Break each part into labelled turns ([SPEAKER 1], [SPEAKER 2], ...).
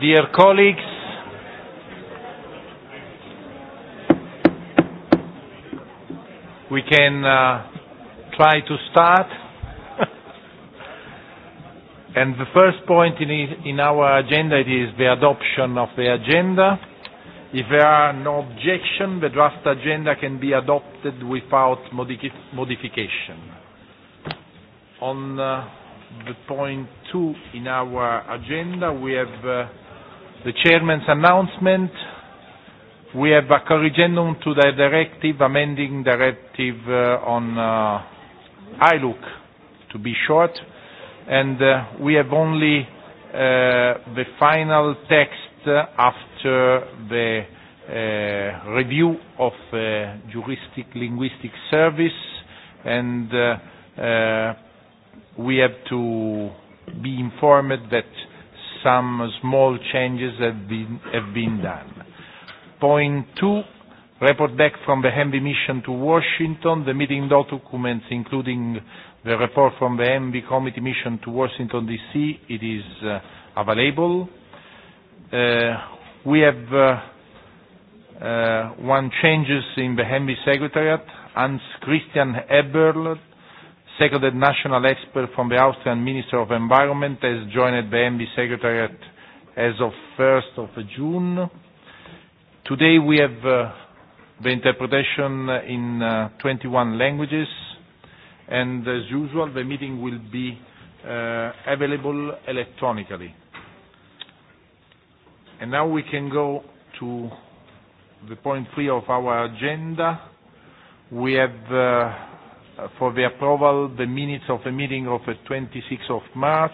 [SPEAKER 1] Dear colleagues,
[SPEAKER 2] we can uh, try to start. and the first point in, in our agenda it is the adoption of the agenda. If there are no objections, the draft agenda can be adopted without modifi modification. On uh, the point two in our agenda, we have uh, the chairman's announcement. We have a corrigendum to the directive, amending directive on uh, ILUC, to be short, and we have only the final text after the review of the juristic linguistic service, and we have to be informed that some small changes have been, have been done. Point two, report back from the HEMB mission to Washington, the meeting documents including the report from the HEMB committee mission to Washington DC, it is available. we have one changes in the HEMB secretariat. Hans Christian Eberl Second, national expert from the Austrian Minister of Environment has joined the MB Secretariat as of 1st of June. Today we have the interpretation in 21 languages and as usual the meeting will be available electronically. And now we can go to the point three of our agenda. We have for the approval the minutes of the meeting of the 26th of March,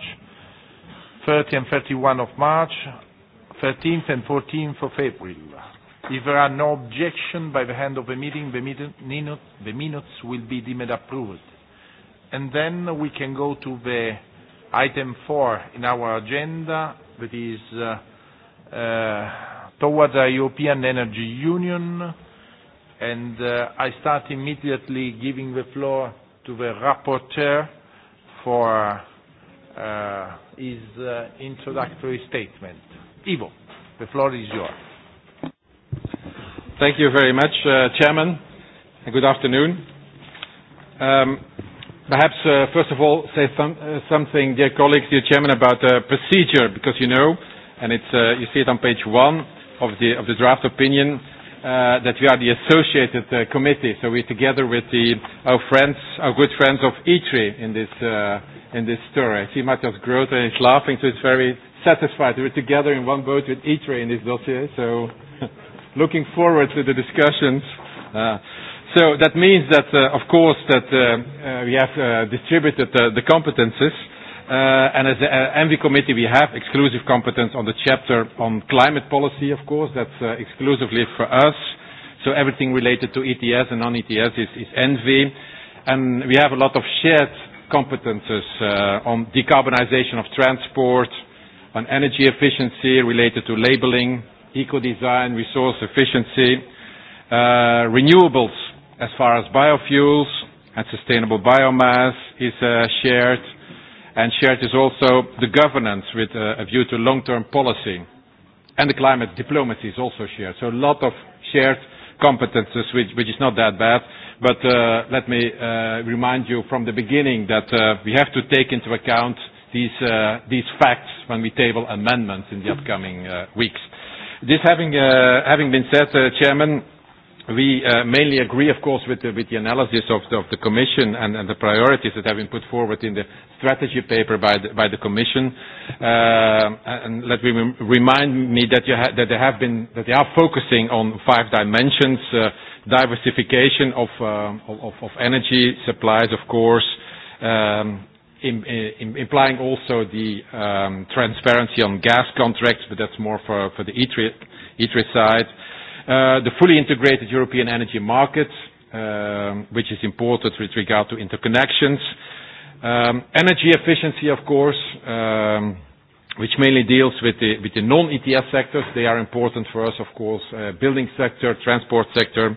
[SPEAKER 2] 30 and 31 of March, 13th and 14th of April. If there are no objection by the hand of the meeting, the minutes will be deemed approved. And then we can go to the item four in our agenda, that is towards the European Energy Union and I start immediately giving the floor to the rapporteur for his introductory statement. Ivo,
[SPEAKER 3] the floor is yours. Thank you very much, Chairman, good afternoon. Perhaps, first of all, say something, dear colleagues, dear Chairman, about the procedure, because you know, and it's you see it on page one of the draft opinion, that we are the associated committee, so we're together with the, our friends, our good friends of ITRI in this in this story. I see Matthias Grote and laughing, so it's very satisfied. We're together in one boat with ITRI in this dossier, so looking forward to the discussions. Uh, so that means that, of course, that we have distributed the competences and as the ENVI committee, we have exclusive competence on the chapter on climate policy, of course. That's exclusively for us. So everything related to ETS and non-ETS is, is ENVI. And we have a lot of shared competences on decarbonization of transport, on energy efficiency related to labeling, eco-design, resource efficiency, renewables as far as biofuels and sustainable biomass is shared, and shared is also the governance with a view to long-term policy. And the climate diplomacy is also shared. So a lot of shared competences, which, which is not that bad. But let me remind you from the beginning that we have to take into account these, these facts when we table amendments in the upcoming weeks. This having, having been said, Chairman, We mainly agree, of course, with the analysis of the Commission and the priorities that have been put forward in the strategy paper by the Commission. And let me remind me that they have been that they are focusing on five dimensions: diversification of energy supplies, of course, implying also the transparency on gas contracts, but that's more for the E3 side The fully integrated European energy market, which is important with regard to interconnections. Energy efficiency, of course, which mainly deals with the with the non-ETS sectors. They are important for us, of course, building sector, transport sector.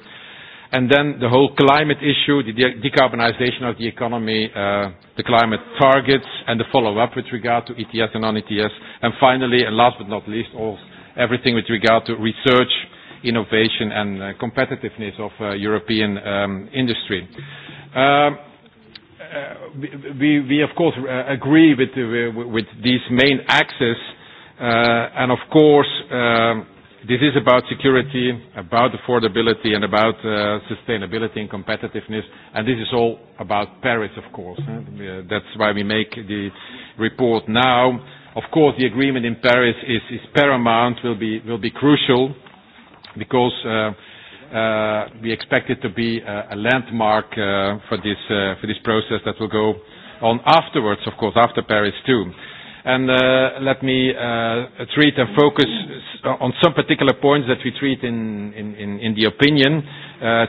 [SPEAKER 3] And then the whole climate issue, the decarbonization of the economy, the climate targets, and the follow-up with regard to ETS and non-ETS. And finally, and last but not least, everything with regard to research, innovation and competitiveness of European industry. We, we of course, agree with with these main axes, and of course, this is about security, about affordability, and about sustainability and competitiveness, and this is all about Paris, of course. That's why we make the report now. Of course, the agreement in Paris is is paramount, will be will be crucial because we expect it to be a landmark for this process that will go on afterwards, of course, after Paris too. And let me treat and focus on some particular points that we treat in in the opinion,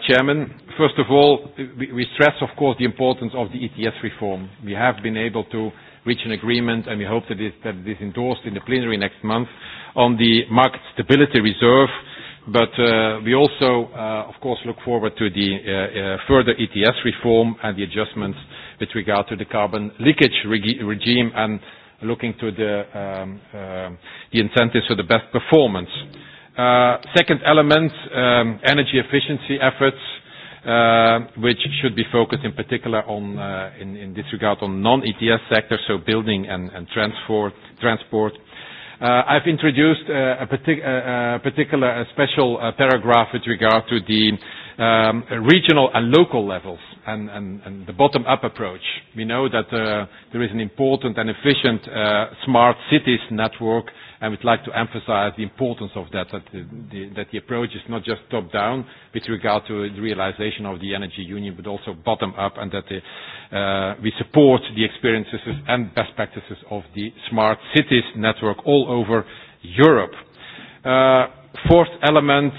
[SPEAKER 3] Chairman. First of all, we stress, of course, the importance of the ETS reform. We have been able to reach an agreement, and we hope that it is endorsed in the plenary next month, on the market stability reserve But we also, of course, look forward to the further ETS reform and the adjustments with regard to the carbon leakage regime and looking to the incentives for the best performance. Second element, energy efficiency efforts, which should be focused in particular on, in this regard, on non-ETS sectors, so building and transport, I've introduced a particular special paragraph with regard to the um, regional and local levels and, and, and the bottom-up approach. We know that there is an important and efficient smart cities network and we'd like to emphasize the importance of that, that the, approach is not just top-down with regard to the realization of the energy union, but also bottom-up, and that we support the experiences and best practices of the smart cities network all over Europe. fourth element,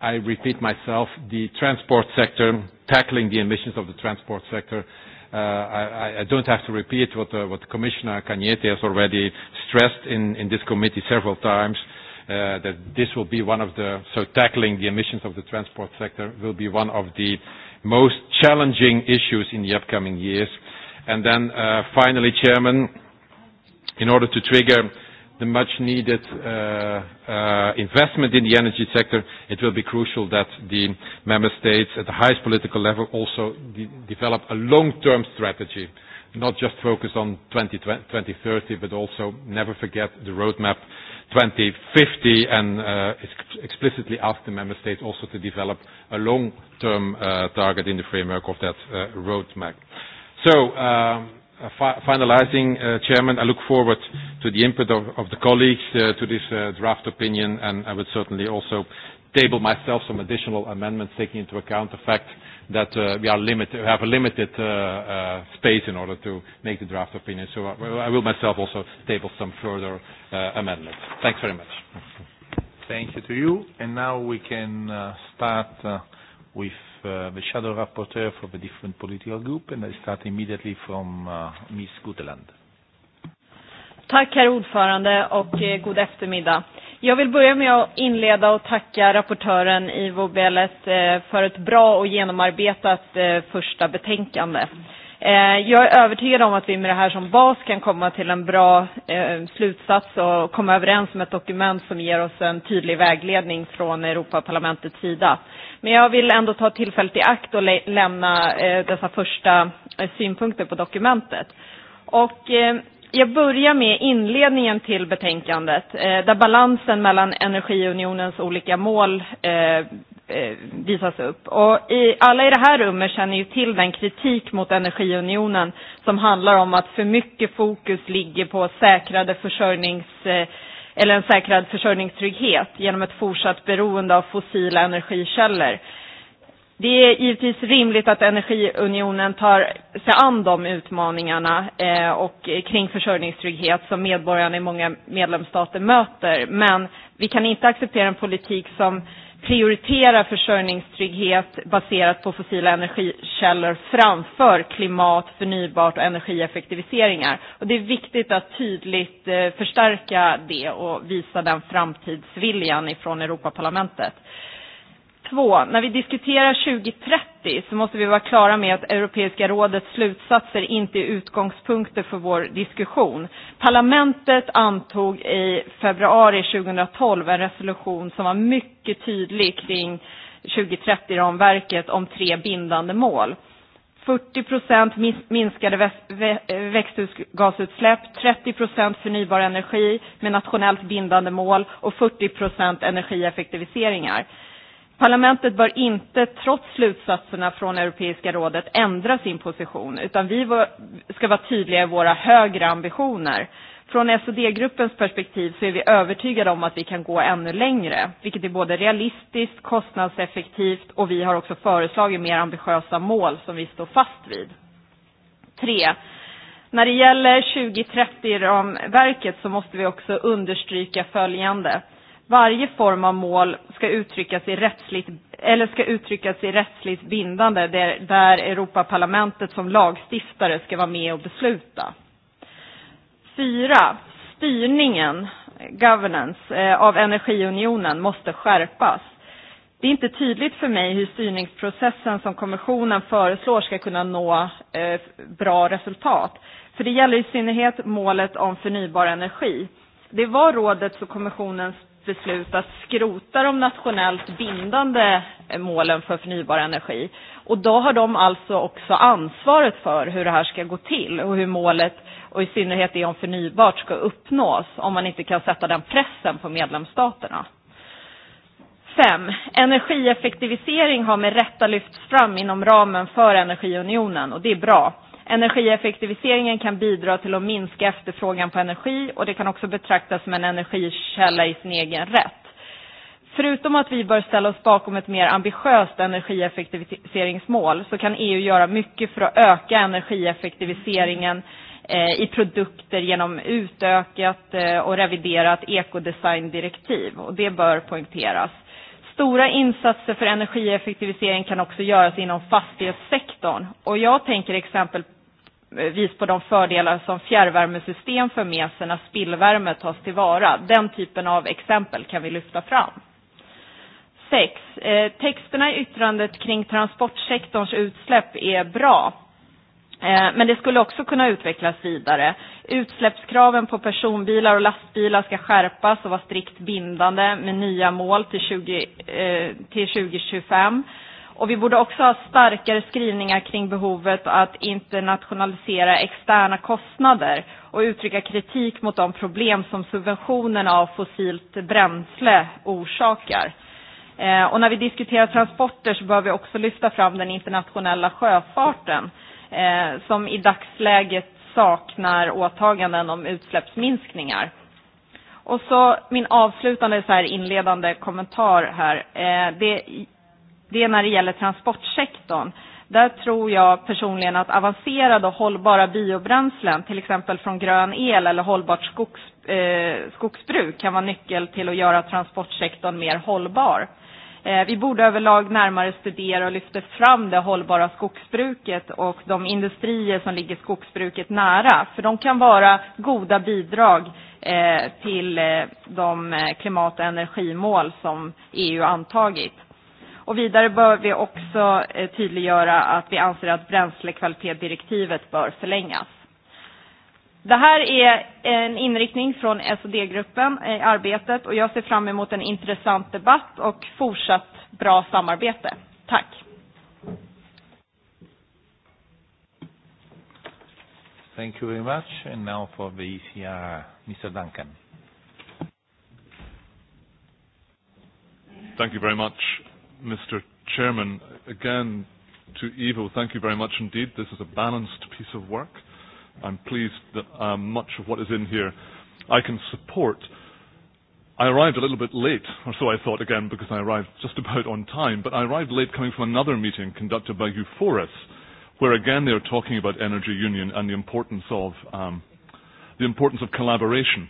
[SPEAKER 3] I repeat myself, the transport sector, tackling the emissions of the transport sector. I don't have to repeat what Commissioner Cañete has already stressed in this committee several times, that this will be one of the, so tackling the emissions of the transport sector will be one of the most challenging issues in the upcoming years. And then finally, Chairman, in order to trigger the much-needed investment in the energy sector, it will be crucial that the member states at the highest political level also develop a long-term strategy, not just focus on 2030, but also never forget the roadmap 2050 and explicitly ask the member states also to develop a long-term target in the framework of that roadmap. So Finalizing, Chairman, I look forward to the input of the colleagues to this draft opinion, and I would certainly also table myself some additional amendments, taking into account the fact that we are limited, have a limited space in order to make the draft opinion. So I will myself also table some further amendments. Thanks very much. Thank you to you. And now we can start
[SPEAKER 2] with the shadow rapporteur for the different political group, and I start immediately from Ms. Guteland.
[SPEAKER 4] Tack, herr ordförande, och god eftermiddag. Jag vill börja med att inleda och tacka rapportören Ivo Belet för ett bra och genomarbetat första betänkande. Jag är övertygad om att vi med det här som bas kan komma till en bra slutsats och komma överens om ett dokument som ger oss en tydlig vägledning från Europaparlamentets sida. Men jag vill ändå ta tillfället i akt och lämna dessa första synpunkter på dokumentet. Och jag börjar med inledningen till betänkandet där balansen mellan energiunionens olika mål visas upp. Och i, alla i det här rummet känner ju till den kritik mot energiunionen som handlar om att för mycket fokus ligger på säkrade försörjnings eller en säkrad försörjningstrygghet genom ett fortsatt beroende av fossila energikällor. Det är givetvis rimligt att energiunionen tar sig an de utmaningarna och kring försörjningstrygghet som medborgarna i många medlemsstater möter. Men vi kan inte acceptera en politik som prioritera försörjningstrygghet baserat på fossila energikällor framför klimat, förnybart och energieffektiviseringar. Och det är viktigt att tydligt förstärka det och visa den framtidsviljan ifrån Europaparlamentet två, när vi diskuterar 2030 så måste vi vara klara med att Europeiska rådets slutsatser inte är utgångspunkter för vår diskussion. Parlamentet antog i februari 2012 en resolution som var mycket tydlig kring 2030-ramverket om tre bindande mål. 40 minskade växthusgasutsläpp, 30 procent förnybar energi med nationellt bindande mål och 40 procent energieffektiviseringar. Parlamentet bör inte, trots slutsatserna från Europeiska rådet, ändra sin position, utan vi ska vara tydliga i våra högre ambitioner. fran sd SOD-gruppens perspektiv så är vi övertygade om att vi kan gå ännu längre, vilket är både realistiskt, kostnadseffektivt och vi har också föreslagit mer ambitiösa mål som vi står fast vid. Tre. När det gäller 2030-ramverket så måste vi också understryka följande. Varje form av mål ska uttryckas i rättsligt, eller ska uttryckas i rättsligt bindande där, där Europaparlamentet som lagstiftare ska vara med och besluta. Fyra, Styrningen, governance, av energiunionen måste skärpas. Det är inte tydligt för mig hur styrningsprocessen som kommissionen föreslår ska kunna nå bra resultat. För det gäller i synnerhet målet om förnybar energi. Det var rådets och kommissionens beslut att skrota de nationellt bindande målen för förnybar energi. Och då har de alltså också ansvaret för hur det här ska gå till och hur målet, och i synnerhet det om förnybart, ska uppnås om man inte kan sätta den pressen på medlemsstaterna. 5. Energieffektivisering har med rätta lyfts fram inom ramen för energiunionen och det är bra. Energieffektiviseringen kan bidra till att minska efterfrågan på energi och det kan också betraktas som en energikälla i sin egen rätt. Förutom att vi bör ställa oss bakom ett mer ambitiöst energieffektiviseringsmål så kan EU göra mycket för att öka energieffektiviseringen i produkter genom utökat och reviderat ekodesigndirektiv och det bör poängteras. Stora insatser för energieffektivisering kan också göras inom fastighetssektorn. Och jag tänker exempelvis på de fördelar som fjärrvärmesystem för med sig när spillvärme tas tillvara. Den typen av exempel kan vi lyfta fram. 6. Texterna i yttrandet kring transportsektorns utsläpp är bra. Men det skulle också kunna utvecklas vidare. Utsläppskraven på personbilar och lastbilar ska skärpas och vara strikt bindande med nya mål till, 20, till 2025. Och vi borde också ha starkare skrivningar kring behovet att internationalisera externa kostnader och uttrycka kritik mot de problem som subventionerna av fossilt bränsle orsakar. Och när vi diskuterar transporter så behöver vi också lyfta fram den internationella sjöfarten som i dagsläget saknar åtaganden om utsläppsminskningar. Och så min avslutande så här inledande kommentar här. Det, det är när det gäller transportsektorn. Där tror jag personligen att avancerade och hållbara biobränslen, till exempel från grön el eller hållbart skogs, eh, skogsbruk, kan vara nyckel till att göra transportsektorn mer hållbar. Vi borde överlag närmare studera och lyfta fram det hållbara skogsbruket och de industrier som ligger skogsbruket nära. För de kan vara goda bidrag till de klimat och energimål som EU antagit. Och vidare bör vi också tydliggöra att vi anser att bränslekvalitetsdirektivet bör förlängas. Det här är en inriktning från SD-gruppen i arbetet och jag ser fram emot en intressant debatt och fortsatt bra samarbete. Tack.
[SPEAKER 2] Thank you very much. And now for the ECR, Mr. Duncan.
[SPEAKER 5] Thank you very much, Mr. Chairman. Again, to Evo, thank you very much indeed. This is a balanced piece of work I'm pleased that much of what is in here I can support. I arrived a little bit late, or so I thought again, because I arrived just about on time, but I arrived late coming from another meeting conducted by Euphorus, where again they were talking about energy union and the importance of um, the importance of collaboration.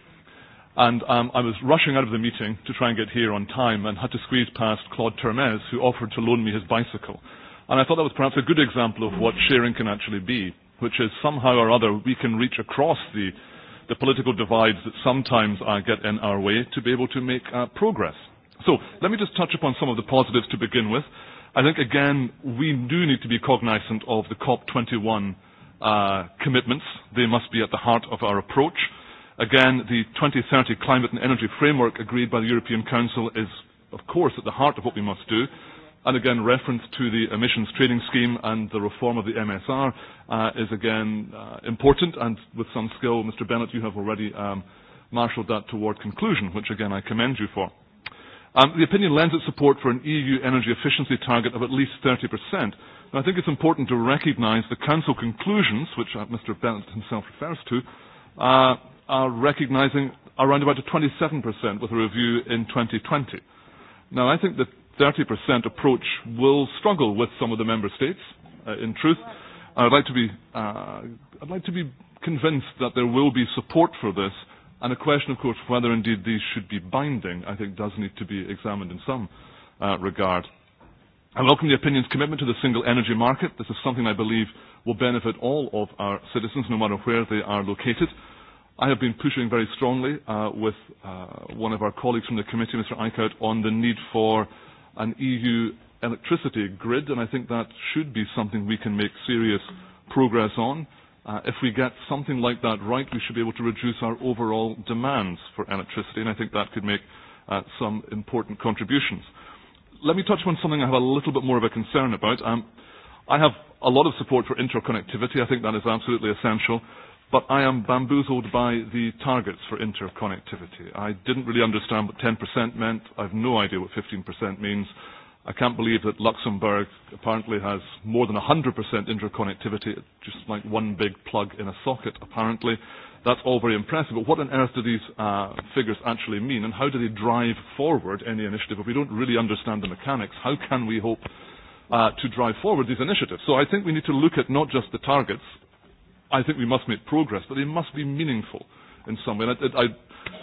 [SPEAKER 5] And um, I was rushing out of the meeting to try and get here on time and had to squeeze past Claude Termes, who offered to loan me his bicycle. And I thought that was perhaps a good example of what sharing can actually be which is somehow or other we can reach across the the political divides that sometimes get in our way to be able to make uh progress. So let me just touch upon some of the positives to begin with. I think, again, we do need to be cognizant of the COP21 commitments. They must be at the heart of our approach. Again, the 2030 Climate and Energy Framework agreed by the European Council is, of course, at the heart of what we must do. And again, reference to the emissions trading scheme and the reform of the MSR is again important, and with some skill, Mr. Bennett, you have already marshaled that toward conclusion, which again I commend you for. The opinion lends its support for an EU energy efficiency target of at least 30%. I think it's important to recognise the Council conclusions, which Mr. Bennett himself refers to, are recognising around about a 27% with a review in 2020. Now, I think that 30% approach will struggle with some of the member states, in truth. I'd like to be, I'd like to be convinced that there will be support for this, and a question, of course, whether indeed these should be binding, I think does need to be examined in some regard. I welcome the opinion's commitment to the single energy market. This is something I believe will benefit all of our citizens, no matter where they are located. I have been pushing very strongly with one of our colleagues from the committee, Mr. Eichhout, on the need for an EU electricity grid, and I think that should be something we can make serious progress on. If we get something like that right, we should be able to reduce our overall demands for electricity, and I think that could make some important contributions. Let me touch on something I have a little bit more of a concern about. I have a lot of support for interconnectivity. I think that is absolutely essential. But I am bamboozled by the targets for interconnectivity. I didn't really understand what 10% meant. I have no idea what 15% means. I can't believe that Luxembourg apparently has more than 100% interconnectivity, just like one big plug in a socket, apparently. That's all very impressive, but what on earth do these uh, figures actually mean, and how do they drive forward any initiative? If we don't really understand the mechanics, how can we hope uh, to drive forward these initiatives? So I think we need to look at not just the targets, I think we must make progress, but they must be meaningful in some way. I, I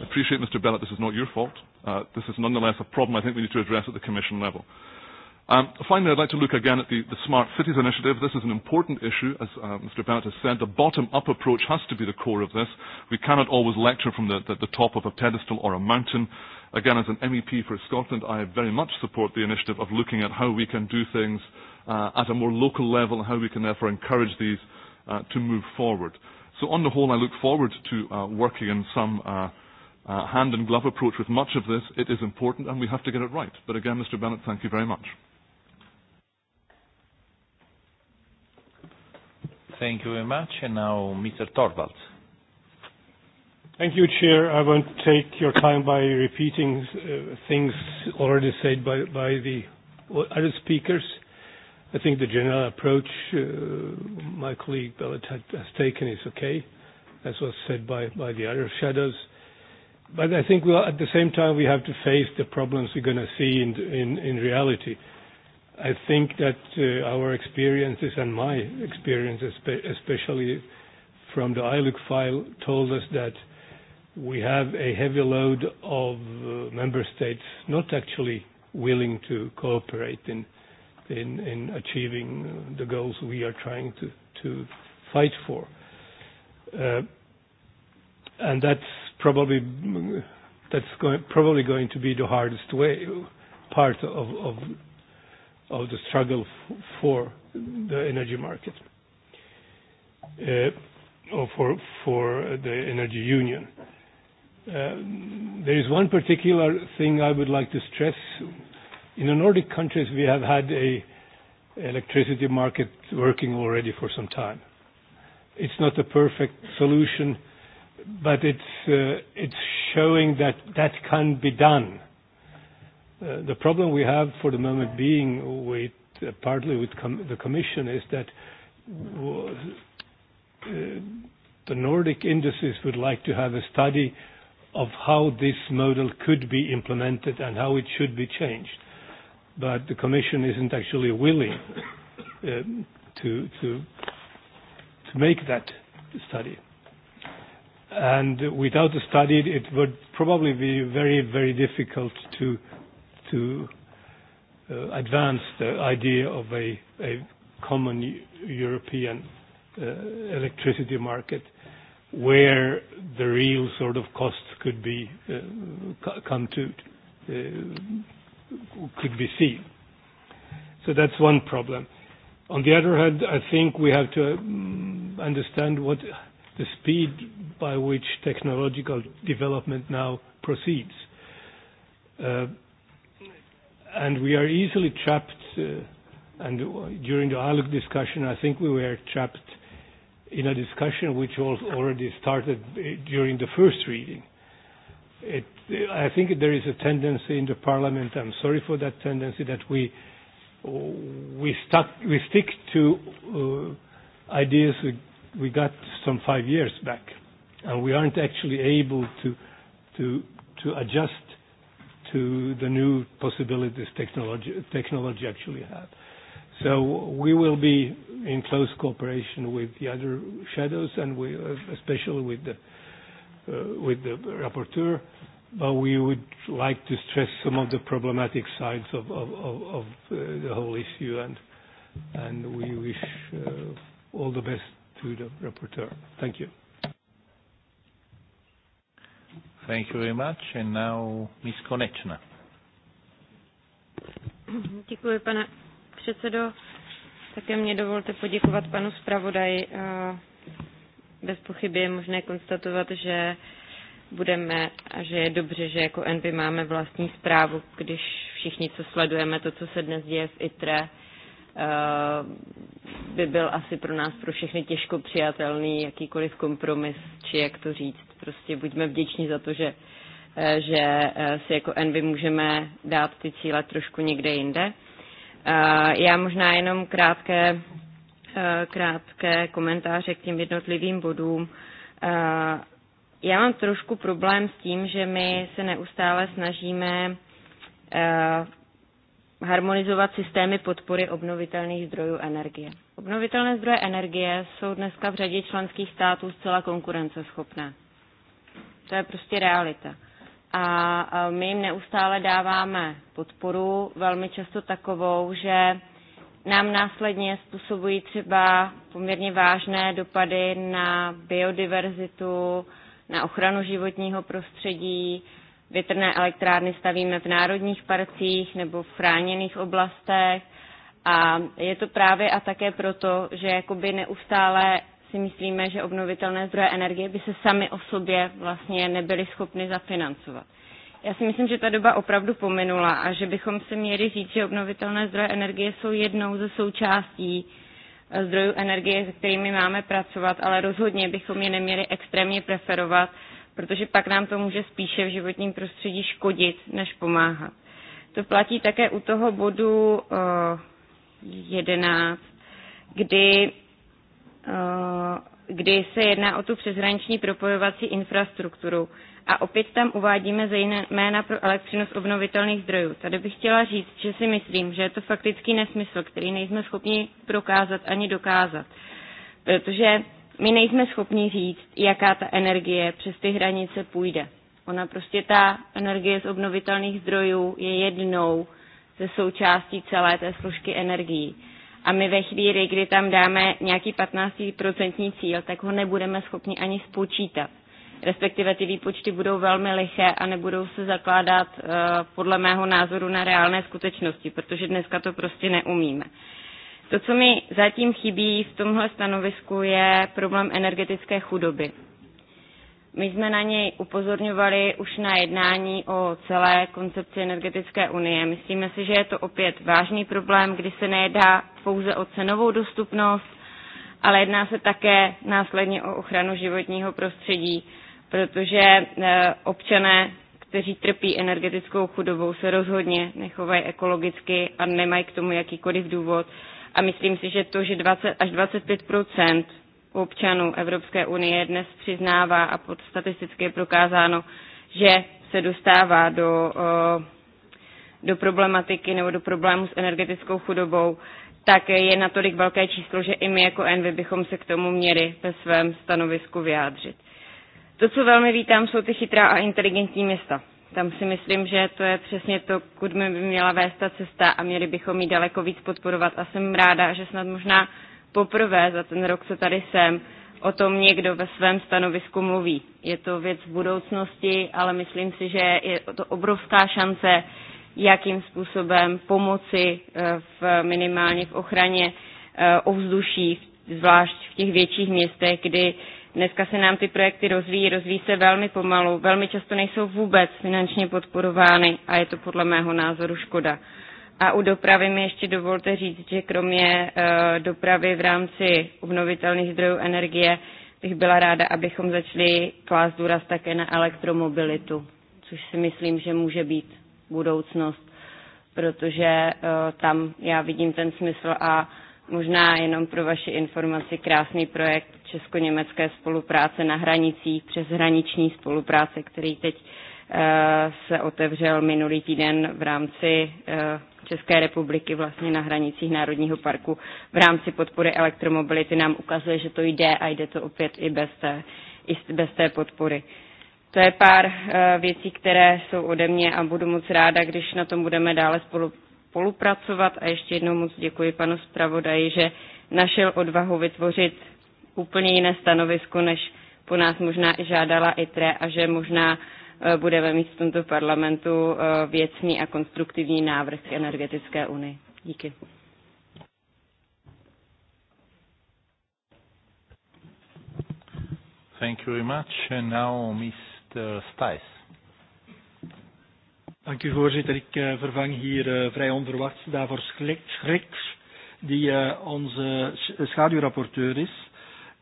[SPEAKER 5] appreciate, Mr. Bennett, this is not your fault. this is nonetheless a problem I think we need to address at the Commission level. finally, I'd like to look again at the, the Smart Cities Initiative. This is an important issue, as Mr. Bennett has said. The bottom-up approach has to be the core of this. We cannot always lecture from the, the, top of a pedestal or a mountain. Again, as an MEP for Scotland, I very much support the initiative of looking at how we can do things at a more local level and how we can therefore encourage these to move forward. So on the whole, I look forward to working in some hand-in-glove approach with much of this. It is important, and we have to get it right. But again, Mr. Bennett, thank you very much. Thank you very much. And now, Mr. Torvalds.
[SPEAKER 6] Thank you, Chair. I won't take your time by repeating things already said by the other speakers. I think the general approach my colleague Bellet has taken is okay, as was said by by the other shadows. But I think we'll, at the same time we have to face the problems we're going to see in, in in reality. I think that our experiences and my experiences, especially from the ILUC file, told us that we have a heavy load of member states not actually willing to cooperate in in in achieving the goals we are trying to to fight for. And that's probably that's going probably going to be the hardest way part of of of the struggle for the energy market or for for the energy union. There is one particular thing I would like to stress In the Nordic countries, we have had a electricity market working already for some time. It's not a perfect solution, but it's it's showing that that can be done. The problem we have for the moment being partly with the Commission is that the Nordic industries would like to have a study of how this model could be implemented and how it should be changed but the Commission isn't actually willing to to to make that study. And without the study, it would probably be very, very difficult to to advance the idea of a a common European electricity market where the real sort of costs could be come to could be seen. So that's one problem. On the other hand, I think we have to understand what the speed by which technological development now proceeds. And we are easily trapped, and during the ILUC discussion, I think we were trapped in a discussion which was already started during the first reading it, I think there is a tendency in the parliament, I'm sorry for that tendency, that we, we, stuck, we stick to uh, ideas we, got some five years back. And we aren't actually able to, to, to adjust to the new possibilities technology, technology actually have. So we will be in close cooperation with the other shadows and we, especially with the with the rapporteur, but we would like to stress some of the problematic sides of of of the whole issue, and and we wish all the best to the rapporteur. Thank you.
[SPEAKER 2] Thank you very much, and now Ms. Konečná.
[SPEAKER 7] Děkuji, pane předsedo. Také mě dovolte poděkovat panu zpravodaji bez pochyby je možné konstatovat, že budeme a že je dobře, že jako NB máme vlastní zprávu, když všichni, co sledujeme to, co se dnes děje v ITRE, by byl asi pro nás pro všechny těžko přijatelný jakýkoliv kompromis, či jak to říct. Prostě buďme vděční za to, že, že si jako Envy můžeme dát ty cíle trošku někde jinde. Já možná jenom krátké krátké komentáře k těm jednotlivým bodům. Já mám trošku problém s tím, že my se neustále snažíme harmonizovat systémy podpory obnovitelných zdrojů energie. Obnovitelné zdroje energie jsou dneska v řadě členských států zcela konkurenceschopné. To je prostě realita. A my jim neustále dáváme podporu, velmi často takovou, že nám následně způsobují třeba poměrně vážné dopady na biodiverzitu, na ochranu životního prostředí. Větrné elektrárny stavíme v národních parcích nebo v chráněných oblastech. A je to právě a také proto, že jakoby neustále si myslíme, že obnovitelné zdroje energie by se sami o sobě vlastně nebyly schopny zafinancovat. Já si myslím, že ta doba opravdu pominula a že bychom se měli říct, že obnovitelné zdroje energie jsou jednou ze součástí zdrojů energie, se kterými máme pracovat, ale rozhodně bychom je neměli extrémně preferovat, protože pak nám to může spíše v životním prostředí škodit, než pomáhat. To platí také u toho bodu 11, kdy kdy se jedná o tu přeshraniční propojovací infrastrukturu. A opět tam uvádíme zejména pro elektřinu z obnovitelných zdrojů. Tady bych chtěla říct, že si myslím, že je to faktický nesmysl, který nejsme schopni prokázat ani dokázat. Protože my nejsme schopni říct, jaká ta energie přes ty hranice půjde. Ona prostě ta energie z obnovitelných zdrojů je jednou ze součástí celé té složky energií a my ve chvíli, kdy tam dáme nějaký 15% cíl, tak ho nebudeme schopni ani spočítat. Respektive ty výpočty budou velmi liché a nebudou se zakládat podle mého názoru na reálné skutečnosti, protože dneska to prostě neumíme. To, co mi zatím chybí v tomhle stanovisku, je problém energetické chudoby. My jsme na něj upozorňovali už na jednání o celé koncepci energetické unie. Myslíme si, že je to opět vážný problém, kdy se nejedná pouze o cenovou dostupnost, ale jedná se také následně o ochranu životního prostředí, protože občané, kteří trpí energetickou chudobou, se rozhodně nechovají ekologicky a nemají k tomu jakýkoliv důvod. A myslím si, že to, že 20 až 25 občanů Evropské unie dnes přiznává a pod statisticky je prokázáno, že se dostává do, do problematiky nebo do problému s energetickou chudobou, tak je natolik velké číslo, že i my jako Envy bychom se k tomu měli ve svém stanovisku vyjádřit. To, co velmi vítám, jsou ty chytrá a inteligentní města. Tam si myslím, že to je přesně to, kud by měla vést ta cesta a měli bychom ji daleko víc podporovat. A jsem ráda, že snad možná poprvé za ten rok, co tady jsem, o tom někdo ve svém stanovisku mluví. Je to věc v budoucnosti, ale myslím si, že je to obrovská šance, jakým způsobem pomoci v, minimálně v ochraně ovzduší, zvlášť v těch větších městech, kdy dneska se nám ty projekty rozvíjí, rozvíjí se velmi pomalu, velmi často nejsou vůbec finančně podporovány a je to podle mého názoru škoda. A u dopravy mi ještě dovolte říct, že kromě dopravy v rámci obnovitelných zdrojů energie bych byla ráda, abychom začali klást důraz také na elektromobilitu, což si myslím, že může být budoucnost, protože tam já vidím ten smysl a možná jenom pro vaši informaci krásný projekt česko-německé spolupráce na hranicích přes hraniční spolupráce, který teď se otevřel minulý týden v rámci České republiky vlastně na hranicích Národního parku v rámci podpory elektromobility nám ukazuje, že to jde a jde to opět i bez té, i bez té podpory. To je pár věcí, které jsou ode mě a budu moc ráda, když na tom budeme dále spolu, spolupracovat. A ještě jednou moc děkuji panu zpravodaji, že našel odvahu vytvořit úplně jiné stanovisko, než po nás možná i žádala ITRE a že možná budeme mít v tomto parlamentu věcný a konstruktivní návrh k energetické unii. Díky.
[SPEAKER 2] Thank
[SPEAKER 8] you very much. And now Mr. Stice. Dank u voorzitter. Ik vervang hier vrij onverwachts daarvoor Schriks, die onze schaduwrapporteur is.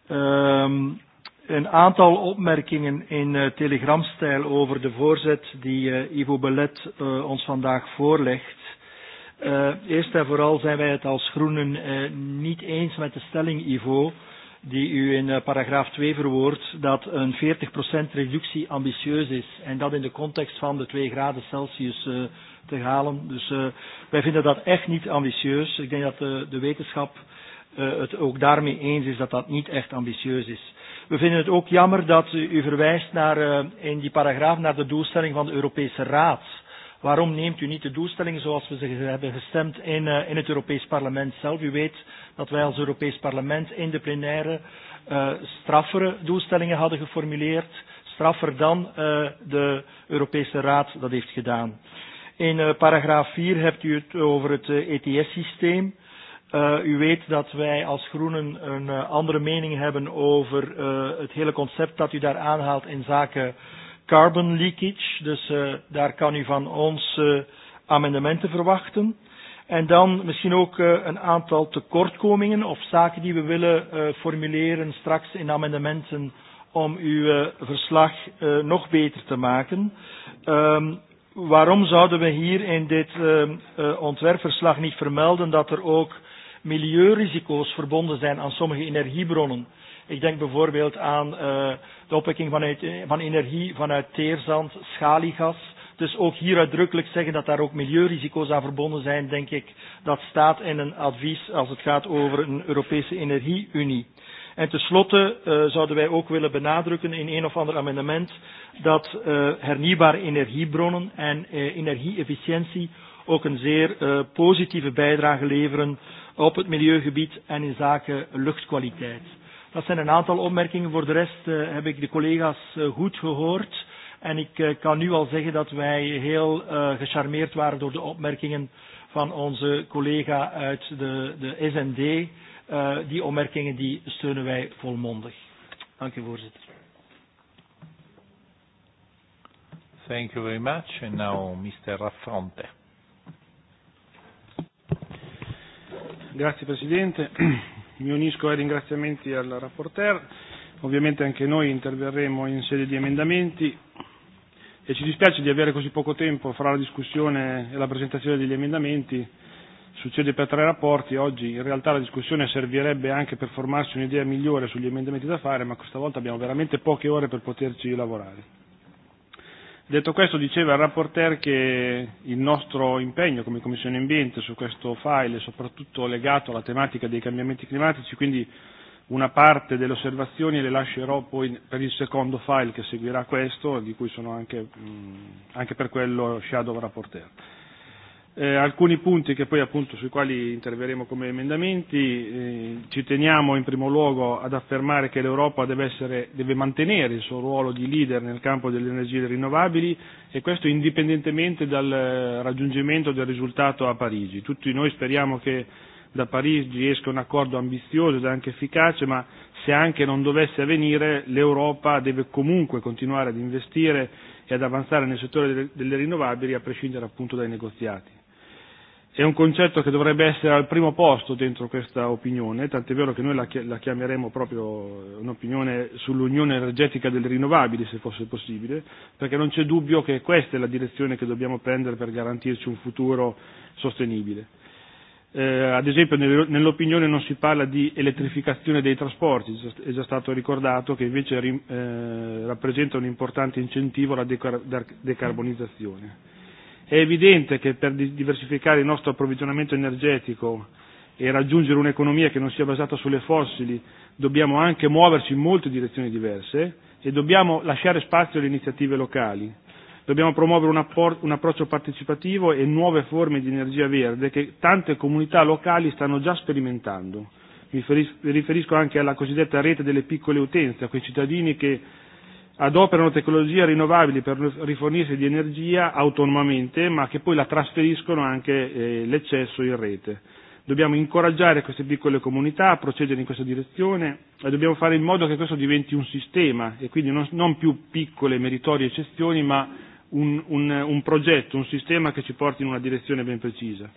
[SPEAKER 8] Um, Een aantal opmerkingen in telegramstijl over de voorzet die Ivo Belet ons vandaag voorlegt. Eerst en vooral zijn wij het als groenen niet eens met de stelling, Ivo, die u in paragraaf 2 verwoordt, dat een 40% reductie ambitieus is. En dat in de context van de 2 graden Celsius te halen. Dus wij vinden dat echt niet ambitieus. Ik denk dat de wetenschap het ook daarmee eens is dat dat niet echt ambitieus is. We vinden het ook jammer dat u verwijst naar, in die paragraaf naar de doelstelling van de Europese Raad. Waarom neemt u niet de doelstelling zoals we ze hebben gestemd in, in het Europees Parlement zelf? U weet dat wij als Europees Parlement in de plenaire straffere doelstellingen hadden geformuleerd. Straffer dan de Europese Raad dat heeft gedaan. In paragraaf 4 hebt u het over het ETS-systeem. U weet dat wij als Groenen een andere mening hebben over het hele concept dat u daar aanhaalt in zaken carbon leakage. Dus daar kan u van ons amendementen verwachten. En dan misschien ook een aantal tekortkomingen of zaken die we willen formuleren straks in amendementen om uw verslag nog beter te maken. Waarom zouden we hier in dit ontwerpverslag niet vermelden dat er ook milieurisico's verbonden zijn aan sommige energiebronnen. Ik denk bijvoorbeeld aan de opwekking van energie vanuit teerzand, schaliegas. Dus ook hier uitdrukkelijk zeggen dat daar ook milieurisico's aan verbonden zijn, denk ik, dat staat in een advies als het gaat over een Europese energieunie. En tenslotte zouden wij ook willen benadrukken in een of ander amendement dat hernieuwbare energiebronnen en energieefficiëntie ook een zeer positieve bijdrage leveren op het milieugebied en in zaken luchtkwaliteit. Dat zijn een aantal opmerkingen. Voor de rest heb ik de collega's goed gehoord. En ik kan nu al zeggen dat wij heel gecharmeerd waren door de opmerkingen van onze collega uit de, de SND. die opmerkingen die steunen wij volmondig. Dank u voorzitter.
[SPEAKER 2] Thank you very much. And now Mr. Raffronte.
[SPEAKER 9] Grazie Presidente, mi unisco ai ringraziamenti al rapporteur, ovviamente anche noi interverremo in sede di emendamenti e ci dispiace di avere così poco tempo fra la discussione e la presentazione degli emendamenti, succede per tre rapporti, oggi in realtà la discussione servirebbe anche per formarsi un'idea migliore sugli emendamenti da fare, ma questa volta abbiamo veramente poche ore per poterci lavorare. Detto questo, diceva il rapporteur che il nostro impegno come Commissione Ambiente su questo file è soprattutto legato alla tematica dei cambiamenti climatici, quindi una parte delle osservazioni le lascerò poi per il secondo file che seguirà questo, di cui sono anche, anche per quello shadow rapporteur alcuni punti che poi appunto sui quali interveremo come emendamenti, ci teniamo in primo luogo ad affermare che l'Europa deve essere deve mantenere il suo ruolo di leader nel campo delle energie rinnovabili e questo indipendentemente dal raggiungimento del risultato a Parigi. Tutti noi speriamo che da Parigi esca un accordo ambizioso ed anche efficace, ma se anche non dovesse avvenire, l'Europa deve comunque continuare ad investire e ad avanzare nel settore delle rinnovabili a prescindere appunto dai negoziati è un concetto che dovrebbe essere al primo posto dentro questa opinione, tant'è vero che noi la chiameremo proprio un'opinione sull'unione energetica delle rinnovabili, se fosse possibile, perché non c'è dubbio che questa è la direzione che dobbiamo prendere per garantirci un futuro sostenibile. Ad esempio nell'opinione non si parla di elettrificazione dei trasporti, è già stato ricordato che invece rappresenta un importante incentivo alla decarbonizzazione. È evidente che per diversificare il nostro approvvigionamento energetico e raggiungere un'economia che non sia basata sulle fossili dobbiamo anche muoverci in molte direzioni diverse e dobbiamo lasciare spazio alle iniziative locali. Dobbiamo promuovere un approccio partecipativo e nuove forme di energia verde che tante comunità locali stanno già sperimentando. Mi riferisco anche alla cosiddetta rete delle piccole utenze, a quei cittadini che adoperano tecnologie rinnovabili per rifornirsi di energia autonomamente, ma che poi la trasferiscono anche l'eccesso in rete. Dobbiamo incoraggiare queste piccole comunità a procedere in questa direzione e dobbiamo fare in modo che questo diventi un sistema e quindi non più piccole meritorie eccezioni, ma un progetto, un sistema che ci porti in una direzione ben precisa.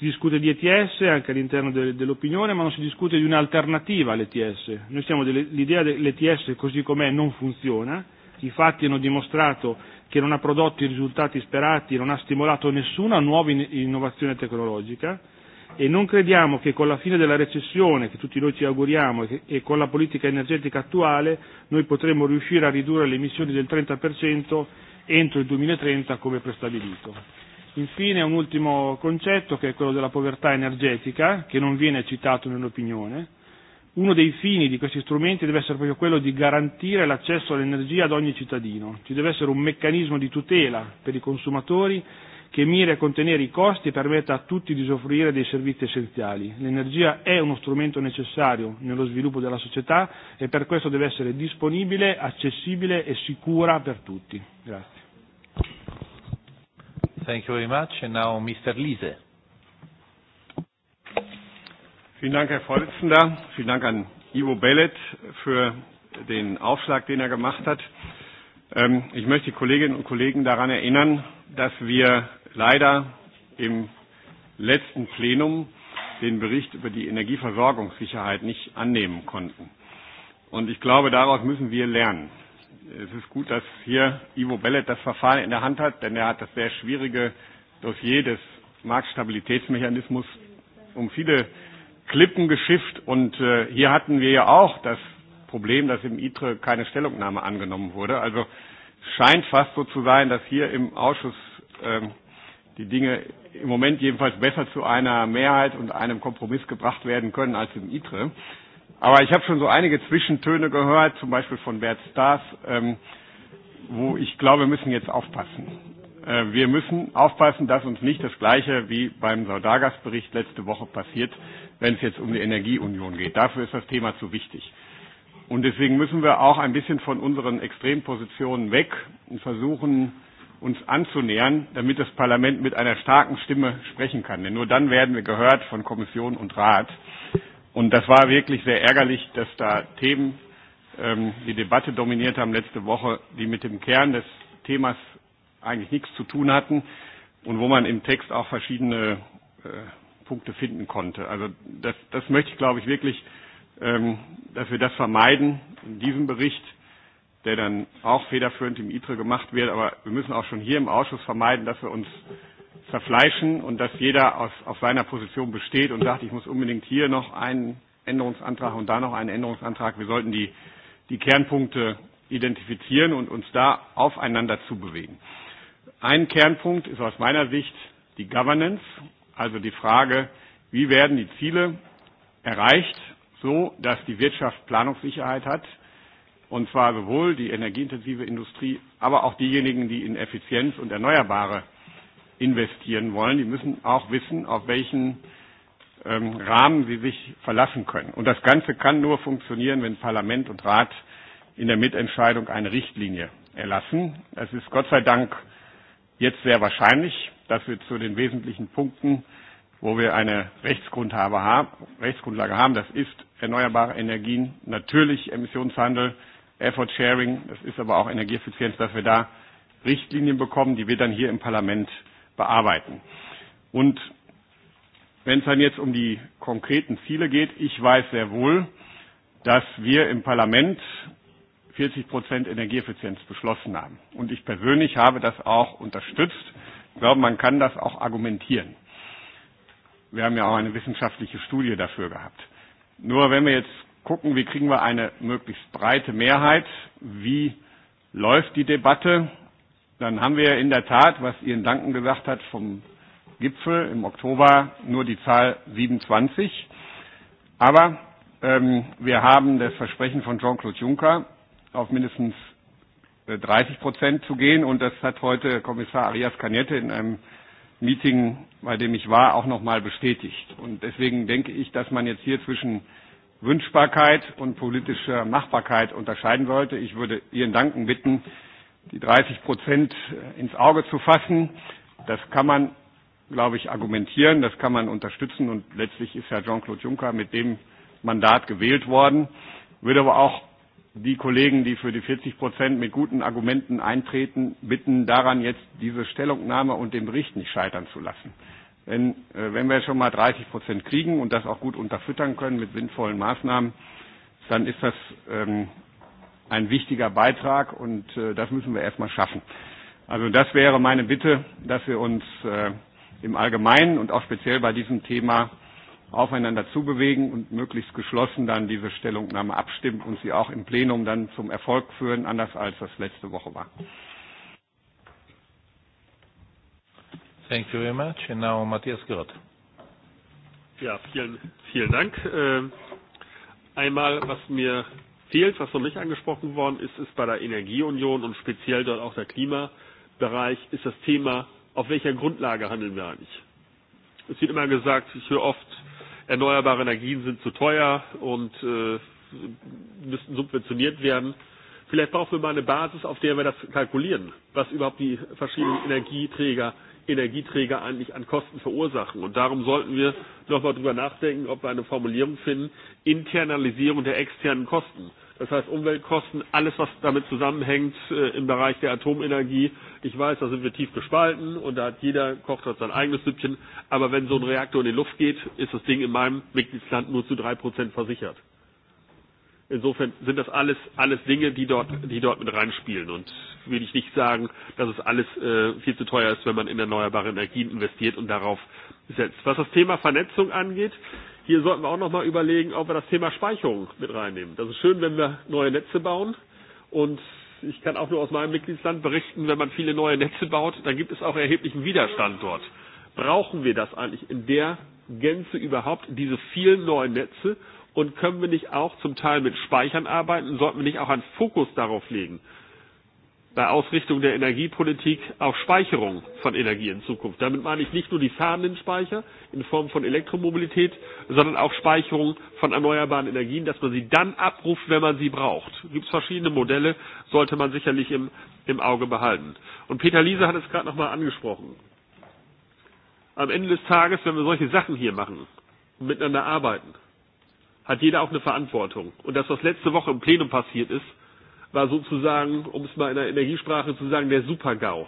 [SPEAKER 9] Si discute di ETS anche all'interno dell'opinione, ma non si discute di un'alternativa all'ETS. Noi siamo dell'idea che l'ETS così com'è non funziona, i fatti hanno dimostrato che non ha prodotto i risultati sperati, non ha stimolato nessuna nuova innovazione tecnologica e non crediamo che con la fine della recessione, che tutti noi ci auguriamo, e con la politica energetica attuale, noi potremo riuscire a ridurre le emissioni del 30% entro il 2030 come prestabilito. Infine un ultimo concetto che è quello della povertà energetica, che non viene citato nell'opinione. Uno dei fini di questi strumenti deve essere proprio quello di garantire l'accesso all'energia ad ogni cittadino. Ci deve essere un meccanismo di tutela per i consumatori che mira a contenere i costi e permetta a tutti di soffrire dei servizi essenziali. L'energia è uno strumento necessario nello sviluppo della società e per questo deve essere disponibile, accessibile e sicura per tutti. Grazie.
[SPEAKER 2] Thank
[SPEAKER 10] you very much. And now Mr. Liese. Vielen Dank, Herr Vorsitzender. Vielen Dank an Ivo Bellet für den Aufschlag, den er gemacht hat. Ich möchte die Kolleginnen und Kollegen daran erinnern, dass wir leider im letzten Plenum den Bericht über die Energieversorgungssicherheit nicht annehmen konnten. Und ich glaube, daraus müssen wir lernen es ist gut, dass hier Ivo Bellet das Verfahren in der Hand hat, denn er hat das sehr schwierige Dossier des Marktstabilitätsmechanismus um viele Klippen geschifft. Und hier hatten wir ja auch das Problem, dass im ITRE keine Stellungnahme angenommen wurde. Also es scheint fast so zu sein, dass hier im Ausschuss die Dinge im Moment jedenfalls besser zu einer Mehrheit und einem Kompromiss gebracht werden können als im ITRE. Aber ich habe schon so einige Zwischentöne gehört, zum Beispiel von Bert Stars, ähm, wo ich glaube, wir müssen jetzt aufpassen. Wir müssen aufpassen, dass uns nicht das Gleiche wie beim Saudagas-Bericht letzte Woche passiert, wenn es jetzt um die Energieunion geht. Dafür ist das Thema zu wichtig. Und deswegen müssen wir auch ein bisschen von unseren Extrempositionen weg und versuchen, uns anzunähern, damit das Parlament mit einer starken Stimme sprechen kann. Denn nur dann werden wir gehört von Kommission und Rat. Und das war wirklich sehr ärgerlich, dass da Themen ähm, die Debatte dominiert haben letzte Woche, die mit dem Kern des Themas eigentlich nichts zu tun hatten und wo man im Text auch verschiedene äh, Punkte finden konnte. Also das, das möchte ich, glaube ich, wirklich, ähm, dass wir das vermeiden in diesem Bericht, der dann auch federführend im ITRE gemacht wird. Aber wir müssen auch schon hier im Ausschuss vermeiden, dass wir uns zerfleischen und dass jeder aus, auf seiner Position besteht und sagt, ich muss unbedingt hier noch einen Änderungsantrag und da noch einen Änderungsantrag. Wir sollten die, die Kernpunkte identifizieren und uns da aufeinander zubewegen. Ein Kernpunkt ist aus meiner Sicht die Governance, also die Frage, wie werden die Ziele erreicht, so dass die Wirtschaft Planungssicherheit hat, und zwar sowohl die energieintensive Industrie, aber auch diejenigen, die in Effizienz und Erneuerbare investieren wollen, die müssen auch wissen, auf welchen ähm, Rahmen sie sich verlassen können. Und das Ganze kann nur funktionieren, wenn Parlament und Rat in der Mitentscheidung eine Richtlinie erlassen. Es ist Gott sei Dank jetzt sehr wahrscheinlich, dass wir zu den wesentlichen Punkten, wo wir eine Rechtsgrundlage haben, das ist erneuerbare Energien, natürlich Emissionshandel, Effort Sharing, das ist aber auch Energieeffizienz, dass wir da Richtlinien bekommen, die wir dann hier im Parlament bearbeiten. Und wenn es dann jetzt um die konkreten Ziele geht, ich weiß sehr wohl, dass wir im Parlament 40 Energieeffizienz beschlossen haben. Und ich persönlich habe das auch unterstützt. Ich glaube, man kann das auch argumentieren. Wir haben ja auch eine wissenschaftliche Studie dafür gehabt. Nur wenn wir jetzt gucken, wie kriegen wir eine möglichst breite Mehrheit, wie läuft die Debatte, dann haben wir in der Tat, was Ihren Danken gesagt hat, vom Gipfel im Oktober nur die Zahl 27. Aber wir haben das Versprechen von Jean-Claude Juncker, auf mindestens 30 Prozent zu gehen. Und das hat heute Kommissar Arias Cañete in einem Meeting, bei dem ich war, auch noch nochmal bestätigt. Und deswegen denke ich, dass man jetzt hier zwischen Wünschbarkeit und politischer Machbarkeit unterscheiden sollte. Ich würde Ihren Danken bitten, die 30 Prozent ins Auge zu fassen. Das kann man, glaube ich, argumentieren, das kann man unterstützen und letztlich ist Herr Jean-Claude Juncker mit dem Mandat gewählt worden. Würde aber auch die Kollegen, die für die 40 Prozent mit guten Argumenten eintreten, bitten daran, jetzt diese Stellungnahme und den Bericht nicht scheitern zu lassen. Denn wenn wir schon mal 30 Prozent kriegen und das auch gut unterfüttern können mit sinnvollen Maßnahmen, dann ist das ein wichtiger Beitrag und das müssen wir erstmal schaffen. Also das wäre meine Bitte, dass wir uns im Allgemeinen und auch speziell bei diesem Thema aufeinander zubewegen und möglichst geschlossen dann diese Stellungnahme abstimmen und sie auch im Plenum dann zum Erfolg führen, anders als das letzte Woche war.
[SPEAKER 2] Thank you very much. And now Matthias
[SPEAKER 11] Ja, vielen, vielen Dank. Einmal, was mir fehlt, was noch nicht angesprochen worden ist, ist bei der Energieunion und speziell dort auch der Klimabereich, ist das Thema, auf welcher Grundlage handeln wir eigentlich? Es wird immer gesagt, ich höre oft, erneuerbare Energien sind zu teuer und müssten subventioniert werden. Vielleicht brauchen wir mal eine Basis, auf der wir das kalkulieren, was überhaupt die verschiedenen Energieträger, Energieträger eigentlich an Kosten verursachen. Und darum sollten wir nochmal darüber nachdenken, ob wir eine Formulierung finden, Internalisierung der externen Kosten. Das heißt Umweltkosten, alles was damit zusammenhängt im Bereich der Atomenergie. Ich weiß, da sind wir tief gespalten und da hat jeder kocht dort sein eigenes Süppchen. Aber wenn so ein Reaktor in die Luft geht, ist das Ding in meinem Mitgliedsland nur zu drei Prozent versichert. Insofern sind das alles, alles Dinge, die dort, die dort mit reinspielen. Und will ich nicht sagen, dass es alles viel zu teuer ist, wenn man in erneuerbare Energien investiert und darauf setzt. Was das Thema Vernetzung angeht, Hier sollten wir auch noch mal überlegen, ob wir das Thema Speicherung mit reinnehmen. Das ist schön, wenn wir neue Netze bauen. Und ich kann auch nur aus meinem Mitgliedsland berichten, wenn man viele neue Netze baut, dann gibt es auch erheblichen Widerstand dort. Brauchen wir das eigentlich in der Gänze überhaupt, diese vielen neuen Netze? Und können wir nicht auch zum Teil mit Speichern arbeiten? Sollten wir nicht auch einen Fokus darauf legen? bei Ausrichtung der Energiepolitik auf Speicherung von Energie in Zukunft. Damit meine ich nicht nur die fahrenden Speicher in Form von Elektromobilität, sondern auch Speicherung von erneuerbaren Energien, dass man sie dann abruft, wenn man sie braucht. Es verschiedene Modelle, sollte man sicherlich im, im Auge behalten. Und Peter Liese hat es gerade noch mal angesprochen. Am Ende des Tages, wenn wir solche Sachen hier machen und miteinander arbeiten, hat jeder auch eine Verantwortung. Und das, was letzte Woche im Plenum passiert ist, war sozusagen, um es mal in der Energiesprache zu sagen, der Super-GAU.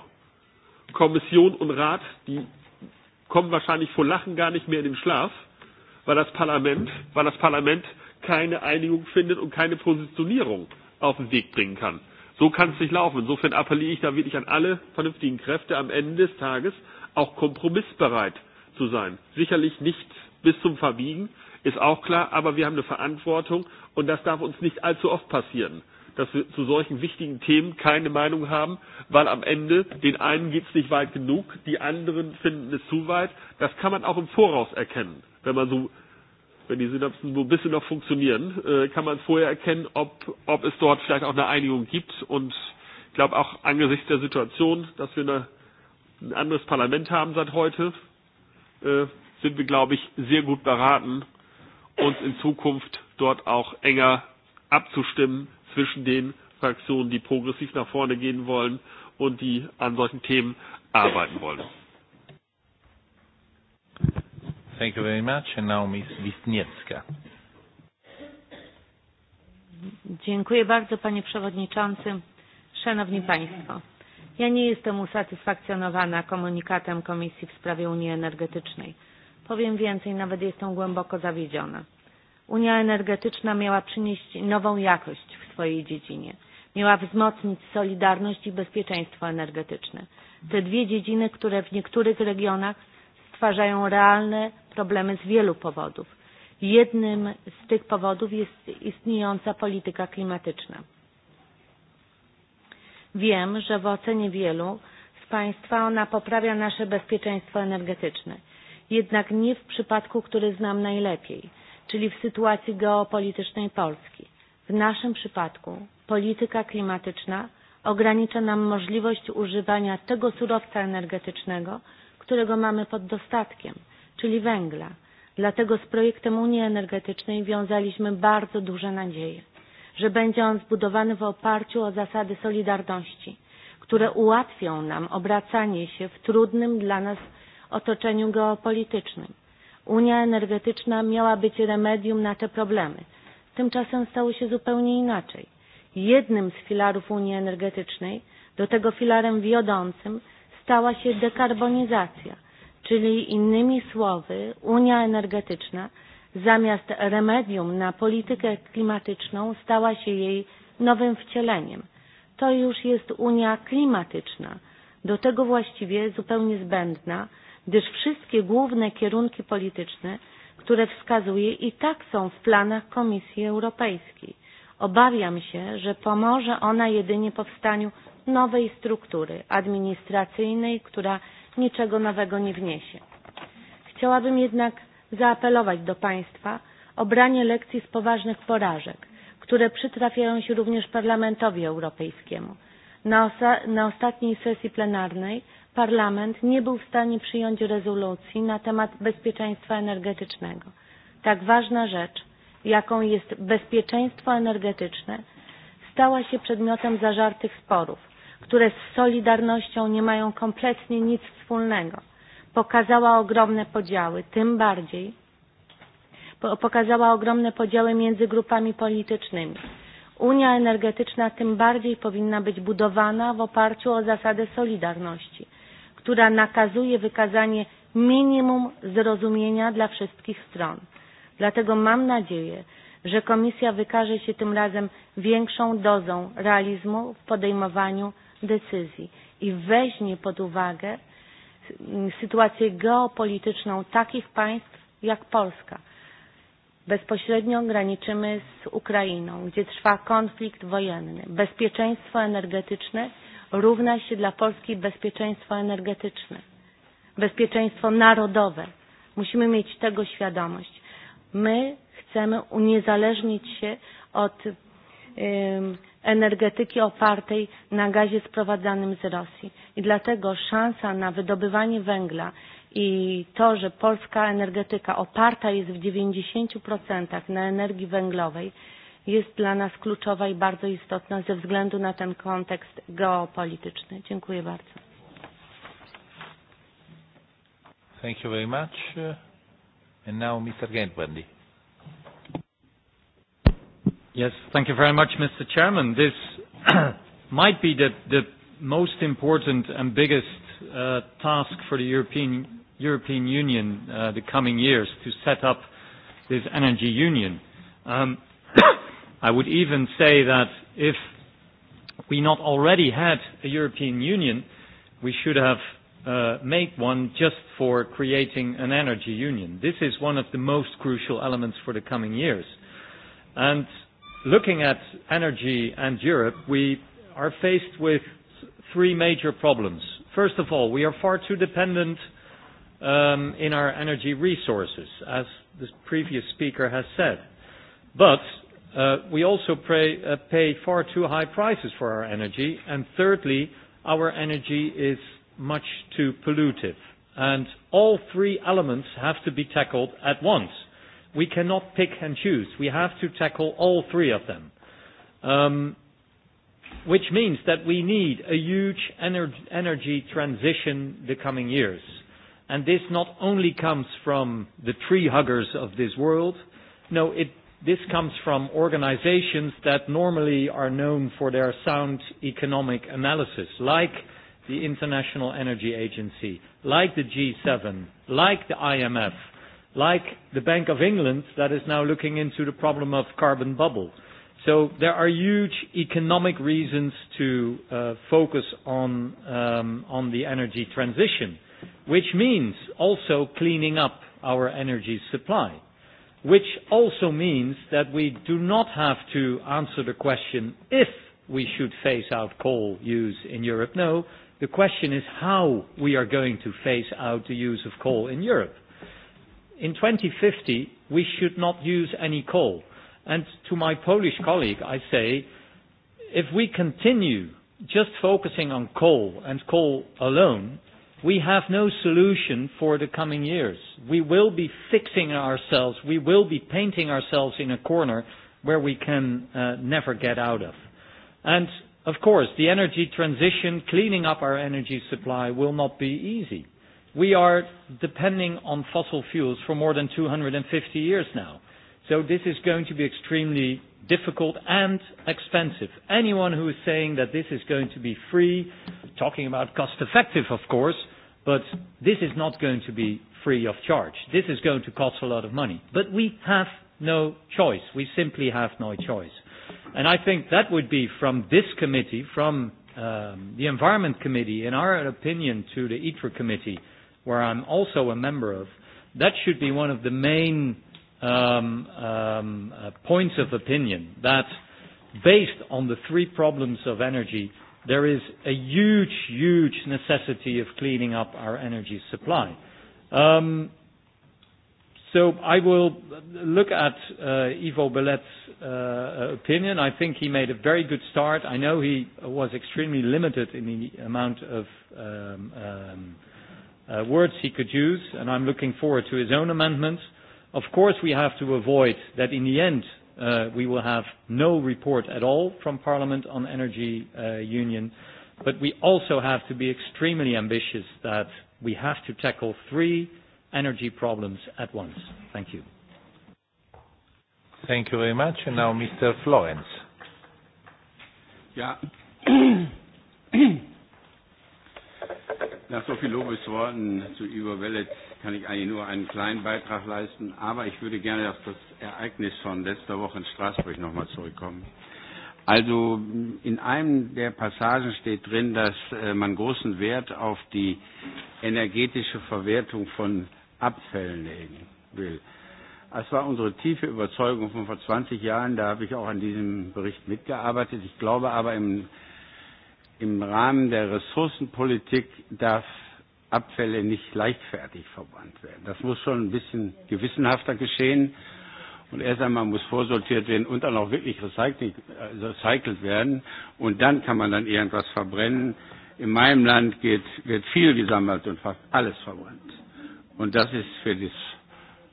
[SPEAKER 11] Kommission und Rat, die kommen wahrscheinlich vor Lachen gar nicht mehr in den Schlaf, weil das Parlament, weil das Parlament keine Einigung findet und keine Positionierung auf den Weg bringen kann. So kann es nicht laufen. Insofern appelliere ich da wirklich an alle vernünftigen Kräfte, am Ende des Tages auch kompromissbereit zu sein. Sicherlich nicht bis zum Verbiegen, ist auch klar, aber wir haben eine Verantwortung und das darf uns nicht allzu oft passieren dass wir zu solchen wichtigen Themen keine Meinung haben, weil am Ende den einen geht es nicht weit genug, die anderen finden es zu weit. Das kann man auch im Voraus erkennen. Wenn man so, wenn die Synapsen so ein bisschen noch funktionieren, kann man vorher erkennen, ob, ob es dort vielleicht auch eine Einigung gibt. Und ich glaube auch angesichts der Situation, dass wir eine, ein anderes Parlament haben seit heute, sind wir, glaube ich, sehr gut beraten, uns in Zukunft dort auch enger abzustimmen, zwischen den Fraktionen, die progressiv nach vorne gehen wollen und die an solchen Themen arbeiten wollen.
[SPEAKER 2] Thank you very much. And now Ms. Wisniewska.
[SPEAKER 12] Dziękuję bardzo Panie Przewodniczący. Szanowni Państwo, ja nie jestem usatysfakcjonowana komunikatem Komisji w sprawie Unii Energetycznej. Powiem więcej, nawet jestem głęboko zawiedziona. Unia Energetyczna miała przynieść nową jakość swojej dziedzinie. Miała wzmocnić solidarność i bezpieczeństwo energetyczne. Te dwie dziedziny, które w niektórych regionach stwarzają realne problemy z wielu powodów. Jednym z tych powodów jest istniejąca polityka klimatyczna. Wiem, że w ocenie wielu z Państwa ona poprawia nasze bezpieczeństwo energetyczne, jednak nie w przypadku, który znam najlepiej, czyli w sytuacji geopolitycznej Polski. W naszym przypadku polityka klimatyczna ogranicza nam możliwość używania tego surowca energetycznego, którego mamy pod dostatkiem, czyli węgla. Dlatego z projektem Unii Energetycznej wiązaliśmy bardzo duże nadzieje, że będzie on zbudowany w oparciu o zasady solidarności, które ułatwią nam obracanie się w trudnym dla nas otoczeniu geopolitycznym. Unia energetyczna miała być remedium na te problemy – Tymczasem stało się zupełnie inaczej. Jednym z filarów Unii Energetycznej, do tego filarem wiodącym, stała się dekarbonizacja, czyli innymi słowy Unia Energetyczna zamiast remedium na politykę klimatyczną stała się jej nowym wcieleniem. To już jest Unia Klimatyczna, do tego właściwie zupełnie zbędna, gdyż wszystkie główne kierunki polityczne które wskazuje i tak są w planach Komisji Europejskiej. Obawiam się, że pomoże ona jedynie powstaniu nowej struktury administracyjnej, która niczego nowego nie wniesie. Chciałabym jednak zaapelować do Państwa o branie lekcji z poważnych porażek, które przytrafiają się również Parlamentowi Europejskiemu. Na ostatniej sesji plenarnej Parlament nie był w stanie przyjąć rezolucji na temat bezpieczeństwa energetycznego. Tak ważna rzecz, jaką jest bezpieczeństwo energetyczne, stała się przedmiotem zażartych sporów, które z Solidarnością nie mają kompletnie nic wspólnego. Pokazała ogromne podziały, tym bardziej pokazała ogromne podziały między grupami politycznymi. Unia energetyczna tym bardziej powinna być budowana w oparciu o zasadę solidarności która nakazuje wykazanie minimum zrozumienia dla wszystkich stron. Dlatego mam nadzieję, że Komisja wykaże się tym razem większą dozą realizmu w podejmowaniu decyzji i weźmie pod uwagę sytuację geopolityczną takich państw jak Polska. Bezpośrednio graniczymy z Ukrainą, gdzie trwa konflikt wojenny. Bezpieczeństwo energetyczne równa się dla Polski bezpieczeństwo energetyczne, bezpieczeństwo narodowe. Musimy mieć tego świadomość. My chcemy uniezależnić się od energetyki opartej na gazie sprowadzanym z Rosji. I dlatego szansa na wydobywanie węgla i to, że polska energetyka oparta jest w 90% na energii węglowej, jest dla nas kluczowa i bardzo istotna ze względu na ten kontekst geopolityczny. Dziękuję bardzo.
[SPEAKER 2] Thank you very much. And now Mr. Gentwendy.
[SPEAKER 13] Yes, thank you very much,
[SPEAKER 2] Mr. Chairman. This
[SPEAKER 13] might be the, the most important and biggest uh, task for the European, European Union uh, the coming years to set up this energy union. Um, I would even say that if we not already had a European Union, we should have made one just for creating an energy union. This is one of the most crucial elements for the coming years. And looking at energy and Europe, we are faced with three major problems. First of all, we are far too dependent um in our energy resources, as the previous speaker has said. But We also pay far too high prices for our energy. And thirdly, our energy is much too pollutive. And all three elements have to be tackled at once. We cannot pick and choose. We have to tackle all three of them. Which means that we need a huge energy transition the coming years. And this not only comes from the tree huggers of this world. No, it This comes from organizations that normally are known for their sound economic analysis, like the International Energy Agency, like the G7, like the IMF, like the Bank of England that is now looking into the problem of carbon bubble. So there are huge economic reasons to focus on on the energy transition, which means also cleaning up our energy supply which also means that we do not have to answer the question if we should phase out coal use in Europe. No, the question is how we are going to phase out the use of coal in Europe. In 2050, we should not use any coal. And to my Polish colleague, I say, if we continue just focusing on coal and coal alone, We have no solution for the coming years. We will be fixing ourselves. We will be painting ourselves in a corner where we can never get out of. And of course, the energy transition, cleaning up our energy supply will not be easy. We are depending on fossil fuels for more than 250 years now. So this is going to be extremely difficult and expensive. Anyone who is saying that this is going to be free, talking about cost effective of course, But this is not going to be free of charge. This is going to cost a lot of money. But we have no choice. We simply have no choice. And I think that would be from this committee, from um, the Environment Committee, in our opinion, to the ITRA Committee, where I'm also a member of, that should be one of the main um, um, points of opinion, that based on the three problems of energy, There is a huge, huge necessity of cleaning up our energy supply. So I will look at Ivo Bellet's opinion. I think he made a very good start. I know he was extremely limited in the amount of words he could use, and I'm looking forward to his own amendments. Of course, we have to avoid that in the end we will have no report at all from Parliament on energy union, but we also have to be extremely ambitious that we have to tackle
[SPEAKER 2] three energy problems at once. Thank you. Thank you very much. And now Mr. Florence.
[SPEAKER 14] yeah Nach so zu kann ich eigentlich nur einen kleinen Beitrag leisten, aber ich würde gerne auf das Ereignis von letzter Woche in Straßburg nochmal zurückkommen. Also in einem der Passagen steht drin, dass man großen Wert auf die energetische Verwertung von Abfällen legen will. Das war unsere tiefe Überzeugung von vor 20 Jahren. Da habe ich auch an diesem Bericht mitgearbeitet. Ich glaube aber, im, im Rahmen der Ressourcenpolitik darf Abfälle nicht leichtfertig verbrannt werden. Das muss schon ein bisschen gewissenhafter geschehen. Und erst einmal muss vorsortiert werden und dann auch wirklich recycelt werden. Und dann kann man dann irgendwas verbrennen. In meinem Land geht, wird viel gesammelt und fast alles verbrannt. Und das ist für das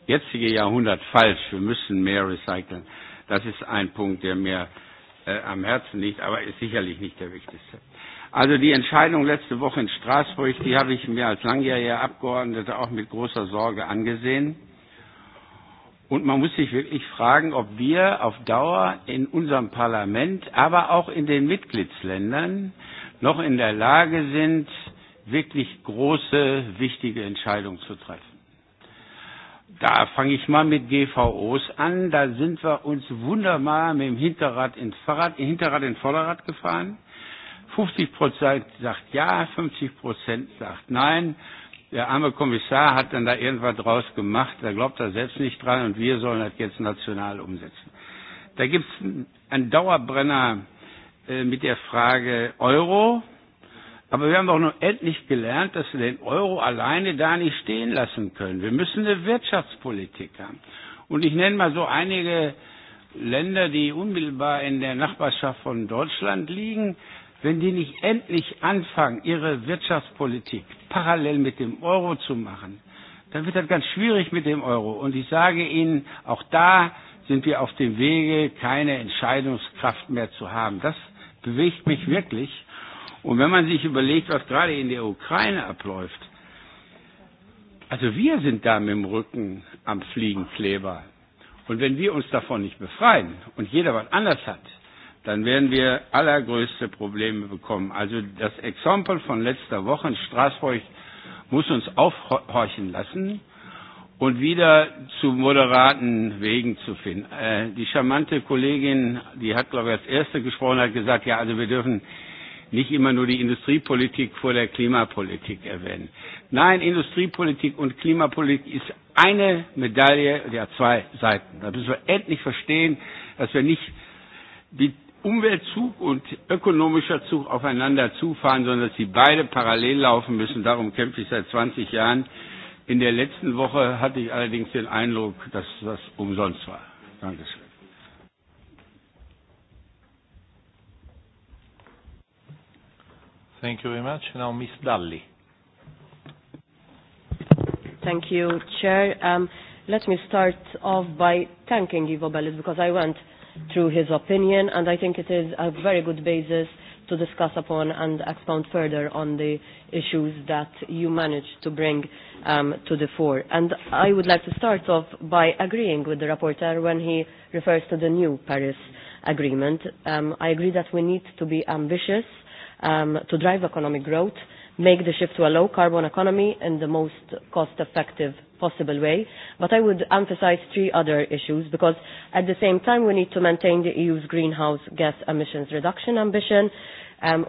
[SPEAKER 14] jetzige Jahrhundert falsch. Wir müssen mehr recyceln. Das ist ein Punkt, der mir am Herzen liegt, aber ist sicherlich nicht der wichtigste. Also die Entscheidung letzte Woche in Straßburg, die habe ich mir als langjähriger Abgeordneter auch mit großer Sorge angesehen. Und man muss sich wirklich fragen, ob wir auf Dauer in unserem Parlament, aber auch in den Mitgliedsländern noch in der Lage sind, wirklich große, wichtige Entscheidungen zu treffen. Da fange ich mal mit GVOs an. Da sind wir uns wunderbar mit dem Hinterrad ins Fahrrad, Hinterrad in Vorderrad gefahren. 50 Prozent sagt ja, 50 Prozent sagt nein. Der arme Kommissar hat dann da irgendwas draus gemacht, da glaubt er selbst nicht dran und wir sollen das jetzt national umsetzen. Da gibt es einen Dauerbrenner mit der Frage Euro. Aber wir haben doch nur endlich gelernt, dass wir den Euro alleine da nicht stehen lassen können. Wir müssen eine Wirtschaftspolitik haben. Und ich nenne mal so einige Länder, die unmittelbar in der Nachbarschaft von Deutschland liegen wenn die nicht endlich anfangen, ihre Wirtschaftspolitik parallel mit dem Euro zu machen, dann wird das ganz schwierig mit dem Euro. Und ich sage Ihnen, auch da sind wir auf dem Wege, keine Entscheidungskraft mehr zu haben. Das bewegt mich wirklich. Und wenn man sich überlegt, was gerade in der Ukraine abläuft, also wir sind da mit dem Rücken am Fliegenkleber. Und wenn wir uns davon nicht befreien und jeder was anders hat, dann werden wir allergrößte Probleme bekommen. Also das Exempel von letzter Woche in Straßburg muss uns aufhorchen lassen und wieder zu moderaten Wegen zu finden. Äh, die charmante Kollegin, die hat, glaube ich, als erste gesprochen, hat gesagt, ja, also wir dürfen nicht immer nur die Industriepolitik vor der Klimapolitik erwähnen. Nein, Industriepolitik und Klimapolitik ist eine Medaille, der zwei Seiten. Da müssen wir endlich verstehen, dass wir nicht Umweltzug und ökonomischer Zug aufeinander zufahren, sondern dass sie beide parallel laufen müssen. Darum kämpfe ich seit 20 Jahren. In der letzten Woche hatte ich allerdings den Eindruck, dass das umsonst war. Dankeschön.
[SPEAKER 2] Thank you very much. Now Ms. Dalli.
[SPEAKER 15] Thank you, Chair. Um, let me start off by thanking Ivo Bellis because I went through his opinion, and I think it is a very good basis to discuss upon and expound further on the issues that you managed to bring um, to the fore. And I would like to start off by agreeing with the rapporteur when he refers to the new Paris Agreement. Um, I agree that we need to be ambitious um, to drive economic growth make the shift to a low carbon economy in the most cost effective possible way. But I would emphasise three other issues because at the same time we need to maintain the EU's greenhouse gas emissions reduction ambition.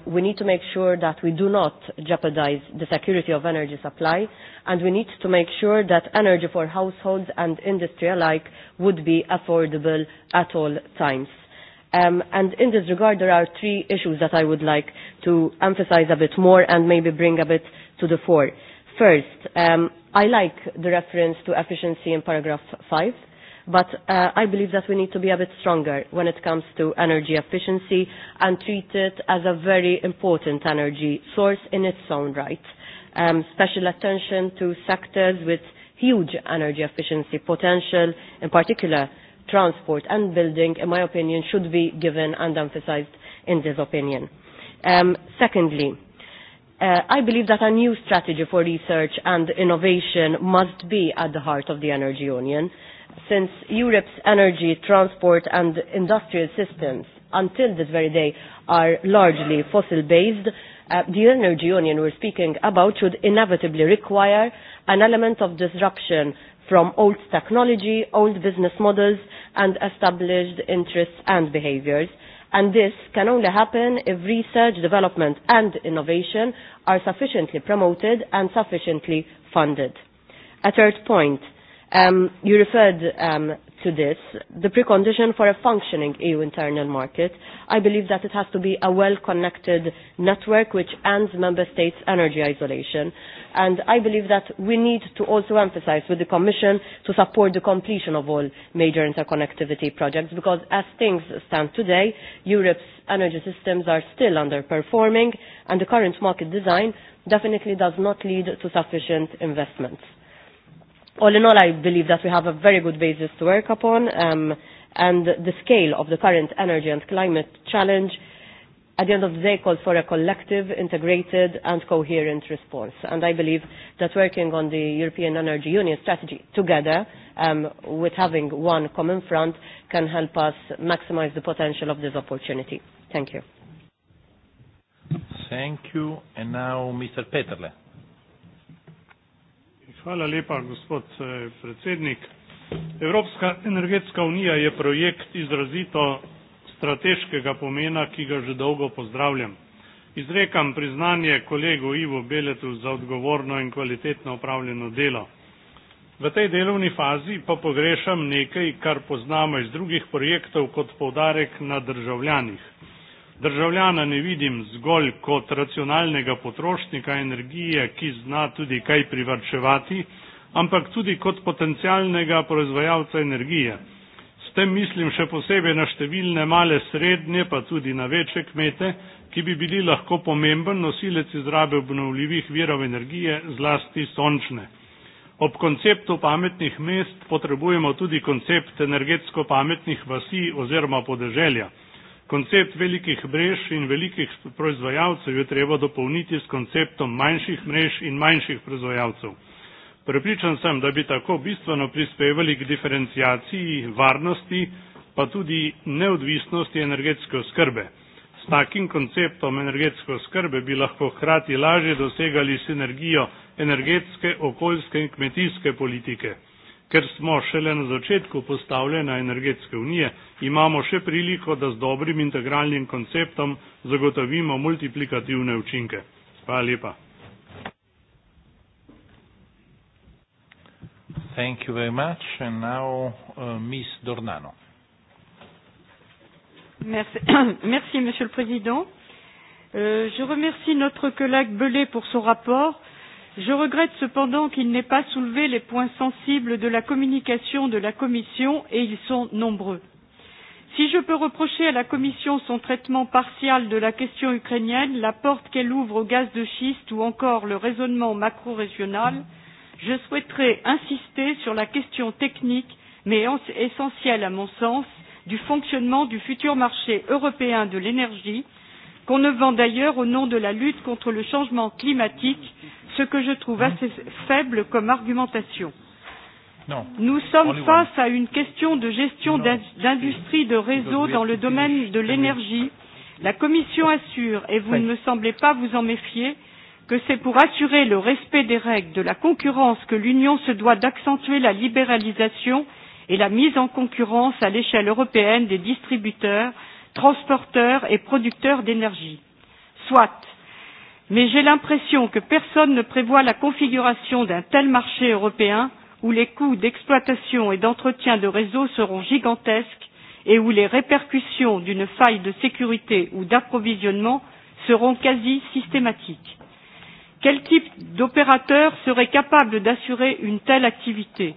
[SPEAKER 15] we need to make sure that we do not jeopardise the security of energy supply and we need to make sure that energy for households and industry alike would be affordable at all times. And in this regard, there are three issues that I would like to emphasize a bit more and maybe bring a bit to the fore. First, I like the reference to efficiency in paragraph 5, but I believe that we need to be a bit stronger when it comes to energy efficiency and treat it as a very important energy source in its own right. Special attention to sectors with huge energy efficiency potential, in particular transport and building, in my opinion, should be given and emphasized in this opinion. Um, secondly, I believe that a new strategy for research and innovation must be at the heart of the energy union. Since Europe's energy, transport and industrial systems until this very day are largely fossil-based, the energy union we're speaking about should inevitably require an element of disruption from old technology, old business models and established interests and behaviours. And this can only happen if research, development and innovation are sufficiently promoted and sufficiently funded. A third point, you referred to this, the precondition for a functioning EU internal market, I believe that it has to be a well-connected network which ends member states' energy isolation. And I believe that we need to also emphasize with the Commission to support the completion of all major interconnectivity projects because as things stand today, Europe's energy systems are still underperforming and the current market design definitely does not lead to sufficient investments all in all, I believe that we have a very good basis to work upon, and the scale of the current energy and climate challenge at the end of the day calls for a collective, integrated and coherent response. And I believe that working on the European Energy Union strategy together with having one common front can help us maximize the potential of this opportunity. Thank you.
[SPEAKER 2] Thank you. And now Mr. Peterle.
[SPEAKER 16] Hvala lepa, gospod predsednik. Evropska energetska unija je projekt izrazito strateškega pomena, ki ga že dolgo pozdravljam. Izrekam priznanje kolegu Ivo Beletu za odgovorno in kvalitetno upravljeno delo. V tej delovni fazi pa pogrešam nekaj, kar poznamo iz drugih projektov kot poudarek na državljanih Državljana ne vidim zgolj kot racionalnega potrošnika energije, ki zna tudi kaj privrčevati, ampak tudi kot potencialnega proizvajalca energije. S tem mislim še posebej na številne male srednje, pa tudi na večje kmete, ki bi bili lahko pomemben nosilec izrabe obnovljivih virov energije, zlasti sončne. Ob konceptu pametnih mest potrebujemo tudi koncept energetsko pametnih vasi oziroma podeželja. Koncept velikih mrež in velikih proizvajalcev je treba dopolniti s konceptom manjših mrež in manjših proizvajalcev. Prepričan sem, da bi tako bistveno prispevali k diferencijaciji varnosti, pa tudi neodvisnosti energetske oskrbe. S takim konceptom energetske oskrbe bi lahko hkrati lažje dosegali sinergijo energetske, okoljske in kmetijske politike. Ker smo šele na začetku postavljena energetske unije, imamo še priliko, da z dobrim integralnim konceptom zagotovimo multiplikativne
[SPEAKER 2] učinke. Hvala lepa. Thank you very much. And now, uh, Ms. Dornano.
[SPEAKER 17] Merci, Merci Monsieur le Président. Euh, je remercie notre collègue Belay pour son rapport Je regrette cependant qu'il n'ait pas soulevé les points sensibles de la communication de la Commission, et ils sont nombreux. Si je peux reprocher à la Commission son traitement partial de la question ukrainienne, la porte qu'elle ouvre au gaz de schiste ou encore le raisonnement macro-régional, je souhaiterais insister sur la question technique, mais essentielle à mon sens, du fonctionnement du futur marché européen de l'énergie qu'on ne vend d'ailleurs au nom de la lutte contre le changement climatique, ce que je trouve assez faible comme argumentation. Nous sommes face à une question de gestion d'industrie de réseau dans le domaine de l'énergie. La Commission assure, et vous ne me semblez pas vous en méfier, que c'est pour assurer le respect des règles de la concurrence que l'Union se doit d'accentuer la libéralisation et la mise en concurrence à l'échelle européenne des distributeurs transporteurs et producteurs d'énergie. Soit. Mais j'ai l'impression que personne ne prévoit la configuration d'un tel marché européen où les coûts d'exploitation et d'entretien de réseaux seront gigantesques et où les répercussions d'une faille de sécurité ou d'approvisionnement seront quasi systématiques. Quel type d'opérateur serait capable d'assurer une telle activité?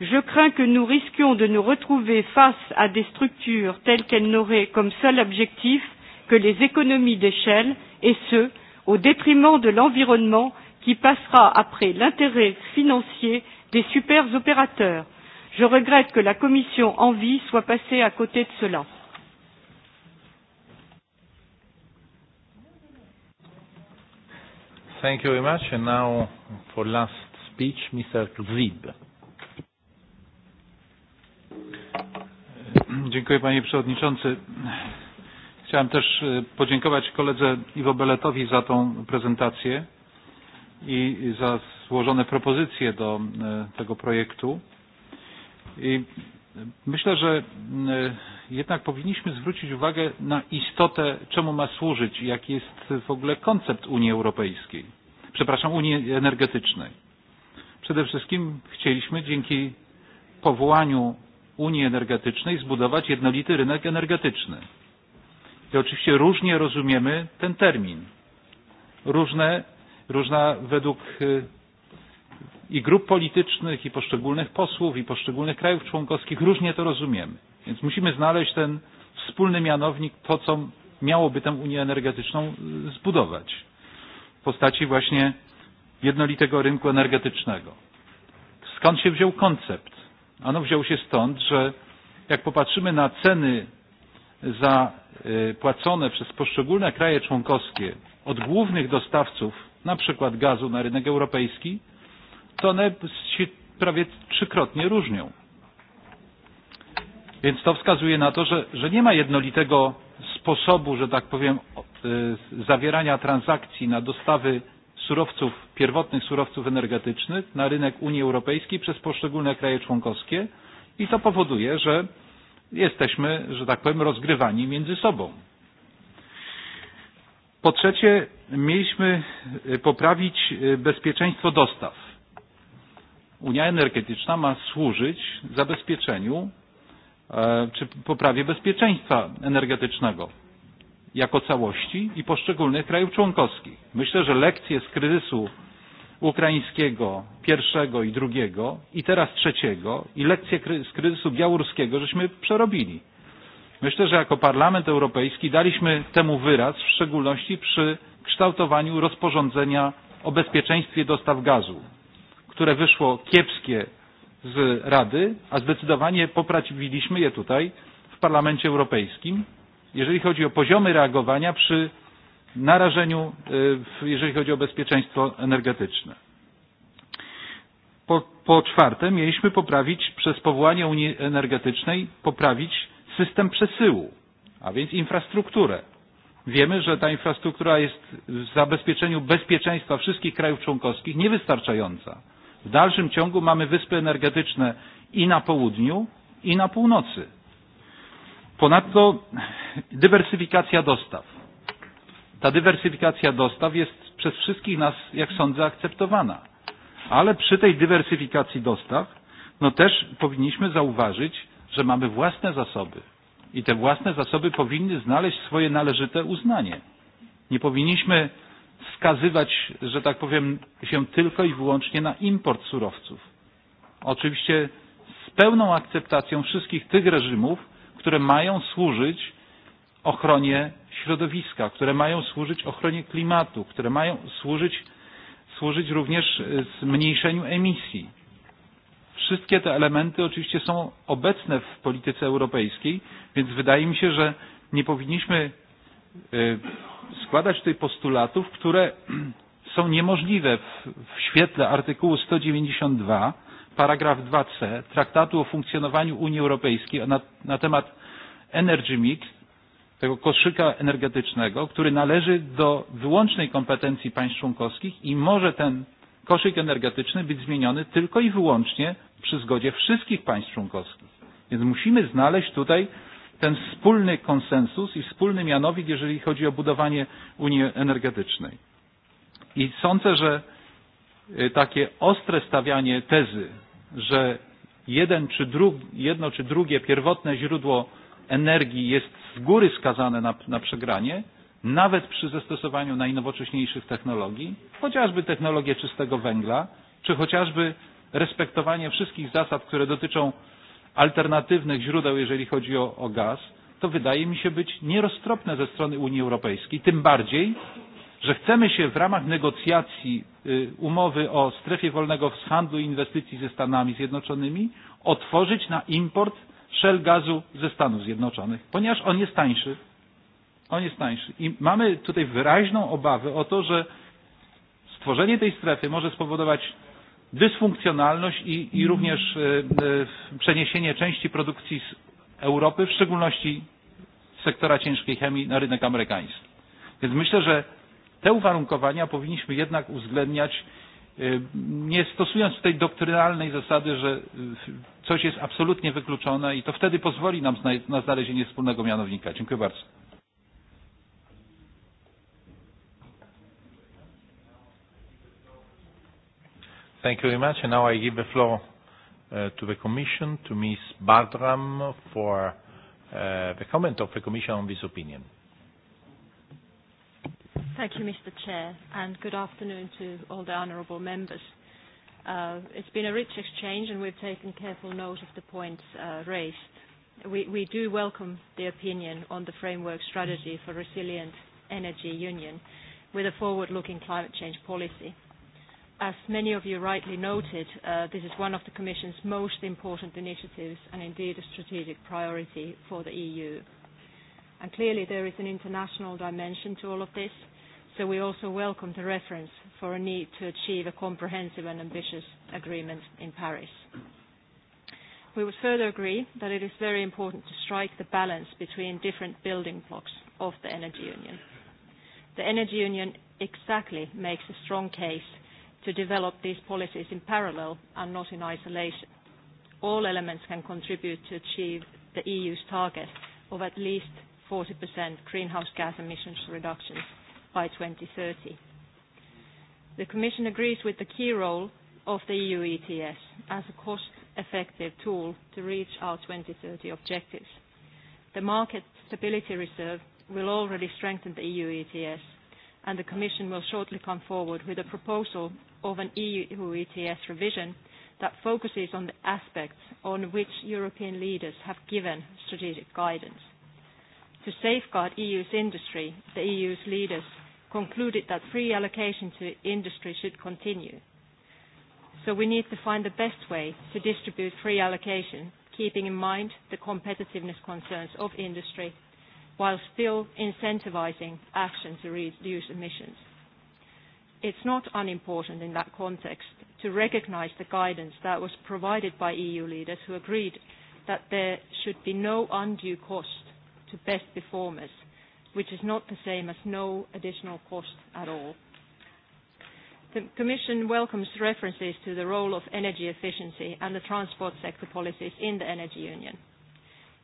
[SPEAKER 17] je crains que nous risquions de nous retrouver face à des structures telles qu'elles n'auraient comme seul objectif que les économies d'échelle, et ce, au détriment de l'environnement qui passera après l'intérêt financier des super opérateurs. Je regrette que la commission Envie soit passée à côté de cela.
[SPEAKER 2] Thank you very much. And now for last speech, Mr.
[SPEAKER 1] Zib. Dziękuję panie przewodniczący. Chciałem też podziękować koledze Iwo Beletowi za tą prezentację i za złożone propozycje do tego projektu. I myślę, że jednak powinniśmy zwrócić uwagę na istotę, czemu ma służyć i jaki jest w ogóle koncept Unii Europejskiej, przepraszam, Unii Energetycznej. Przede wszystkim chcieliśmy dzięki powołaniu Unii Energetycznej zbudować jednolity rynek energetyczny. I oczywiście różnie rozumiemy ten termin. Różne, różna według i grup politycznych, i poszczególnych posłów, i poszczególnych krajów członkowskich różnie to rozumiemy. Więc musimy znaleźć ten wspólny mianownik, to co miałoby tę Unię Energetyczną zbudować w postaci właśnie jednolitego rynku energetycznego. Skąd się wziął koncept? Ano wziął się stąd, że jak popatrzymy na ceny za płacone przez poszczególne kraje członkowskie od głównych dostawców, na przykład gazu na rynek europejski, to one się prawie trzykrotnie różnią. Więc to wskazuje na to, że, że nie ma jednolitego sposobu, że tak powiem, zawierania transakcji na dostawy surowców, pierwotnych surowców energetycznych na rynek Unii Europejskiej przez poszczególne kraje członkowskie i to powoduje, że jesteśmy, że tak powiem, rozgrywani między sobą. Po trzecie, mieliśmy poprawić bezpieczeństwo dostaw. Unia energetyczna ma służyć zabezpieczeniu czy poprawie bezpieczeństwa energetycznego jako całości i poszczególnych krajów członkowskich. Myślę, że lekcje z kryzysu ukraińskiego pierwszego i drugiego i teraz trzeciego i lekcje z kryzysu białoruskiego żeśmy przerobili. Myślę, że jako Parlament Europejski daliśmy temu wyraz, w szczególności przy kształtowaniu rozporządzenia o bezpieczeństwie dostaw gazu, które wyszło kiepskie z Rady, a zdecydowanie poprawiliśmy je tutaj w Parlamencie Europejskim jeżeli chodzi o poziomy reagowania przy narażeniu, jeżeli chodzi o bezpieczeństwo energetyczne. Po, po czwarte, mieliśmy poprawić przez powołanie Unii Energetycznej poprawić system przesyłu, a więc infrastrukturę. Wiemy, że ta infrastruktura jest w zabezpieczeniu bezpieczeństwa wszystkich krajów członkowskich niewystarczająca. W dalszym ciągu mamy wyspy energetyczne i na południu, i na północy. Ponadto dywersyfikacja dostaw. Ta dywersyfikacja dostaw jest przez wszystkich nas, jak sądzę, akceptowana. Ale przy tej dywersyfikacji dostaw no też powinniśmy zauważyć, że mamy własne zasoby i te własne zasoby powinny znaleźć swoje należyte uznanie. Nie powinniśmy wskazywać, że tak powiem, się tylko i wyłącznie na import surowców. Oczywiście z pełną akceptacją wszystkich tych reżimów, które mają służyć ochronie środowiska, które mają służyć ochronie klimatu, które mają służyć, służyć również zmniejszeniu emisji. Wszystkie te elementy oczywiście są obecne w polityce europejskiej, więc wydaje mi się, że nie powinniśmy składać tutaj postulatów, które są niemożliwe w świetle artykułu 192 paragraf 2c Traktatu o funkcjonowaniu Unii Europejskiej na, temat Energy Mix, tego koszyka energetycznego, który należy do wyłącznej kompetencji państw członkowskich i może ten koszyk energetyczny być zmieniony tylko i wyłącznie przy zgodzie wszystkich państw członkowskich. Więc musimy znaleźć tutaj ten wspólny konsensus i wspólny mianownik, jeżeli chodzi o budowanie Unii Energetycznej. I sądzę, że takie ostre stawianie tezy, że jeden czy jedno czy drugie pierwotne źródło energii jest z góry skazane na, przegranie, nawet przy zastosowaniu najnowocześniejszych technologii, chociażby technologię czystego węgla, czy chociażby respektowanie wszystkich zasad, które dotyczą alternatywnych źródeł, jeżeli chodzi o, o gaz, to wydaje mi się być nieroztropne ze strony Unii Europejskiej, tym bardziej, że chcemy się w ramach negocjacji umowy o strefie wolnego handlu i inwestycji ze Stanami Zjednoczonymi otworzyć na import szel gazu ze Stanów Zjednoczonych, ponieważ on jest tańszy. On jest tańszy. I mamy tutaj wyraźną obawę o to, że stworzenie tej strefy może spowodować dysfunkcjonalność i, i również przeniesienie części produkcji z Europy, w szczególności sektora ciężkiej chemii, na rynek amerykański. Więc myślę, że te uwarunkowania powinniśmy jednak uwzględniać nie stosując tej doktrynalnej zasady, że coś jest absolutnie wykluczone i to wtedy pozwoli nam na znalezienie wspólnego mianownika. Dziękuję bardzo. Thank you very much. And now I give
[SPEAKER 2] the floor uh, to the Commission, to Ms. Bardram for uh, the comment of the Commission on this opinion.
[SPEAKER 18] Thank you, Mr. Chair, and good afternoon to all the honourable members. Uh, it's been a rich exchange, and we've taken careful note of the points raised. We, we do welcome the opinion on the framework strategy for resilient energy union with a forward-looking climate change policy. As many of you rightly noted, uh, this is one of the Commission's most important initiatives and indeed a strategic priority for the EU. And clearly there is an international dimension to all of this so we also welcome the reference for a need to achieve a comprehensive and ambitious agreement in Paris. We would further agree that it is very important to strike the balance between different building blocks of the energy union. The energy union exactly makes a strong case to develop these policies in parallel and not in isolation. All elements can contribute to achieve the EU's target of at least 40% greenhouse gas emissions reductions by 2030. The Commission agrees with the key role of the EU ETS as a cost-effective tool to reach our 2030 objectives. The Market Stability Reserve will already strengthen the EU ETS, and the Commission will shortly come forward with a proposal of an EU ETS revision that focuses on the aspects on which European leaders have given strategic guidance. To safeguard EU's industry, the EU's leaders concluded that free allocation to industry should continue. So we need to find the best way to distribute free allocation, keeping in mind the competitiveness concerns of industry, while still incentivizing action to reduce emissions. It's not unimportant in that context to recognize the guidance that was provided by EU leaders who agreed that there should be no undue cost to best performers which is not the same as no additional cost at all. The Commission welcomes references to the role of energy efficiency and the transport sector policies in the energy union.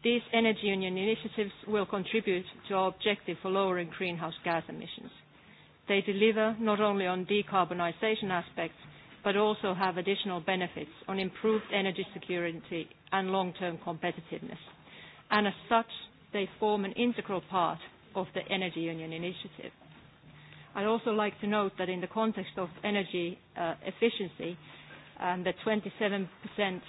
[SPEAKER 18] These energy union initiatives will contribute to our objective for lowering greenhouse gas emissions. They deliver not only on decarbonisation aspects, but also have additional benefits on improved energy security and long-term competitiveness. And as such, they form an integral part of the Energy Union Initiative. I'd also like to note that in the context of energy efficiency and the 27%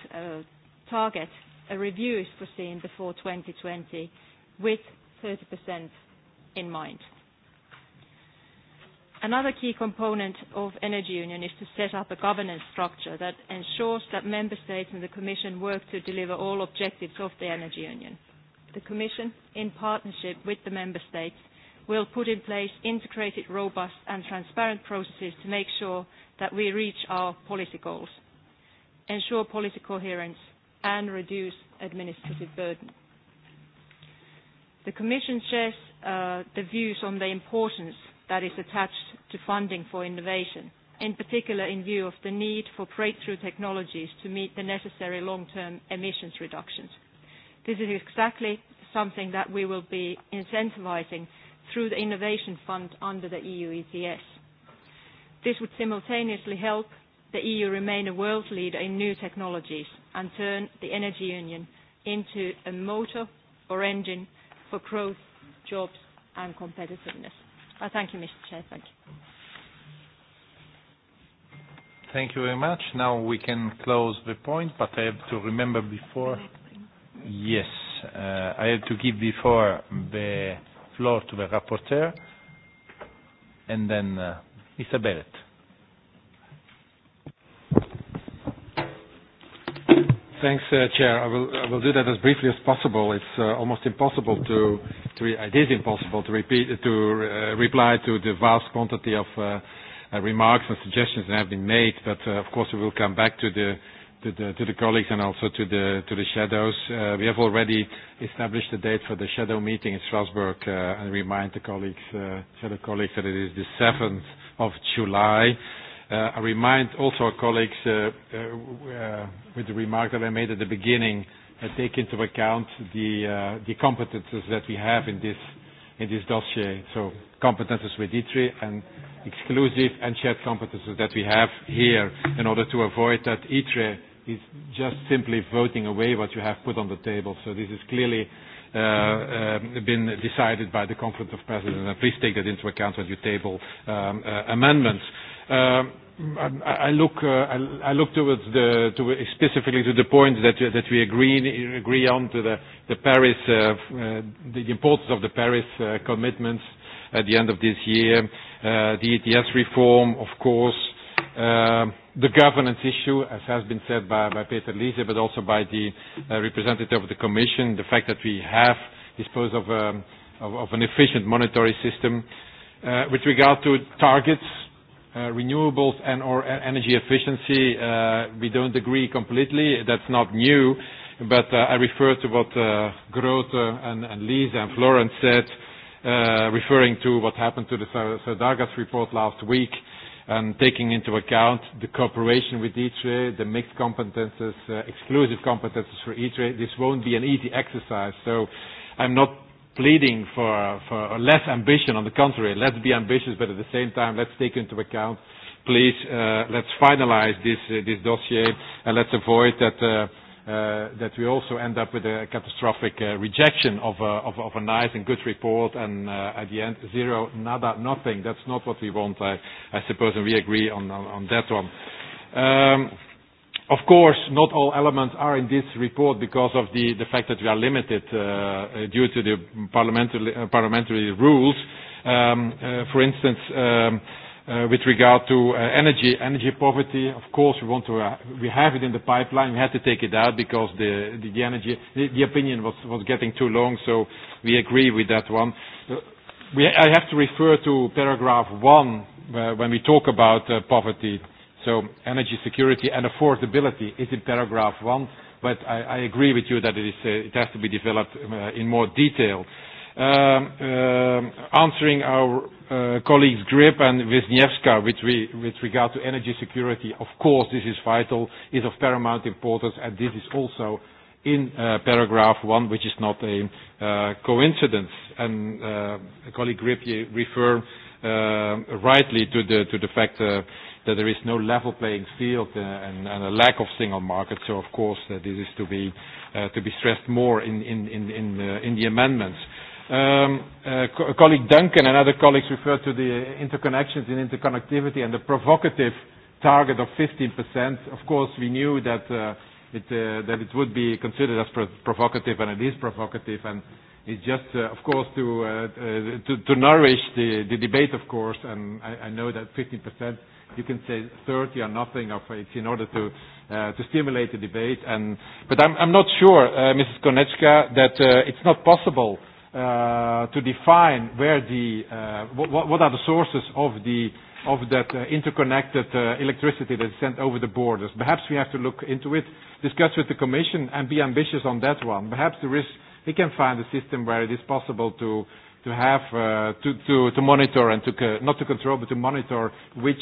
[SPEAKER 18] target, a review is foreseen before 2020 with 30% in mind. Another key component of energy union is to set up a governance structure that ensures that member states and the commission work to deliver all objectives of the energy union the Commission, in partnership with the Member States, will put in place integrated, robust and transparent processes to make sure that we reach our policy goals, ensure policy coherence and reduce administrative burden. The Commission shares the views on the importance that is attached to funding for innovation, in particular in view of the need for breakthrough technologies to meet the necessary long-term emissions reductions. This is exactly something that we will be incentivizing through the Innovation Fund under the EU ETS. This would simultaneously help the EU remain a world leader in new technologies and turn the energy union into a motor or engine for growth, jobs and competitiveness. I thank you, Mr. Chair. Thank you.
[SPEAKER 2] Thank you very much. Now we can close the point, but I have to remember before. Yes. I have to give before the floor to the rapporteur and then
[SPEAKER 3] Mr. Beret. Thanks, Chair. I will, I will do that as briefly as possible. It's almost impossible to, to it is impossible to repeat, to reply to the vast quantity of remarks and suggestions that have been made, but of course we will come back to the to the colleagues and also to the shadows. We have already established a date for the shadow meeting in Strasbourg and remind the colleagues, shadow colleagues, that it is the 7th of July. I remind also our colleagues with the remark that I made at the beginning, take into account the the competences that we have in this in this dossier. So competences with ITRE and exclusive and shared competences that we have here in order to avoid that ITRE is just simply voting away what you have put on the table. So this is clearly been decided by the Conference of Presidents, and please take that into account when you table amendments. I look the specifically to the points that we agree on to the Paris the importance of the Paris commitments at the end of this year, the ETS reform, of course the governance issue, as has been said by Peter Liese, but also by the representative of the Commission, the fact that we have disposed of an efficient monetary system. With regard to targets, renewables and/or energy efficiency, we don't agree completely. That's not new, but I refer to what Grote and Liese and Florence said, referring to what happened to the Sardagas report last week. And taking into account the cooperation with E-Trade, the mixed competences, exclusive competences for E-Trade. This won't be an easy exercise, so I'm not pleading for, for less ambition. On the contrary, let's be ambitious, but at the same time, let's take into account, please, let's finalize this, this dossier, and let's avoid that that we also end up with a catastrophic rejection of a nice and good report and at the end zero, nada, nothing. That's not what we want, I suppose, and we agree on that one. Of course, not all elements are in this report because of the fact that we are limited due to the parliamentary rules. For instance, With regard to energy energy poverty, of course, we want to we have it in the pipeline. We had to take it out because the the energy the opinion was was getting too long, so we agree with that one. We I have to refer to paragraph one when we talk about poverty. So energy security and affordability is in paragraph one, but I I agree with you that it is it has to be developed in more detail answering our colleagues Grip and Wisniewska with regard to energy security, of course this is vital, is of paramount importance, and this is also in paragraph one, which is not a coincidence. And colleague Grip, you refer rightly to the fact that there is no level playing field and a lack of single market. So of course this is to be stressed more in the amendments. Colleague Duncan and other colleagues referred to the interconnections and interconnectivity and the provocative target of 15%. Of course, we knew that it that it would be considered as provocative, and it is provocative, and it's just, of course, to to nourish the the debate, of course. And I I know that 15%, you can say 30 or nothing of it's in order to to stimulate the debate. And but I'm I'm not sure, Mrs. Konechka, that it's not possible to define where the what are the sources of the of that interconnected electricity that is sent over the borders. Perhaps we have to look into it, discuss with the Commission, and be ambitious on that one. Perhaps we can find a system where it is possible to to have to monitor and not to control but to monitor which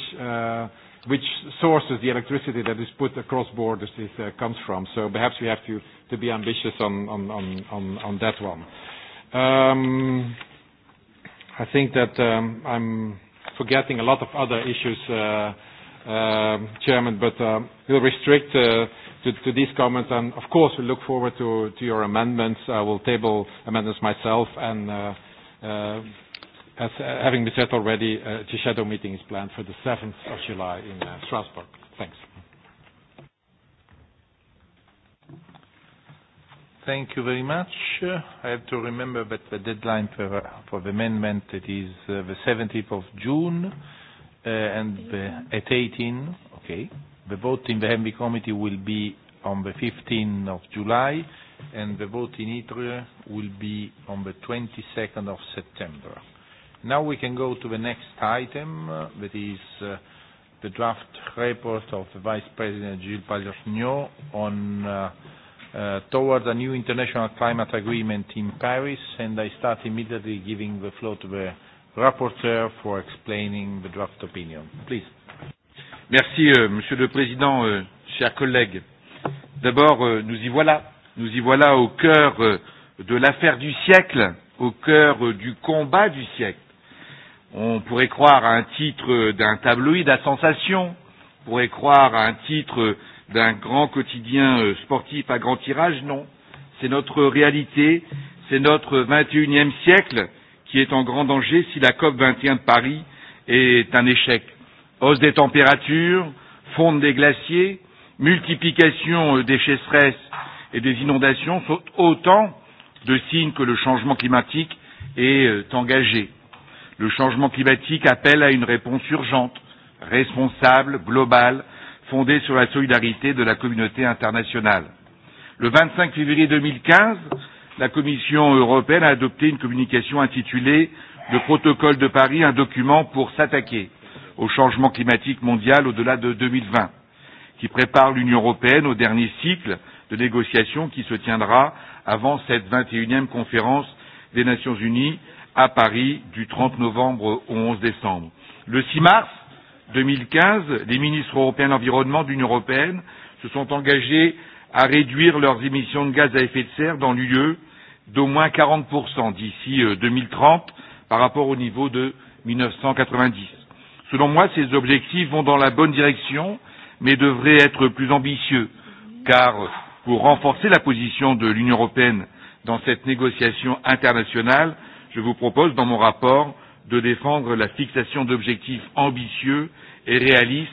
[SPEAKER 3] which sources the electricity that is put across borders comes from. So perhaps we have to to be ambitious on on on on that one. Um, I think that um, I'm forgetting a lot of other issues, uh, uh, Chairman, but uh, we'll restrict uh, to, to these comments. And of course, we look forward to, to your amendments. I will table amendments myself, and uh, uh, as having been said already, uh, the shadow meeting is planned for the 7th of July in uh, Strasbourg. Thanks.
[SPEAKER 2] Thank you very much. I have to remember that the deadline for, the amendment is the 17th of June and the, at 18, okay. The vote in the Committee will be on the 15th of July and the vote in ITRE will be on the 22nd of September. Now we can go to the next item, that is the draft report of the Vice President Gilles Palliot on towards a new international climate agreement in Paris, and I start immediately giving the floor to the rapporteur for explaining the
[SPEAKER 19] draft opinion. Please. Merci, Monsieur le Président, chers collègues. D'abord, nous y voilà. Nous y voilà au cœur de l'affaire du siècle, au cœur du combat du siècle. On pourrait croire à un titre d'un tabloïd à sensation, on pourrait croire à un titre d'un grand quotidien sportif à grand tirage, non. C'est notre réalité, c'est notre 21e siècle qui est en grand danger si la COP 21 de Paris est un échec. Hausse des températures, fonte des glaciers, multiplication des sécheresses et des inondations sont autant de signes que le changement climatique est engagé. Le changement climatique appelle à une réponse urgente, responsable, globale fondée sur la solidarité de la communauté internationale. Le 25 février 2015, la Commission européenne a adopté une communication intitulée Le protocole de Paris, un document pour s'attaquer au changement climatique mondial au-delà de 2020, qui prépare l'Union européenne au dernier cycle de négociations qui se tiendra avant cette 21e conférence des Nations unies à Paris du 30 novembre au 11 décembre. Le 6 mars, 2015, les ministres européens de l'environnement de l'Union européenne se sont engagés à réduire leurs émissions de gaz à effet de serre dans l'UE d'au moins 40% d'ici 2030 par rapport au niveau de 1990. Selon moi, ces objectifs vont dans la bonne direction, mais devraient être plus ambitieux, car pour renforcer la position de l'Union européenne dans cette négociation internationale, je vous propose dans mon rapport de défendre la fixation d'objectifs ambitieux et réalistes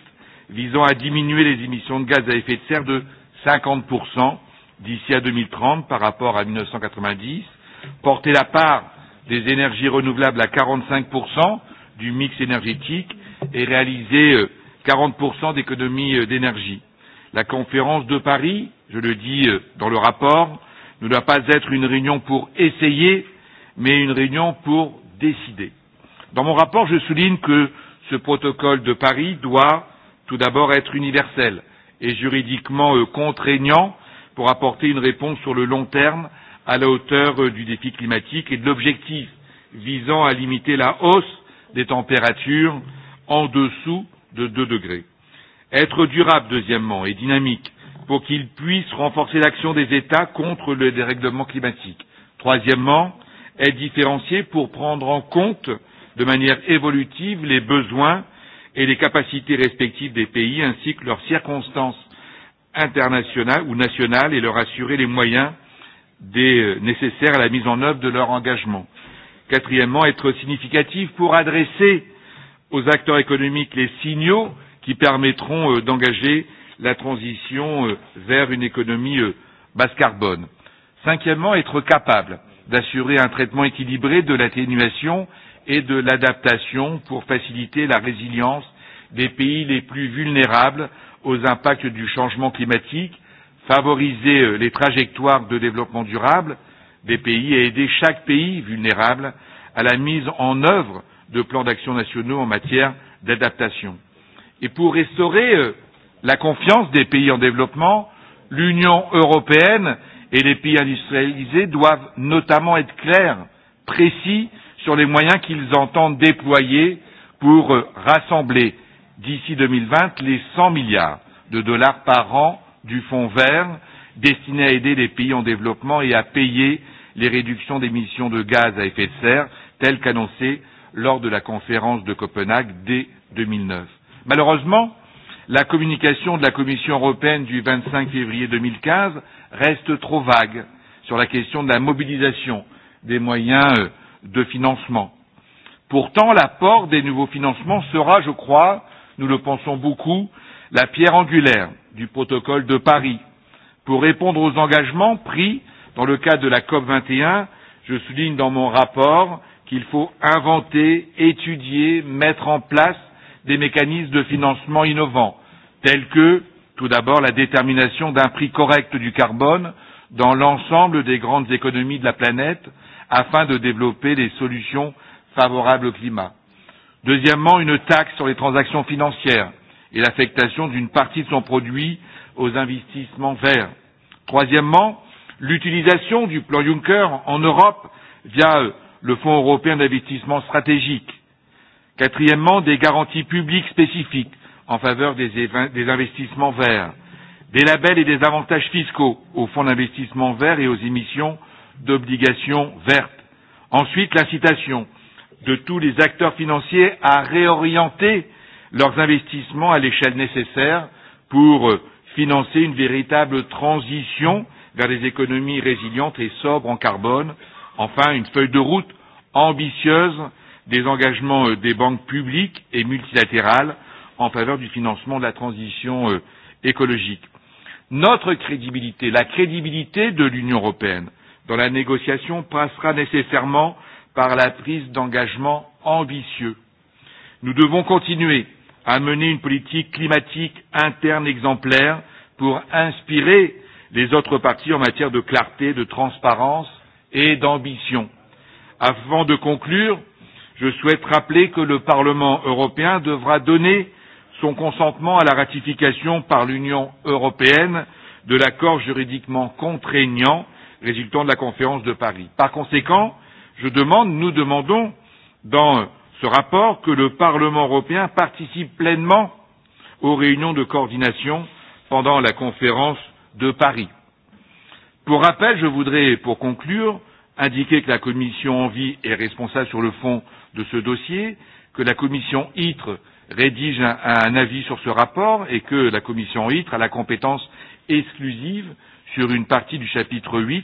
[SPEAKER 19] visant à diminuer les émissions de gaz à effet de serre de 50% d'ici à 2030 par rapport à 1990, porter la part des énergies renouvelables à 45% du mix énergétique et réaliser 40% d'économies d'énergie. La conférence de Paris, je le dis dans le rapport, ne doit pas être une réunion pour essayer, mais une réunion pour décider. Dans mon rapport, je souligne que ce protocole de Paris doit tout d'abord être universel et juridiquement contraignant pour apporter une réponse sur le long terme à la hauteur du défi climatique et de l'objectif visant à limiter la hausse des températures en dessous de 2 degrés. Être durable, deuxièmement, et dynamique, pour qu'il puisse renforcer l'action des États contre le dérèglement climatique. Troisièmement, être différencié pour prendre en compte de manière évolutive les besoins et les capacités respectives des pays ainsi que leurs circonstances internationales ou nationales et leur assurer les moyens des nécessaires à la mise en œuvre de leur engagement. Quatrièmement, être significatif pour adresser aux acteurs économiques les signaux qui permettront d'engager la transition vers une économie basse carbone. Cinquièmement, être capable d'assurer un traitement équilibré de l'atténuation et de l'adaptation pour faciliter la résilience des pays les plus vulnérables aux impacts du changement climatique, favoriser les trajectoires de développement durable des pays et aider chaque pays vulnérable à la mise en œuvre de plans d'action nationaux en matière d'adaptation. Et pour restaurer la confiance des pays en développement, l'Union européenne et les pays industrialisés doivent notamment être clairs, précis sur les moyens qu'ils entendent déployer pour rassembler d'ici 2020 les 100 milliards de dollars par an du Fonds vert destiné à aider les pays en développement et à payer les réductions d'émissions de gaz à effet de serre telles qu'annoncées lors de la conférence de Copenhague dès 2009. Malheureusement, la communication de la Commission européenne du 25 février 2015 reste trop vague sur la question de la mobilisation des moyens de financement. Pourtant, l'apport des nouveaux financements sera, je crois, nous le pensons beaucoup, la pierre angulaire du protocole de Paris. Pour répondre aux engagements pris dans le cadre de la COP21, je souligne dans mon rapport qu'il faut inventer, étudier, mettre en place des mécanismes de financement innovants, tels que, tout d'abord, la détermination d'un prix correct du carbone dans l'ensemble des grandes économies de la planète, afin de développer des solutions favorables au climat. Deuxièmement, une taxe sur les transactions financières et l'affectation d'une partie de son produit aux investissements verts. Troisièmement, l'utilisation du plan Juncker en Europe via le Fonds européen d'investissement stratégique. Quatrièmement, des garanties publiques spécifiques en faveur des investissements verts, des labels et des avantages fiscaux aux fonds d'investissement verts et aux émissions d'obligations vertes. Ensuite, l'incitation de tous les acteurs financiers à réorienter leurs investissements à l'échelle nécessaire pour financer une véritable transition vers des économies résilientes et sobres en carbone. Enfin, une feuille de route ambitieuse des engagements des banques publiques et multilatérales en faveur du financement de la transition écologique. Notre crédibilité, la crédibilité de l'Union européenne, dans la négociation passera nécessairement par la prise d'engagements ambitieux. Nous devons continuer à mener une politique climatique interne exemplaire pour inspirer les autres parties en matière de clarté, de transparence et d'ambition. Avant de conclure, je souhaite rappeler que le Parlement européen devra donner son consentement à la ratification par l'Union européenne de l'accord juridiquement contraignant résultant de la conférence de Paris. Par conséquent, je demande, nous demandons dans ce rapport que le Parlement européen participe pleinement aux réunions de coordination pendant la conférence de Paris. Pour rappel, je voudrais, pour conclure, indiquer que la commission Envie est responsable sur le fond de ce dossier, que la commission ITRE rédige un, un avis sur ce rapport et que la commission ITRE a la compétence exclusive sur une partie du chapitre 8,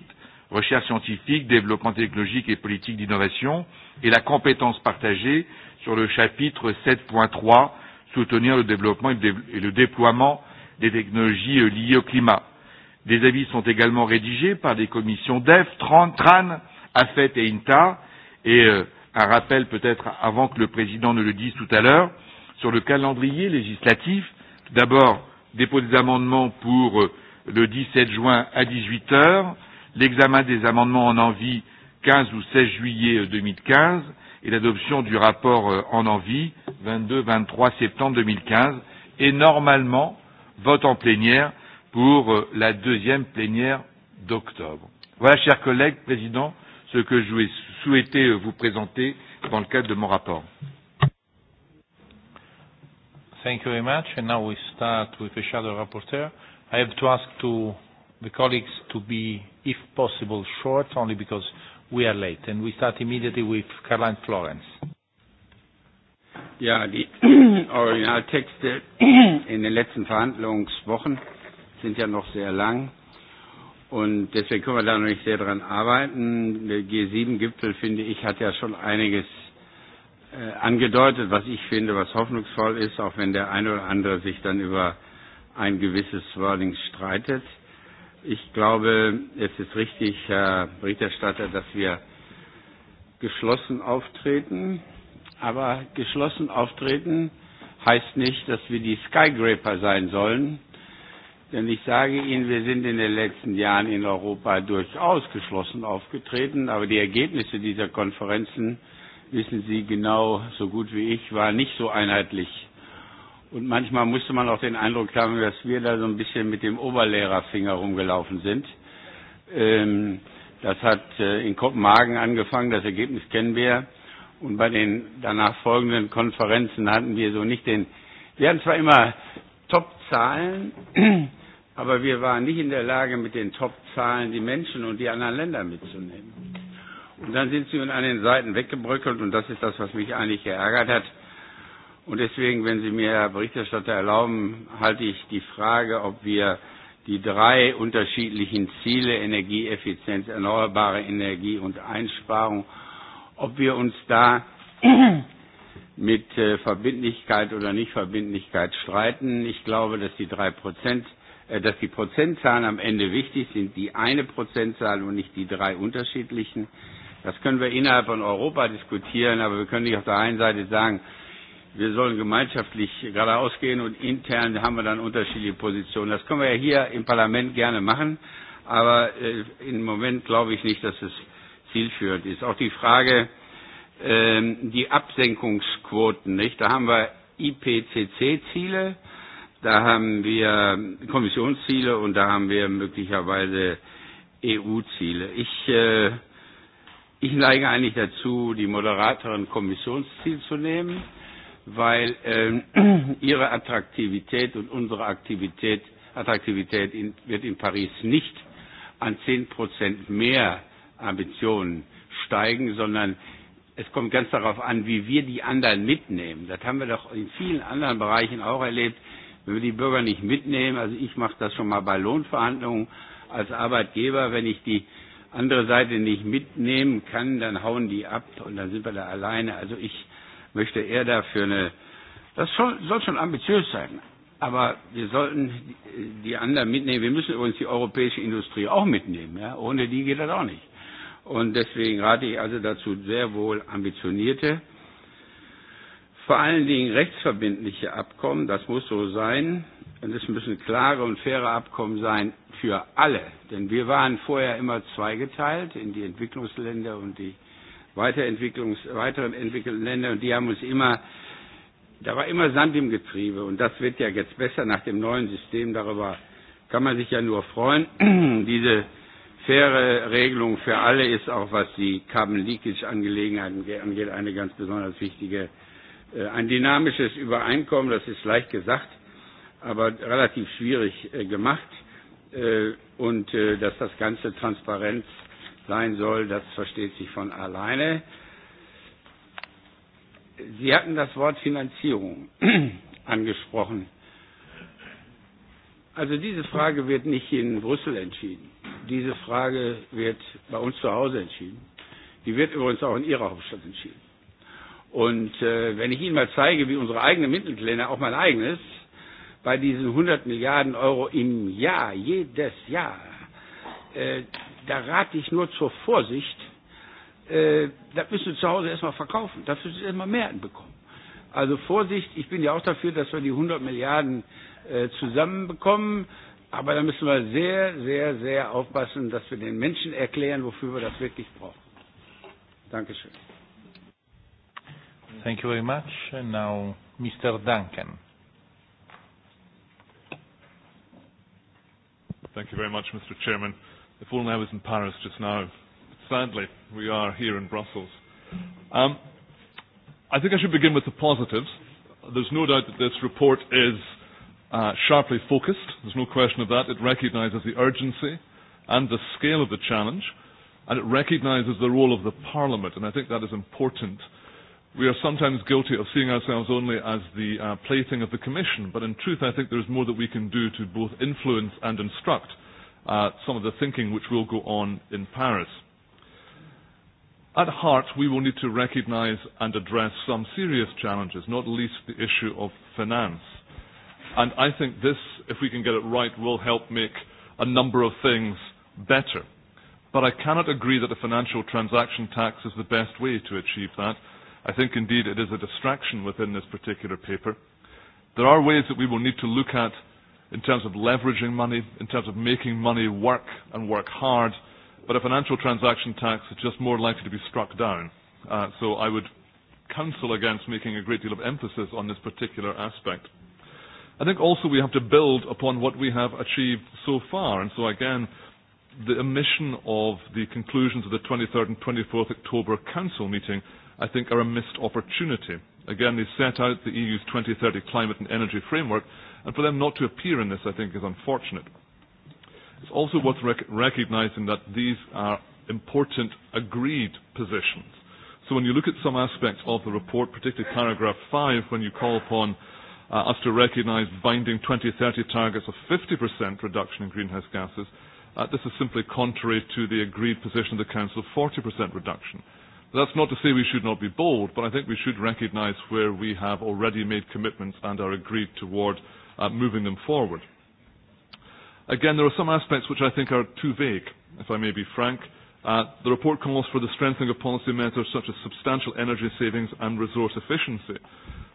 [SPEAKER 19] recherche scientifique, développement technologique et politique d'innovation, et la compétence partagée sur le chapitre 7.3, soutenir le développement et le déploiement des technologies liées au climat. Des avis sont également rédigés par des commissions DEF, TRAN, AFET et INTA, et un rappel peut-être avant que le président ne le dise tout à l'heure, sur le calendrier législatif, d'abord dépôt des amendements pour le 17 juin à 18 18h, l'examen des amendements en envie 15 ou 16 juillet 2015 et l'adoption du rapport en envie 22-23 septembre 2015 et normalement vote en plénière pour la deuxième plénière d'octobre. Voilà, chers collègues, Président, ce que je souhaitais vous présenter dans le cadre de mon rapport.
[SPEAKER 2] Thank you very much. And now we start with the shadow rapporteur. I have to ask to the colleagues to be, if possible, short, only because we are late. And
[SPEAKER 14] we start immediately with Caroline Florence. Ja, die Originaltexte in den letzten Verhandlungswochen sind ja noch sehr lang. Und deswegen können wir da noch nicht sehr dran arbeiten. Der G7-Gipfel, finde ich, hat ja schon einiges angedeutet, was ich finde, was hoffnungsvoll ist, auch wenn der eine oder andere sich dann über ein gewisses Wording streitet. Ich glaube, es ist richtig, Herr Berichterstatter, dass wir geschlossen auftreten. Aber geschlossen auftreten heißt nicht, dass wir die Skygraper sein sollen. Denn ich sage Ihnen, wir sind in den letzten Jahren in Europa durchaus geschlossen aufgetreten. Aber die Ergebnisse dieser Konferenzen, wissen Sie genau so gut wie ich, waren nicht so einheitlich Und manchmal musste man auch den Eindruck haben, dass wir da so ein bisschen mit dem Oberlehrerfinger rumgelaufen sind. Ähm, das hat in Kopenhagen angefangen, das Ergebnis kennen wir. Und bei den danach folgenden Konferenzen hatten wir so nicht den, wir hatten zwar immer Top-Zahlen, aber wir waren nicht in der Lage, mit den Top-Zahlen die Menschen und die anderen Länder mitzunehmen. Und dann sind sie an den Seiten weggebröckelt und das ist das, was mich eigentlich geärgert hat Und deswegen, wenn Sie mir, Herr Berichterstatter, erlauben, halte ich die Frage, ob wir die drei unterschiedlichen Ziele Energieeffizienz, erneuerbare Energie und Einsparung, ob wir uns da mit Verbindlichkeit oder Nichtverbindlichkeit streiten. Ich glaube, dass die drei Prozent, dass die Prozentzahlen am Ende wichtig sind, die eine Prozentzahl und nicht die drei unterschiedlichen. Das können wir innerhalb von Europa diskutieren, aber wir können nicht auf der einen Seite sagen, wir sollen gemeinschaftlich geradeaus gehen und intern haben wir dann unterschiedliche Positionen. Das können wir ja hier im Parlament gerne machen, aber im Moment glaube ich nicht, dass es zielführend ist. Auch die Frage, die Absenkungsquoten, nicht? Da haben wir IPCC-Ziele, da haben wir Kommissionsziele und da haben wir möglicherweise EU-Ziele. Ich, ich neige eigentlich dazu, die moderateren Kommissionsziele zu nehmen weil ihre Attraktivität und unsere Aktivität, Attraktivität wird in Paris nicht an 10 mehr Ambitionen steigen, sondern es kommt ganz darauf an, wie wir die anderen mitnehmen. Das haben wir doch in vielen anderen Bereichen auch erlebt, wenn wir die Bürger nicht mitnehmen. Also ich mache das schon mal bei Lohnverhandlungen als Arbeitgeber, wenn ich die andere Seite nicht mitnehmen kann, dann hauen die ab und dann sind wir da alleine. Also ich möchte er dafür eine, das soll, soll schon ambitiös sein, aber wir sollten die anderen mitnehmen. Wir müssen übrigens die europäische Industrie auch mitnehmen, ja, ohne die geht das auch nicht. Und deswegen rate ich also dazu sehr wohl ambitionierte, vor allen Dingen rechtsverbindliche Abkommen, das muss so sein. Und es müssen klare und faire Abkommen sein für alle. Denn wir waren vorher immer zweigeteilt in die Entwicklungsländer und die Weiterentwicklungs, weiteren entwickelten Länder und die haben uns immer, da war immer Sand im Getriebe und das wird ja jetzt besser nach dem neuen System. Darüber kann man sich ja nur freuen. Diese faire Regelung für alle ist auch, was die Carbon Leakage Angelegenheiten angeht, eine ganz besonders wichtige, ein dynamisches Übereinkommen, das ist leicht gesagt, aber relativ schwierig gemacht und dass das Ganze Transparenz sein soll, das versteht sich von alleine. Sie hatten das Wort Finanzierung angesprochen. Also diese Frage wird nicht in Brüssel entschieden. Diese Frage wird bei uns zu Hause entschieden. Die wird übrigens auch in Ihrer Hauptstadt entschieden. Und wenn ich Ihnen mal zeige, wie unsere eigenen Mittelkläne, auch mein eigenes, bei diesen 100 Milliarden Euro im Jahr, jedes Jahr, da rate ich nur zur Vorsicht, äh, das müssen wir zu Hause erstmal verkaufen, dafür müssen wir erstmal mehr bekommen. Also Vorsicht, ich bin ja auch dafür, dass wir die 100 Milliarden zusammenbekommen, aber da müssen wir sehr, sehr, sehr aufpassen, dass wir den Menschen erklären, wofür wir das wirklich brauchen. Dankeschön.
[SPEAKER 2] Thank you very much. And now Mr.
[SPEAKER 5] Duncan. Thank you very much, Mr. Chairman. If only I was in Paris just now. Sadly, we are here in Brussels. Um, I think I should begin with the positives. There's no doubt that this report is uh, sharply focused. There's no question of that. It recognises the urgency and the scale of the challenge, and it recognises the role of the Parliament, and I think that is important. We are sometimes guilty of seeing ourselves only as the uh, plaything of the Commission, but in truth I think there is more that we can do to both influence and instruct some of the thinking which will go on in Paris. At heart, we will need to recognise and address some serious challenges, not least the issue of finance. And I think this, if we can get it right, will help make a number of things better. But I cannot agree that a financial transaction tax is the best way to achieve that. I think indeed it is a distraction within this particular paper. There are ways that we will need to look at in terms of leveraging money, in terms of making money work and work hard, but a financial transaction tax is just more likely to be struck down. So I would counsel against making a great deal of emphasis on this particular aspect. I think also we have to build upon what we have achieved so far, and so again, the omission of the conclusions of the 23rd and 24th October Council meeting, I think, are a missed opportunity. Again, they set out the EU's 2030 climate and energy framework, and for them not to appear in this, I think, is unfortunate. It's also worth recognizing that these are important agreed positions. So when you look at some aspects of the report, particularly paragraph 5, when you call upon us to recognise binding 2030 targets of 50% reduction in greenhouse gases, this is simply contrary to the agreed position of the Council of 40% reduction. That's not to say we should not be bold, but I think we should recognise where we have already made commitments and are agreed toward moving them forward. Again, there are some aspects which I think are too vague, if I may be frank. The report calls for the strengthening of policy measures such as substantial energy savings and resource efficiency.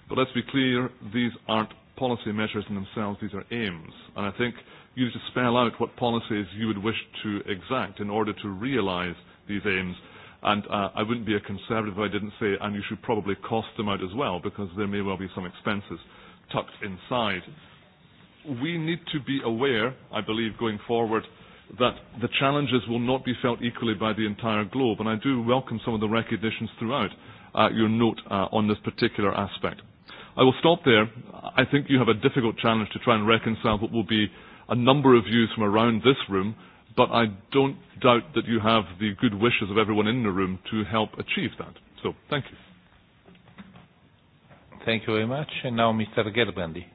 [SPEAKER 5] But let's be clear, these aren't policy measures in themselves, these are aims. And I think you need to spell out what policies you would wish to exact in order to realise these aims. And I wouldn't be a conservative if I didn't say, and you should probably cost them out as well, because there may well be some expenses tucked inside. We need to be aware, I believe, going forward, that the challenges will not be felt equally by the entire globe, and I do welcome some of the recognitions throughout your note on this particular aspect. I will stop there. I think you have a difficult challenge to try and reconcile what will be a number of views from around this room, but I don't doubt that you have the good wishes of everyone in the room to help achieve that. So, thank you. Thank you very much. And now Mr.
[SPEAKER 2] Gerbrandy.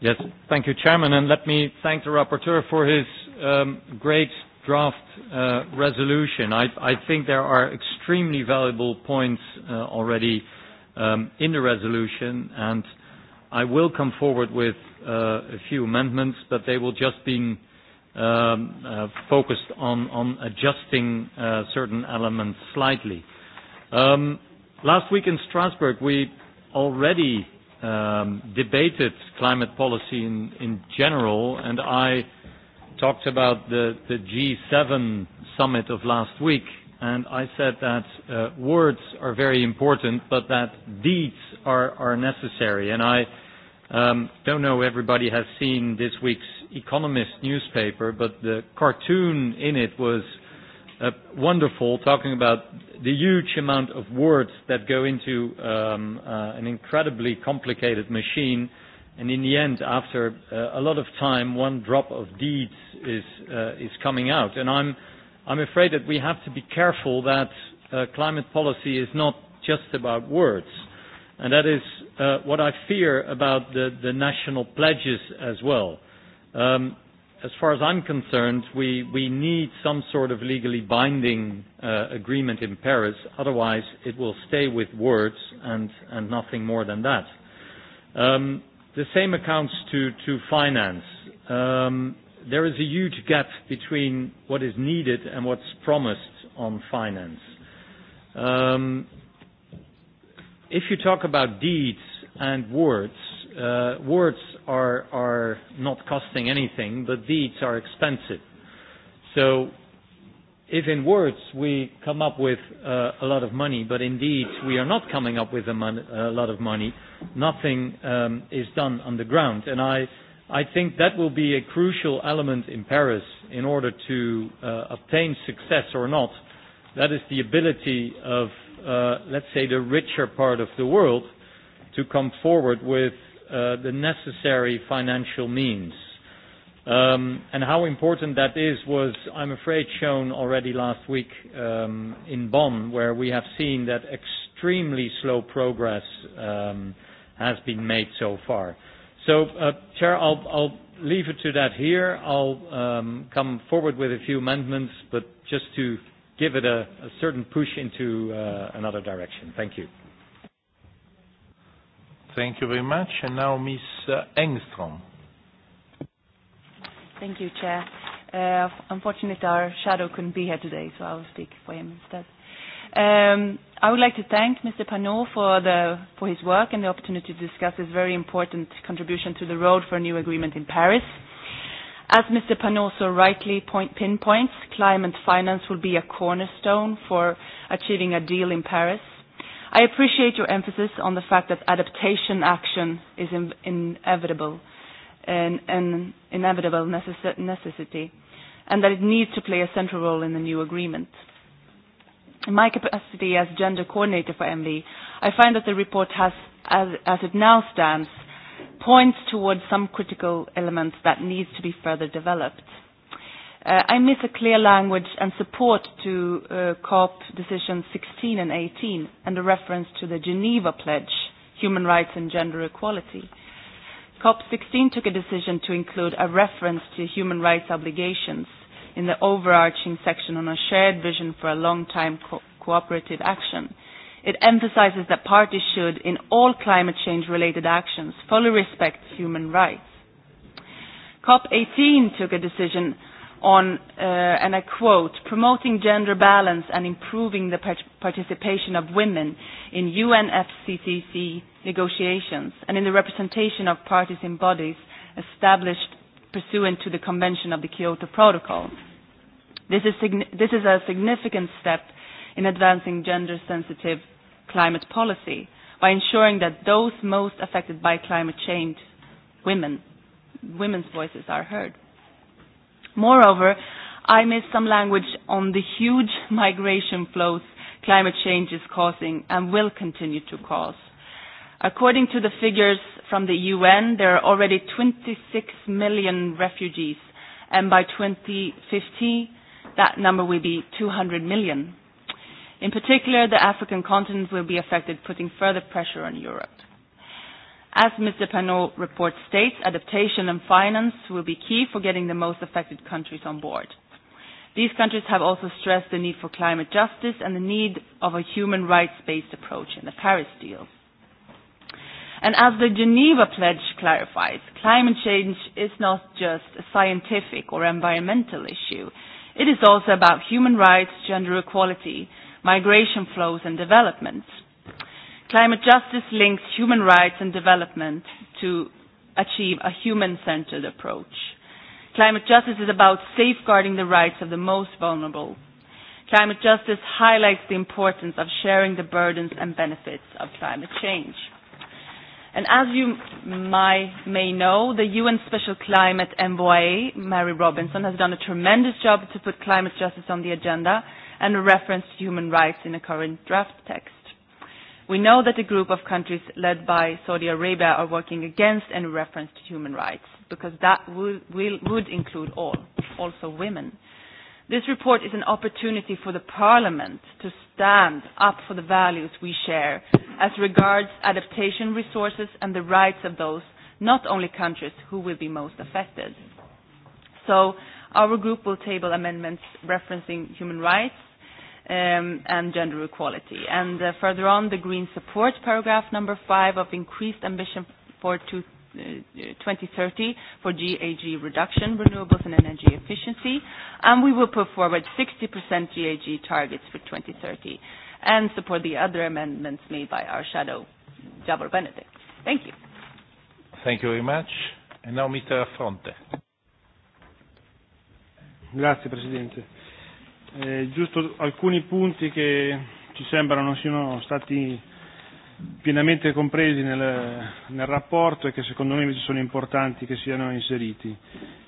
[SPEAKER 2] Yes, thank you, Chairman, and let me thank the
[SPEAKER 13] rapporteur for his um, great draft resolution. I, I think there are extremely valuable points already um, in the resolution, and I will come forward with a few amendments, but they will just be um, focused on, on adjusting certain elements slightly. Um, Last week in Strasbourg, we already um, debated climate policy in, in general, and I talked about the, the G7 summit of last week, and I said that uh, words are very important, but that deeds are, are necessary. And I um, don't know everybody has seen this week's Economist newspaper, but the cartoon in it was wonderful, talking about the huge amount of words that go into um, uh, an incredibly complicated machine. And in the end, after uh, a lot of time, one drop of deeds is, uh, is coming out. And I'm, I'm afraid that we have to be careful that uh, climate policy is not just about words. And that is uh, what I fear about the, the national pledges as well. Um, as far as I'm concerned, we, we need some sort of legally binding uh, agreement in Paris. Otherwise, it will stay with words and, and nothing more than that. Um, the same accounts to, to finance. Um, there is a huge gap between what is needed and what's promised on finance. Um, if you talk about deeds and words, words are are not costing anything, but deeds are expensive. So if in words we come up with a lot of money, but in deeds we are not coming up with a lot of money, nothing is done on the ground. And I I think that will be a crucial element in Paris in order to obtain success or not. That is the ability of, let's say, the richer part of the world to come forward with the necessary financial means. And how important that is was, I'm afraid, shown already last week in Bonn, where we have seen that extremely slow progress has been made so far. So, Chair, I'll leave it to that here. I'll come forward with a few amendments, but just to give it a certain push into another direction. Thank you.
[SPEAKER 2] Thank you very much. And now Ms. Engstrom.
[SPEAKER 20] Thank you, Chair. Uh, unfortunately, our shadow couldn't be here today, so I will speak for him instead. Um, I would like to thank Mr. Panot for, the, for his work and the opportunity to discuss his very important contribution to the road for a new agreement in Paris. As Mr. Panot so rightly pinpoints, climate finance will be a cornerstone for achieving a deal in Paris – I appreciate your emphasis on the fact that adaptation action is inevitable, an inevitable necessity, and that it needs to play a central role in the new agreement. In my capacity as gender coordinator for MV, I find that the report has, as, as it now stands, points towards some critical elements that need to be further developed. I miss a clear language and support to COP decisions 16 and 18 and a reference to the Geneva Pledge, Human Rights and Gender Equality. COP 16 took a decision to include a reference to human rights obligations in the overarching section on a shared vision for a long-time cooperative action. It emphasizes that parties should, in all climate change-related actions, fully respect human rights. COP18 took a decision on, and I quote, promoting gender balance and improving the participation of women in UNFCCC negotiations and in the representation of parties in bodies established pursuant to the Convention of the Kyoto Protocol. This is, this is a significant step in advancing gender-sensitive climate policy by ensuring that those most affected by climate change, women, women's voices are heard. Moreover, I missed some language on the huge migration flows climate change is causing and will continue to cause. According to the figures from the UN, there are already 26 million refugees, and by 2050, that number will be 200 million. In particular, the African continent will be affected, putting further pressure on Europe. As Mr. Panot report states, adaptation and finance will be key for getting the most affected countries on board. These countries have also stressed the need for climate justice and the need of a human rights-based approach in the Paris deal. And as the Geneva Pledge clarifies, climate change is not just a scientific or environmental issue. It is also about human rights, gender equality, migration flows and development. Climate justice links human rights and development to achieve a human-centered approach. Climate justice is about safeguarding the rights of the most vulnerable. Climate justice highlights the importance of sharing the burdens and benefits of climate change. And as you may know, the UN Special Climate Envoy, Mary Robinson, has done a tremendous job to put climate justice on the agenda and a reference to human rights in a current draft text. We know that a group of countries led by Saudi Arabia are working against any reference to human rights because that would, would include all, also women. This report is an opportunity for the Parliament to stand up for the values we share as regards adaptation resources and the rights of those, not only countries, who will be most affected. So our group will table amendments referencing human rights, um and gender equality. And further on, the Green support paragraph number five of increased ambition for 2030 for GAG reduction, renewables and energy efficiency. And we will put forward 60% GAG targets for 2030 and support the other amendments made by our shadow, Javor Benedict.
[SPEAKER 9] Thank you.
[SPEAKER 2] Thank you very much. And now Mr. fronte.
[SPEAKER 9] Grazie Presidente eh, giusto alcuni punti che ci sembrano siano stati pienamente compresi nel, nel rapporto e che secondo me invece sono importanti che siano inseriti.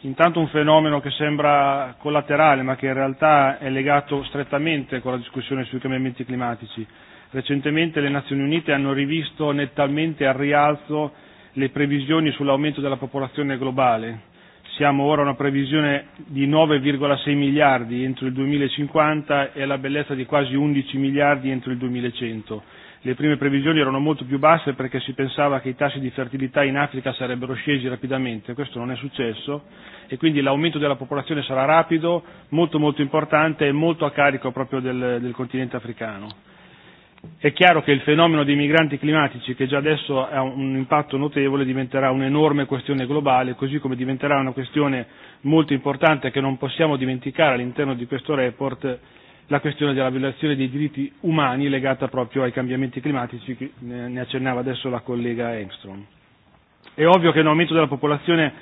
[SPEAKER 9] Intanto un fenomeno che sembra collaterale ma che in realtà è legato strettamente con la discussione sui cambiamenti climatici. Recentemente le Nazioni Unite hanno rivisto nettamente al rialzo le previsioni sull'aumento della popolazione globale Siamo ora a una previsione di 9,6 miliardi entro il 2050 e alla bellezza di quasi 11 miliardi entro il 2100. Le prime previsioni erano molto più basse perché si pensava che i tassi di fertilità in Africa sarebbero scesi rapidamente, questo non è successo e quindi l'aumento della popolazione sarà rapido, molto molto importante e molto a carico proprio del, del continente africano. È chiaro che il fenomeno dei migranti climatici, che già adesso ha un impatto notevole, diventerà un'enorme questione globale, così come diventerà una questione molto importante che non possiamo dimenticare all'interno di questo report la questione della violazione dei diritti umani legata proprio ai cambiamenti climatici, che ne accennava adesso la collega Engstrom. È ovvio che un della popolazione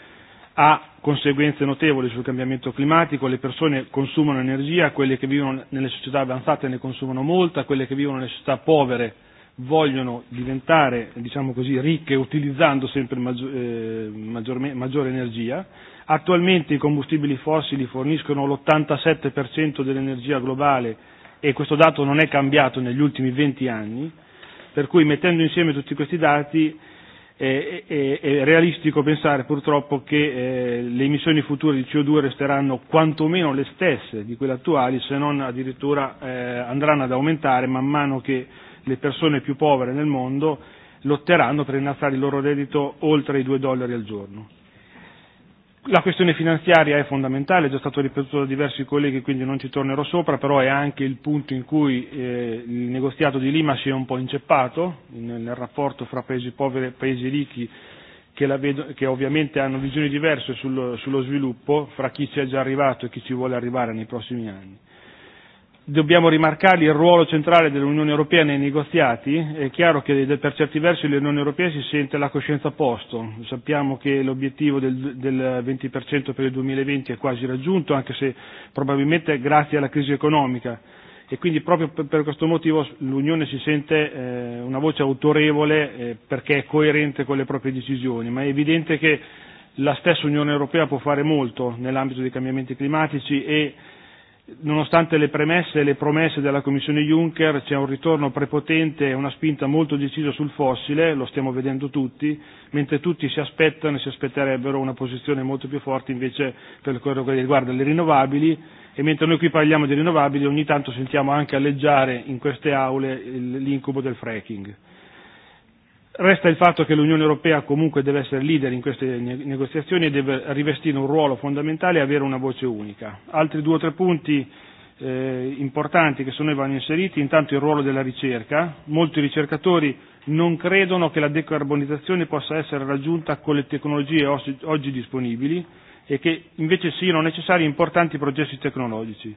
[SPEAKER 9] ha conseguenze notevoli sul cambiamento climatico, le persone consumano energia, quelle che vivono nelle società avanzate ne consumano molta, quelle che vivono nelle società povere vogliono diventare, diciamo così, ricche utilizzando sempre maggiore energia. Attualmente i combustibili fossili forniscono l'87% dell'energia globale e questo dato non è cambiato negli ultimi 20 anni, per cui mettendo insieme tutti questi dati è realistico pensare purtroppo che le emissioni future di CO2 resteranno quantomeno le stesse di quelle attuali, se non addirittura andranno ad aumentare man mano che le persone più povere nel mondo lotteranno per innalzare il loro reddito oltre i 2 dollari al giorno. La questione finanziaria è fondamentale, è già stato ripetuto da diversi colleghi, quindi non ci tornerò sopra, però è anche il punto in cui il negoziato di Lima si è un po' inceppato nel rapporto fra paesi poveri e paesi ricchi che, la vedo, che ovviamente hanno visioni diverse sullo sviluppo fra chi ci è già arrivato e chi ci vuole arrivare nei prossimi anni dobbiamo rimarcare il ruolo centrale dell'Unione Europea nei negoziati, è chiaro che per certi versi l'Unione Europea si sente la coscienza a posto, sappiamo che l'obiettivo del, del 20% per il 2020 è quasi raggiunto, anche se probabilmente grazie alla crisi economica e quindi proprio per questo motivo l'Unione si sente una voce autorevole perché è coerente con le proprie decisioni, ma è evidente che la stessa Unione Europea può fare molto nell'ambito dei cambiamenti climatici e nonostante le premesse e le promesse della Commissione Juncker, c'è un ritorno prepotente e una spinta molto decisa sul fossile, lo stiamo vedendo tutti, mentre tutti si aspettano e si aspetterebbero una posizione molto più forte invece per quello che riguarda le rinnovabili e mentre noi qui parliamo di rinnovabili ogni tanto sentiamo anche alleggiare in queste aule l'incubo del fracking. Resta il fatto che l'Unione Europea comunque deve essere leader in queste negoziazioni e deve rivestire un ruolo fondamentale e avere una voce unica. Altri due o tre punti importanti che sono vanno inseriti, intanto il ruolo della ricerca. Molti ricercatori non credono che la decarbonizzazione possa essere raggiunta con le tecnologie oggi disponibili e che invece siano necessari importanti processi tecnologici.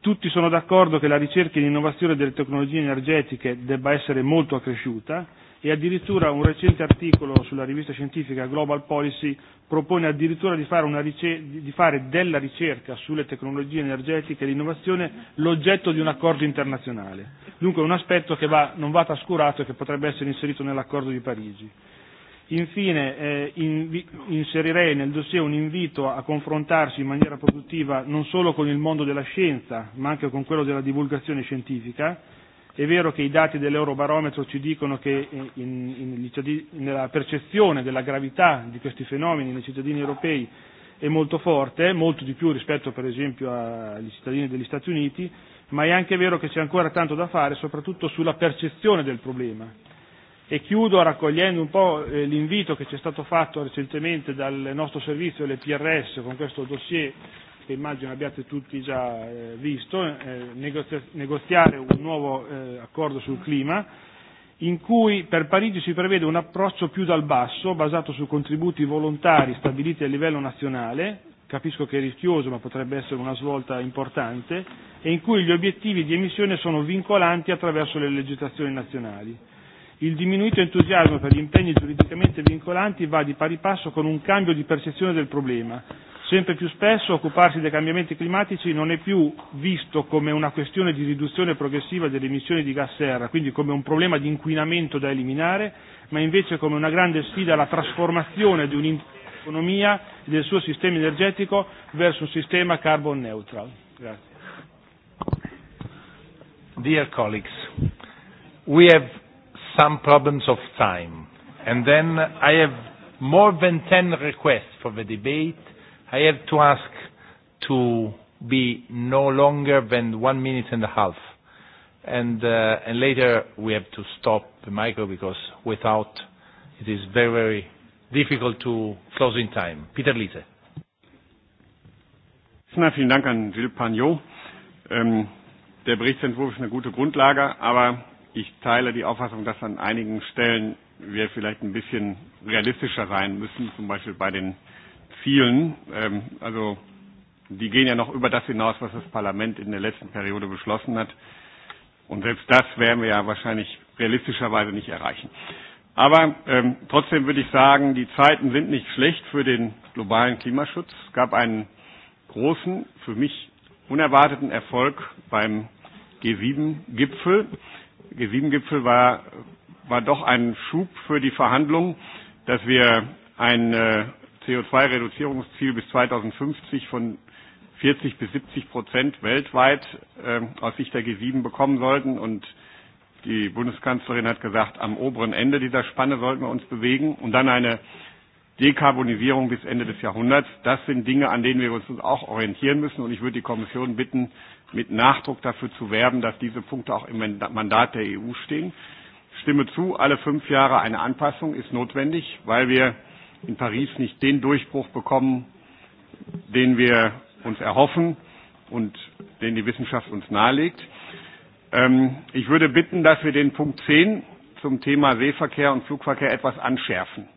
[SPEAKER 9] Tutti sono d'accordo che la ricerca e l'innovazione delle tecnologie energetiche debba essere molto accresciuta e addirittura un recente articolo sulla rivista scientifica Global Policy propone addirittura di fare, una di fare della ricerca sulle tecnologie energetiche e l'innovazione l'oggetto di un accordo internazionale. Dunque un aspetto che va, non va trascurato e che potrebbe essere inserito nell'accordo di Parigi. Infine inserirei nel dossier un invito a confrontarsi in maniera produttiva non solo con il mondo della scienza, ma anche con quello della divulgazione scientifica È vero che i dati dell'Eurobarometro ci dicono che in, nella percezione della gravità di questi fenomeni nei cittadini europei è molto forte, molto di più rispetto per esempio agli cittadini degli Stati Uniti, ma è anche vero che c'è ancora tanto da fare, soprattutto sulla percezione del problema. E chiudo raccogliendo un po' l'invito che ci è stato fatto recentemente dal nostro servizio, le PRS con questo dossier che immagino abbiate tutti già visto, negoziare un nuovo accordo sul clima, in cui per Parigi si prevede un approccio più dal basso, basato su contributi volontari stabiliti a livello nazionale, capisco che è rischioso ma potrebbe essere una svolta importante, e in cui gli obiettivi di emissione sono vincolanti attraverso le legislazioni nazionali. Il diminuito entusiasmo per gli impegni giuridicamente vincolanti va di pari passo con un cambio di percezione del problema Sempre più spesso occuparsi dei cambiamenti climatici non è più visto come una questione di riduzione progressiva delle emissioni di gas serra, quindi come un problema di inquinamento da eliminare, ma invece come una grande sfida alla trasformazione di un'economia e del suo sistema energetico verso un sistema carbon neutral. Grazie.
[SPEAKER 6] Dear
[SPEAKER 2] colleagues, we have some problems of time and then I have more than 10 requests for the debate I have to ask to be no longer than one minute and a half. And and later we have to stop the micro because without it is very, very difficult to close in time. Peter Liese.
[SPEAKER 10] Vielen Dank an Gilles Pagnot. Ähm, der Berichtsentwurf ist eine gute Grundlage, aber ich teile die Auffassung, dass an einigen Stellen wir vielleicht ein bisschen realistischer sein müssen, zum Beispiel bei den vielen. Also die gehen ja noch über das hinaus, was das Parlament in der letzten Periode beschlossen hat. Und selbst das werden wir ja wahrscheinlich realistischerweise nicht erreichen. Aber ähm, trotzdem würde ich sagen, die Zeiten sind nicht schlecht für den globalen Klimaschutz. Es gab einen großen, für mich unerwarteten Erfolg beim G7-Gipfel. G7-Gipfel war, war doch ein Schub für die Verhandlungen, dass wir eine CO2-Reduzierungsziel bis 2050 von 40 bis 70 Prozent weltweit aus Sicht der G7 bekommen sollten. Und die Bundeskanzlerin hat gesagt, am oberen Ende dieser Spanne sollten wir uns bewegen. Und dann eine Dekarbonisierung bis Ende des Jahrhunderts. Das sind Dinge, an denen wir uns auch orientieren müssen. Und ich würde die Kommission bitten, mit Nachdruck dafür zu werben, dass diese Punkte auch im Mandat der EU stehen. Ich stimme zu, alle fünf Jahre eine Anpassung ist notwendig, weil wir in Paris nicht den Durchbruch bekommen, den wir uns erhoffen und den die Wissenschaft uns nahelegt. Ich würde bitten, dass wir den Punkt 10 zum Thema Seeverkehr und Flugverkehr etwas anschärfen.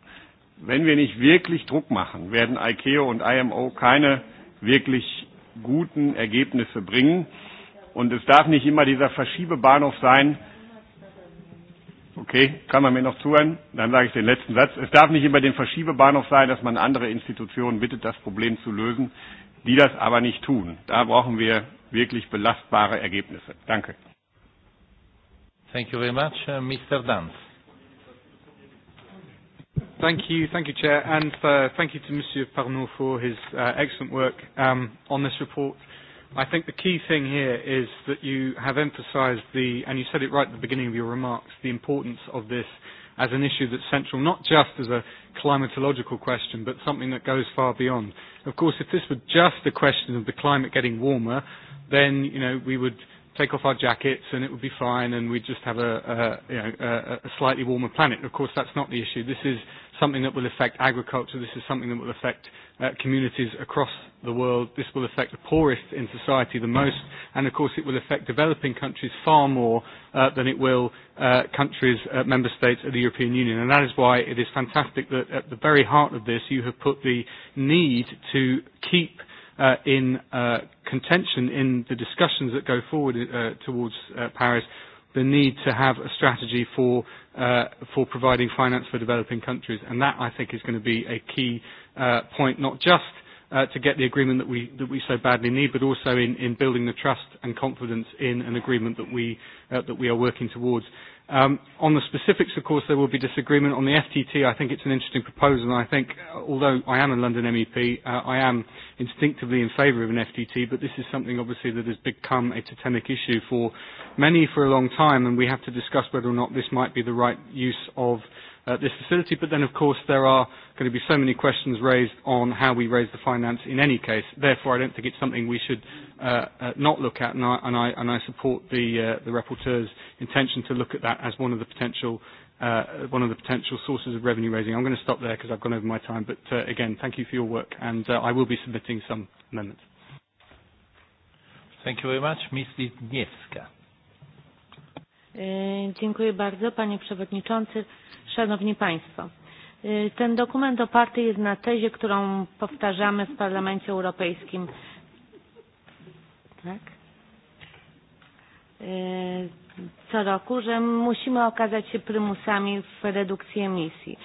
[SPEAKER 10] Wenn wir nicht wirklich Druck machen, werden ICAO und IMO keine wirklich guten Ergebnisse bringen. Und es darf nicht immer dieser Verschiebebahnhof sein, Okay, kann man mir noch zuhören? Dann sage ich den letzten Satz. Es darf nicht immer den Verschiebebahnhof sein, dass man andere Institutionen bittet, das Problem zu lösen, die das aber nicht tun. Da brauchen wir wirklich belastbare Ergebnisse. Danke.
[SPEAKER 2] Thank you very much. Mr. Danz.
[SPEAKER 21] Thank you, thank you, Chair, and uh, thank you to Monsieur Parnot for his uh, excellent work um, on this report. I think the key thing here is that you have emphasized the, and you said it right at the beginning of your remarks, the importance of this as an issue that's central, not just as a climatological question, but something that goes far beyond. Of course, if this were just a question of the climate getting warmer, then, you know, we would take off our jackets and it would be fine and we'd just have a, a, you know, a, a slightly warmer planet. Of course, that's not the issue. This is something that will affect agriculture. This is something that will affect communities across the world. This will affect the poorest in society the most. And, of course, it will affect developing countries far more than it will countries, member states of the European Union. And that is why it is fantastic that at the very heart of this you have put the need to keep in contention in the discussions that go forward towards Paris the need to have a strategy for for providing finance for developing countries. And that, I think, is going to be a key point, not just to get the agreement that we that we so badly need, but also in in building the trust and confidence in an agreement that we that we are working towards. Um, on the specifics, of course, there will be disagreement. On the FTT, I think it's an interesting proposal, and I think, although I am a London MEP, uh, I am instinctively in favour of an FTT, but this is something, obviously, that has become a totemic issue for many for a long time, and we have to discuss whether or not this might be the right use of this facility. But then, of course, there are going to be so many questions raised on how we raise the finance in any case. Therefore, I don't think it's something we should not look at, and I support the rapporteur's intention to look at that as one of the potential one of the potential sources of revenue raising. I'm going to stop there because I've gone over my time, but again, thank you for your work, and I will be submitting some amendments.
[SPEAKER 2] Thank you very much. Ms.
[SPEAKER 12] Dziękuję bardzo, panie przewodniczący. Szanowni Państwo, ten dokument oparty jest na tezie, którą powtarzamy w Parlamencie Europejskim. Tak? co roku, że musimy okazać się prymusami w redukcji emisji,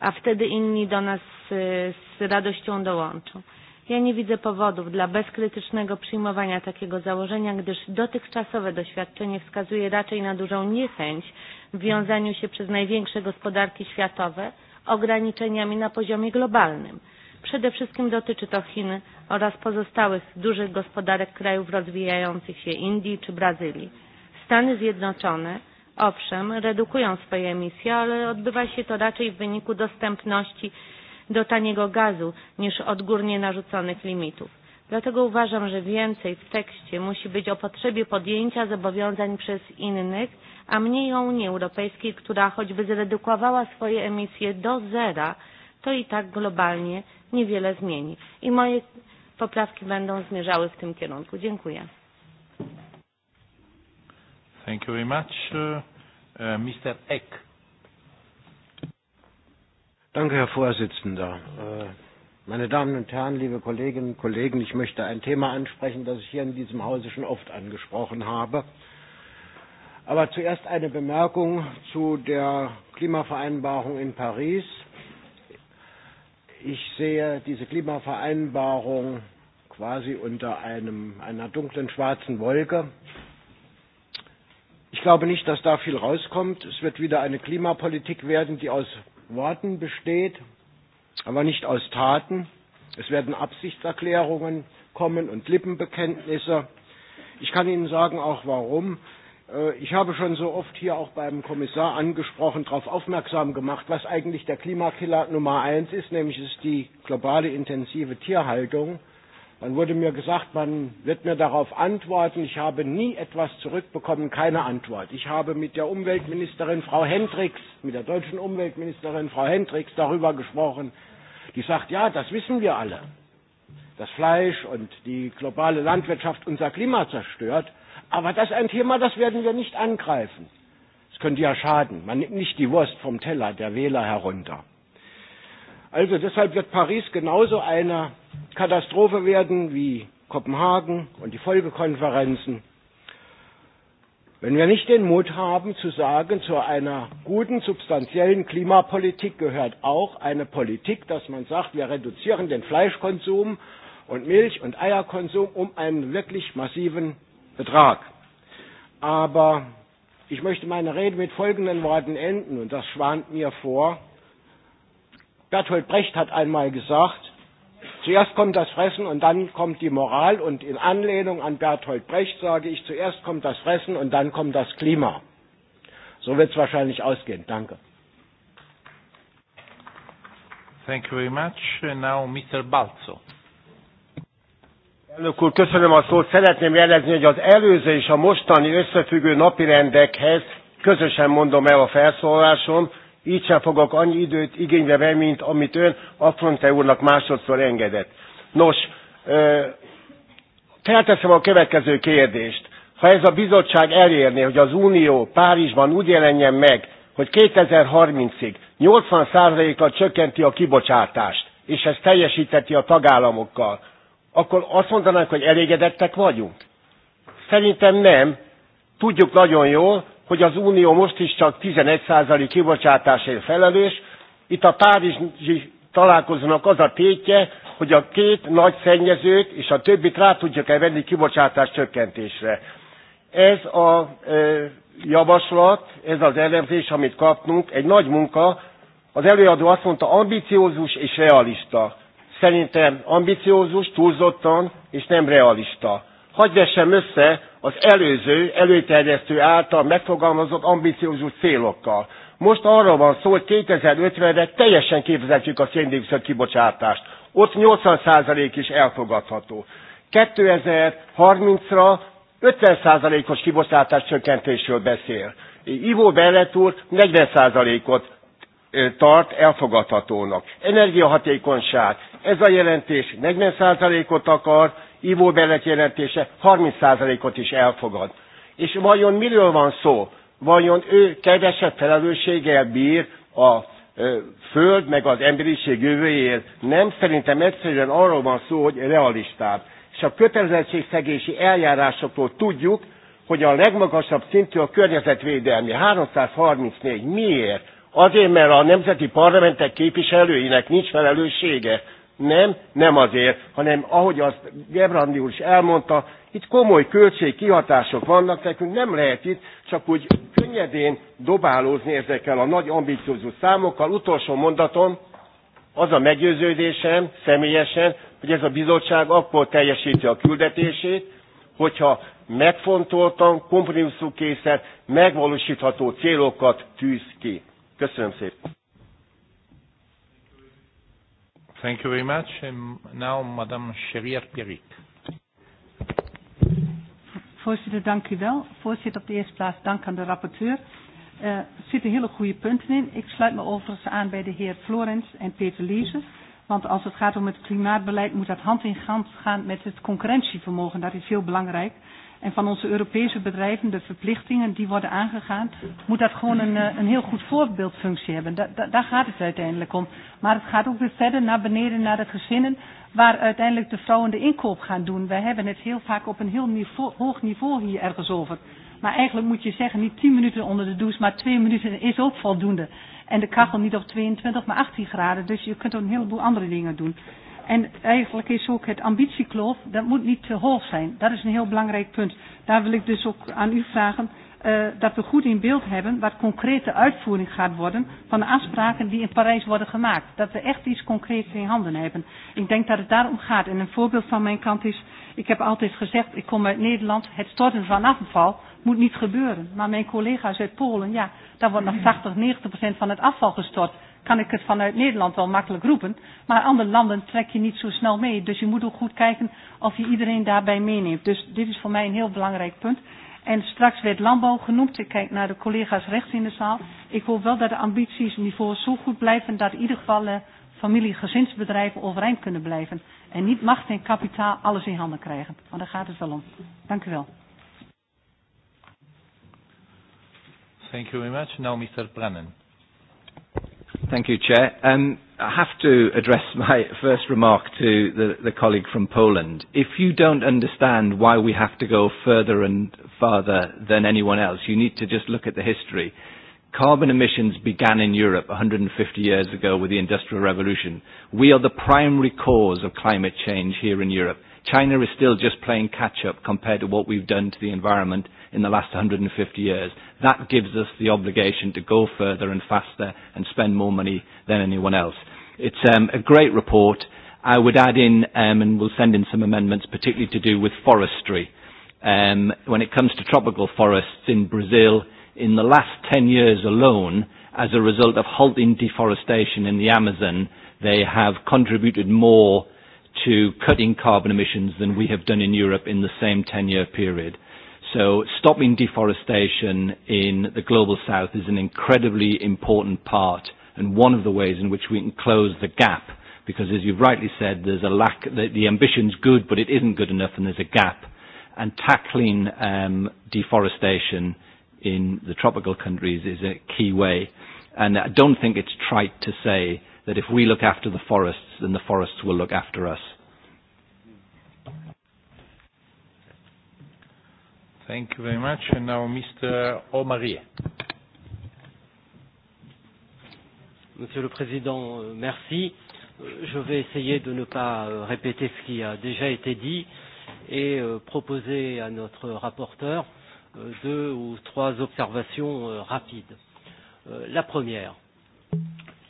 [SPEAKER 12] a wtedy inni do nas z radością dołączą. Ja nie widzę powodów dla bezkrytycznego przyjmowania takiego założenia, gdyż dotychczasowe doświadczenie wskazuje raczej na dużą niechęć w wiązaniu się przez największe gospodarki światowe ograniczeniami na poziomie globalnym. Przede wszystkim dotyczy to Chin oraz pozostałych dużych gospodarek krajów rozwijających się Indii czy Brazylii. Stany Zjednoczone, owszem, redukują swoje emisje, ale odbywa się to raczej w wyniku dostępności do taniego gazu niż odgórnie narzuconych limitów. Dlatego uważam, że więcej w tekście musi być o potrzebie podjęcia zobowiązań przez innych, a mniej o Unii Europejskiej, która choćby zredukowała swoje emisje do zera, to i tak globalnie niewiele zmieni. I moje poprawki będą zmierzały w tym kierunku. Dziękuję.
[SPEAKER 2] Thank you very
[SPEAKER 22] much. Mr. Eck. Danke, Herr Vorsitzender. Meine Damen und Herren, liebe Kolleginnen und Kollegen, ich möchte ein Thema ansprechen, das ich hier in diesem Hause schon oft angesprochen habe. Aber zuerst eine Bemerkung zu der Klimavereinbarung in Paris. Ich sehe diese Klimavereinbarung quasi unter einem, einer dunklen schwarzen Wolke. Ich glaube nicht, dass da viel rauskommt. Es wird wieder eine Klimapolitik werden, die aus Worten besteht, aber nicht aus Taten. Es werden Absichtserklärungen kommen und Lippenbekenntnisse. Ich kann Ihnen sagen auch warum. Ich habe schon so oft hier auch beim Kommissar angesprochen, darauf aufmerksam gemacht, was eigentlich der Klimakiller Nummer eins ist, nämlich ist die globale intensive Tierhaltung. Dann wurde mir gesagt, man wird mir darauf antworten. Ich habe nie etwas zurückbekommen, keine Antwort. Ich habe mit der Umweltministerin Frau Hendricks, mit der deutschen Umweltministerin Frau Hendricks darüber gesprochen. Die sagt, ja, das wissen wir alle. Das Fleisch und die globale Landwirtschaft unser Klima zerstört. Aber das ist ein Thema, das werden wir nicht angreifen. Das könnte ja schaden. Man nimmt nicht die Wurst vom Teller der Wähler herunter. Also deshalb wird Paris genauso eine Katastrophe werden wie Kopenhagen und die Folgekonferenzen, wenn wir nicht den Mut haben zu sagen, zu einer guten, substanziellen Klimapolitik gehört auch eine Politik, dass man sagt, wir reduzieren den Fleischkonsum und Milch- und Eierkonsum um einen wirklich massiven Betrag. Aber ich möchte meine Rede mit folgenden Worten enden, und das schwant mir vor. Bertolt Brecht hat einmal gesagt, Zuerst kommt das Fressen und dann kommt die Moral. Und in Anlehnung an Bertolt Brecht sage ich, zuerst kommt das Fressen und dann kommt das Klima. So wird es wahrscheinlich ausgehen. Danke.
[SPEAKER 2] Thank you very much. Now Mr. Balzo.
[SPEAKER 23] Elnök úr, köszönöm a szót. Szeretném jelezni, hogy az előző és a mostani összefüggő napirendekhez közösen mondom el a felszólásom Így sem fogok annyi időt igénybe venni, mint amit ön Fronte úrnak másodszor engedett. Nos, felteszem a következő kérdést. Ha ez a bizottság elérné, hogy az Unió Párizsban úgy jelenjen meg, hogy 2030-ig 80%-kal csökkenti a kibocsátást, és ez teljesíteti a tagállamokkal, akkor azt mondanánk, hogy elégedettek vagyunk? Szerintem nem. Tudjuk nagyon jól, hogy az Unió most is csak 11% kibocsátásért felelős. Itt a Párizsi találkozónak az a tétje, hogy a két nagy szennyezőt és a többit rá tudjuk-e venni kibocsátás csökkentésre. Ez a e, javaslat, ez az elemzés, amit kaptunk, egy nagy munka. Az előadó azt mondta, ambiciózus és realista. Szerintem ambiciózus, túlzottan és nem realista hagy vessem össze az előző, előterjesztő által megfogalmazott ambiciózus célokkal. Most arra van szó, hogy 2050-re teljesen képzeljük a széndiokszid kibocsátást. Ott 80% is elfogadható. 2030-ra 50%-os kibocsátás csökkentésről beszél. Ivo Bellet úr 40%-ot tart elfogadhatónak. Energiahatékonyság. Ez a jelentés 40%-ot akar, ivóbelet jelentése 30%-ot is elfogad. És vajon miről van szó? Vajon ő kevesebb felelősséggel bír a föld meg az emberiség jövőjéért? Nem, szerintem egyszerűen arról van szó, hogy realistább. És a kötelezettségszegési eljárásoktól tudjuk, hogy a legmagasabb szintű a környezetvédelmi, 334. Miért? Azért, mert a nemzeti parlamentek képviselőinek nincs felelőssége. Nem, nem azért, hanem ahogy azt Gebrandi úr is elmondta, itt komoly költségkihatások kihatások vannak, nekünk nem lehet itt csak úgy könnyedén dobálózni ezekkel a nagy ambiciózus számokkal. Utolsó mondatom, az a meggyőződésem személyesen, hogy ez a bizottság akkor teljesíti a küldetését, hogyha megfontoltan, kompromisszumkészen, megvalósítható célokat tűz ki. Köszönöm szépen!
[SPEAKER 2] Thank you very much. now, Madame Pierrick.
[SPEAKER 24] Voorzitter, dank u wel. Voorzitter, op de eerste plaats dank aan de rapporteur. Er zitten hele goede punten in. Ik sluit me overigens aan bij de heer Florens en Peter Liese. Want als het gaat om het klimaatbeleid moet dat hand in hand gaan met het concurrentievermogen. Dat is heel belangrijk en van onze Europese bedrijven, de verplichtingen die worden aangegaan, moet dat gewoon een, een heel goed voorbeeldfunctie hebben. Da, daar gaat het uiteindelijk om. Maar het gaat ook weer verder naar beneden, naar de gezinnen, waar uiteindelijk de vrouwen de inkoop gaan doen. Wij hebben het heel vaak op een heel niveau, hoog niveau hier ergens over. Maar eigenlijk moet je zeggen, niet 10 minuten onder de douche, maar 2 minuten is ook voldoende. En de kachel niet op 22, maar 18 graden. Dus je kunt ook een heleboel andere dingen doen. En eigenlijk is ook het ambitiekloof, dat moet niet te hoog zijn. Dat is een heel belangrijk punt. Daar wil ik dus ook aan u vragen uh, dat we goed in beeld hebben wat concrete uitvoering gaat worden van de afspraken die in Parijs worden gemaakt. Dat we echt iets concreets in handen hebben. Ik denk dat het daarom gaat. En een voorbeeld van mijn kant is, ik heb altijd gezegd, ik kom uit Nederland, het storten van afval moet niet gebeuren. Maar mijn collega's uit Polen, ja, daar wordt nog 80, 90 procent van het afval gestort kan ik het vanuit Nederland wel makkelijk roepen. Maar andere landen trek je niet zo snel mee. Dus je moet ook goed kijken of je iedereen daarbij meeneemt. Dus dit is voor mij een heel belangrijk punt. En straks werd landbouw genoemd. Ik kijk naar de collega's rechts in de zaal. Ik hoop wel dat de ambities niveau zo goed blijven dat in ieder geval familie- gezinsbedrijven overeind kunnen blijven. En niet macht en kapitaal alles in handen krijgen. Want daar gaat het wel om. Dank u wel.
[SPEAKER 2] Thank you very much. Now Mr. Brennan.
[SPEAKER 25] Thank you, Chair. Um, I have to address my first remark to the, the colleague from Poland. If you don't understand why we have to go further and farther than anyone else, you need to just look at the history. Carbon emissions began in Europe 150 years ago with the Industrial Revolution. We are the primary cause of climate change here in Europe. China is still just playing catch up compared to what we've done to the environment in the last 150 years. That gives us the obligation to go further and faster and spend more money than anyone else. It's a great report. I would add in, and we'll send in some amendments, particularly to do with forestry. Um When it comes to tropical forests in Brazil, in the last 10 years alone, as a result of halting deforestation in the Amazon, they have contributed more to cutting carbon emissions than we have done in Europe in the same 10-year period. So stopping deforestation in the global south is an incredibly important part and one of the ways in which we can close the gap because as you've rightly said, there's a lack, the, the ambition's good but it isn't good enough and there's a gap. And tackling um, deforestation in the tropical countries is a key way. And I don't think it's trite to say that if we look after the forests, then the forests will look after us.
[SPEAKER 2] Thank you very much. And now Mr. Omarie.
[SPEAKER 26] Monsieur le Président, merci. Je vais essayer de ne pas répéter ce qui a déjà été dit et proposer à notre rapporteur deux ou trois observations rapides. La première,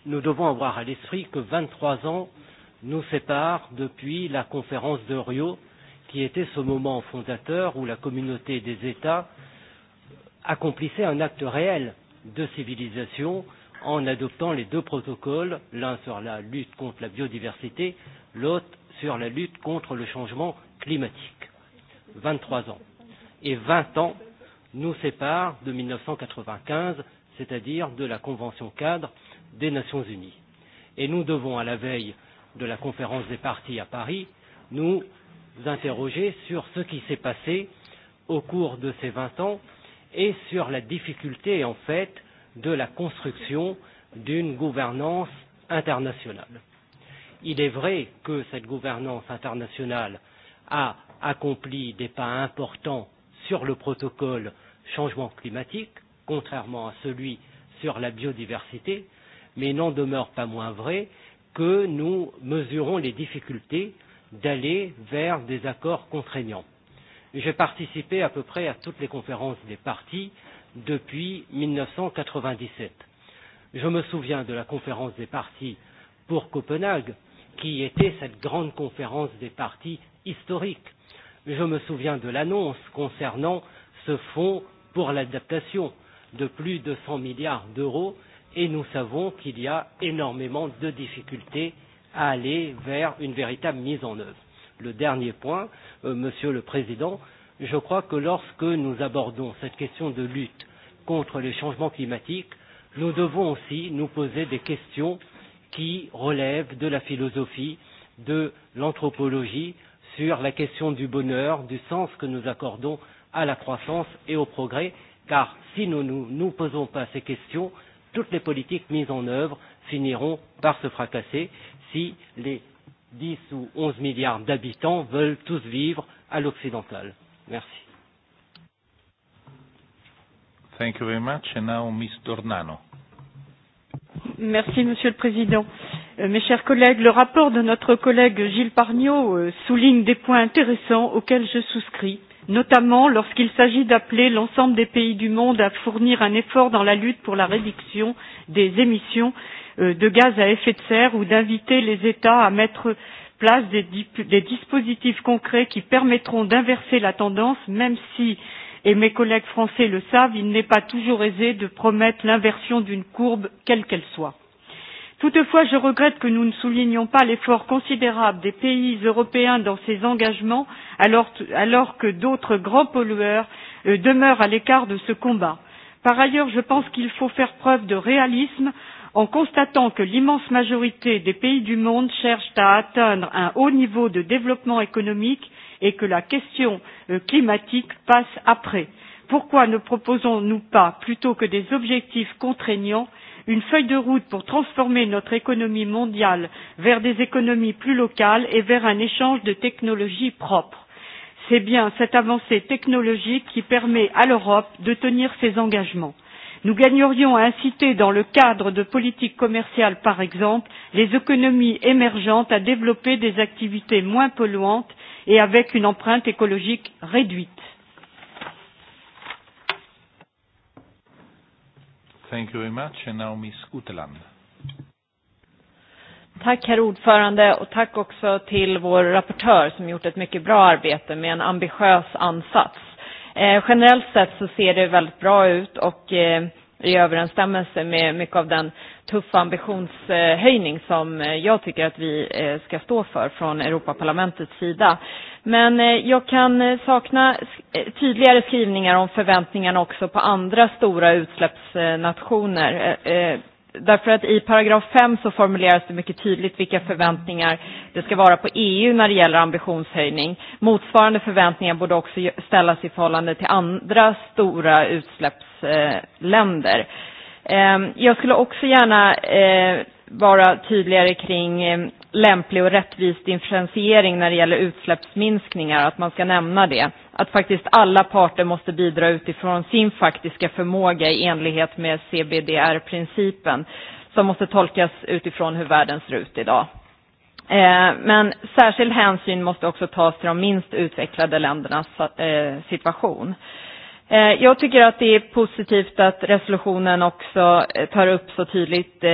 [SPEAKER 26] nous devons avoir à l'esprit que 23 ans nous séparent depuis la conférence de Rio, qui était ce moment fondateur où la communauté des États accomplissait un acte réel de civilisation en adoptant les deux protocoles, l'un sur la lutte contre la biodiversité, l'autre sur la lutte contre le changement climatique. 23 ans. Et 20 ans nous séparent de 1995, c'est-à-dire de la Convention cadre des Nations Unies. Et nous devons, à la veille de la conférence des partis à Paris, nous interroger sur ce qui s'est passé au cours de ces 20 ans et sur la difficulté, en fait, de la construction d'une gouvernance internationale. Il est vrai que cette gouvernance internationale a accompli des pas importants sur le protocole changement climatique, contrairement à celui sur la biodiversité, mais il n'en demeure pas moins vrai que nous mesurons les difficultés d'aller vers des accords contraignants. J'ai participé à peu près à toutes les conférences des partis depuis 1997. Je me souviens de la conférence des partis pour Copenhague, qui était cette grande conférence des partis historique. Je me souviens de l'annonce concernant ce fonds pour l'adaptation de plus de 100 milliards d'euros et nous savons qu'il y a énormément de difficultés à aller vers une véritable mise en œuvre. Le dernier point, Monsieur le Président, je crois que lorsque nous abordons cette question de lutte contre les changements climatiques, nous devons aussi nous poser des questions qui relèvent de la philosophie, de l'anthropologie, sur la question du bonheur, du sens que nous accordons à la croissance et au progrès, car si nous ne nous posons pas ces questions, toutes les politiques mises en œuvre finiront par se fracasser si les 10 ou 11 milliards d'habitants veulent tous vivre à l'occidental. Merci.
[SPEAKER 2] Thank you very much. And now Ms. Dornano.
[SPEAKER 17] Merci, Monsieur le Président. Mes chers collègues, le rapport de notre collègue Gilles Pargnot souligne des points intéressants auxquels je souscris notamment lorsqu'il s'agit d'appeler l'ensemble des pays du monde à fournir un effort dans la lutte pour la réduction des émissions de gaz à effet de serre ou d'inviter les États à mettre place des dispositifs concrets qui permettront d'inverser la tendance, même si, et mes collègues français le savent, il n'est pas toujours aisé de promettre l'inversion d'une courbe, quelle qu'elle soit. Toutefois, je regrette que nous ne soulignions pas l'effort considérable des pays européens dans ces engagements, alors que d'autres grands pollueurs demeurent à l'écart de ce combat. Par ailleurs, je pense qu'il faut faire preuve de réalisme en constatant que l'immense majorité des pays du monde cherchent à atteindre un haut niveau de développement économique et que la question climatique passe après. Pourquoi ne proposons-nous pas, plutôt que des objectifs contraignants, une feuille de route pour transformer notre économie mondiale vers des économies plus locales et vers un échange de technologies propres. C'est bien cette avancée technologique qui permet à l'Europe de tenir ses engagements. Nous gagnerions à inciter, dans le cadre de politiques commerciales par exemple, les économies émergentes à développer des activités moins polluantes et avec une empreinte écologique réduite.
[SPEAKER 2] Thank you very much. And now
[SPEAKER 4] Tack herr ordförande och tack också till vår rapportör som gjort ett mycket bra arbete med en ambitiös ansats. Eh, generellt sett så ser det väldigt bra ut och eh, i överensstämmelse med mycket av den tuffa ambitionshöjning som jag tycker att vi ska stå för från Europaparlamentets sida. Men jag kan sakna tydligare skrivningar om förväntningarna också på andra stora utsläppsnationer. Därför att i paragraf 5 så formuleras det mycket tydligt vilka förväntningar det ska vara på EU när det gäller ambitionshöjning. Motsvarande förväntningar borde också ställas i förhållande till andra stora utsläpps medlemsländer. Jag skulle också gärna vara tydligare kring lämplig och rättvis differentiering när det gäller utsläppsminskningar, att man ska nämna det. Att faktiskt alla parter måste bidra utifrån sin faktiska förmåga i enlighet med CBDR-principen som måste tolkas utifrån hur världen ser ut idag. Men särskild hänsyn måste också tas till de minst utvecklade ländernas situation. Jag tycker att det är positivt att resolutionen också tar upp så tydligt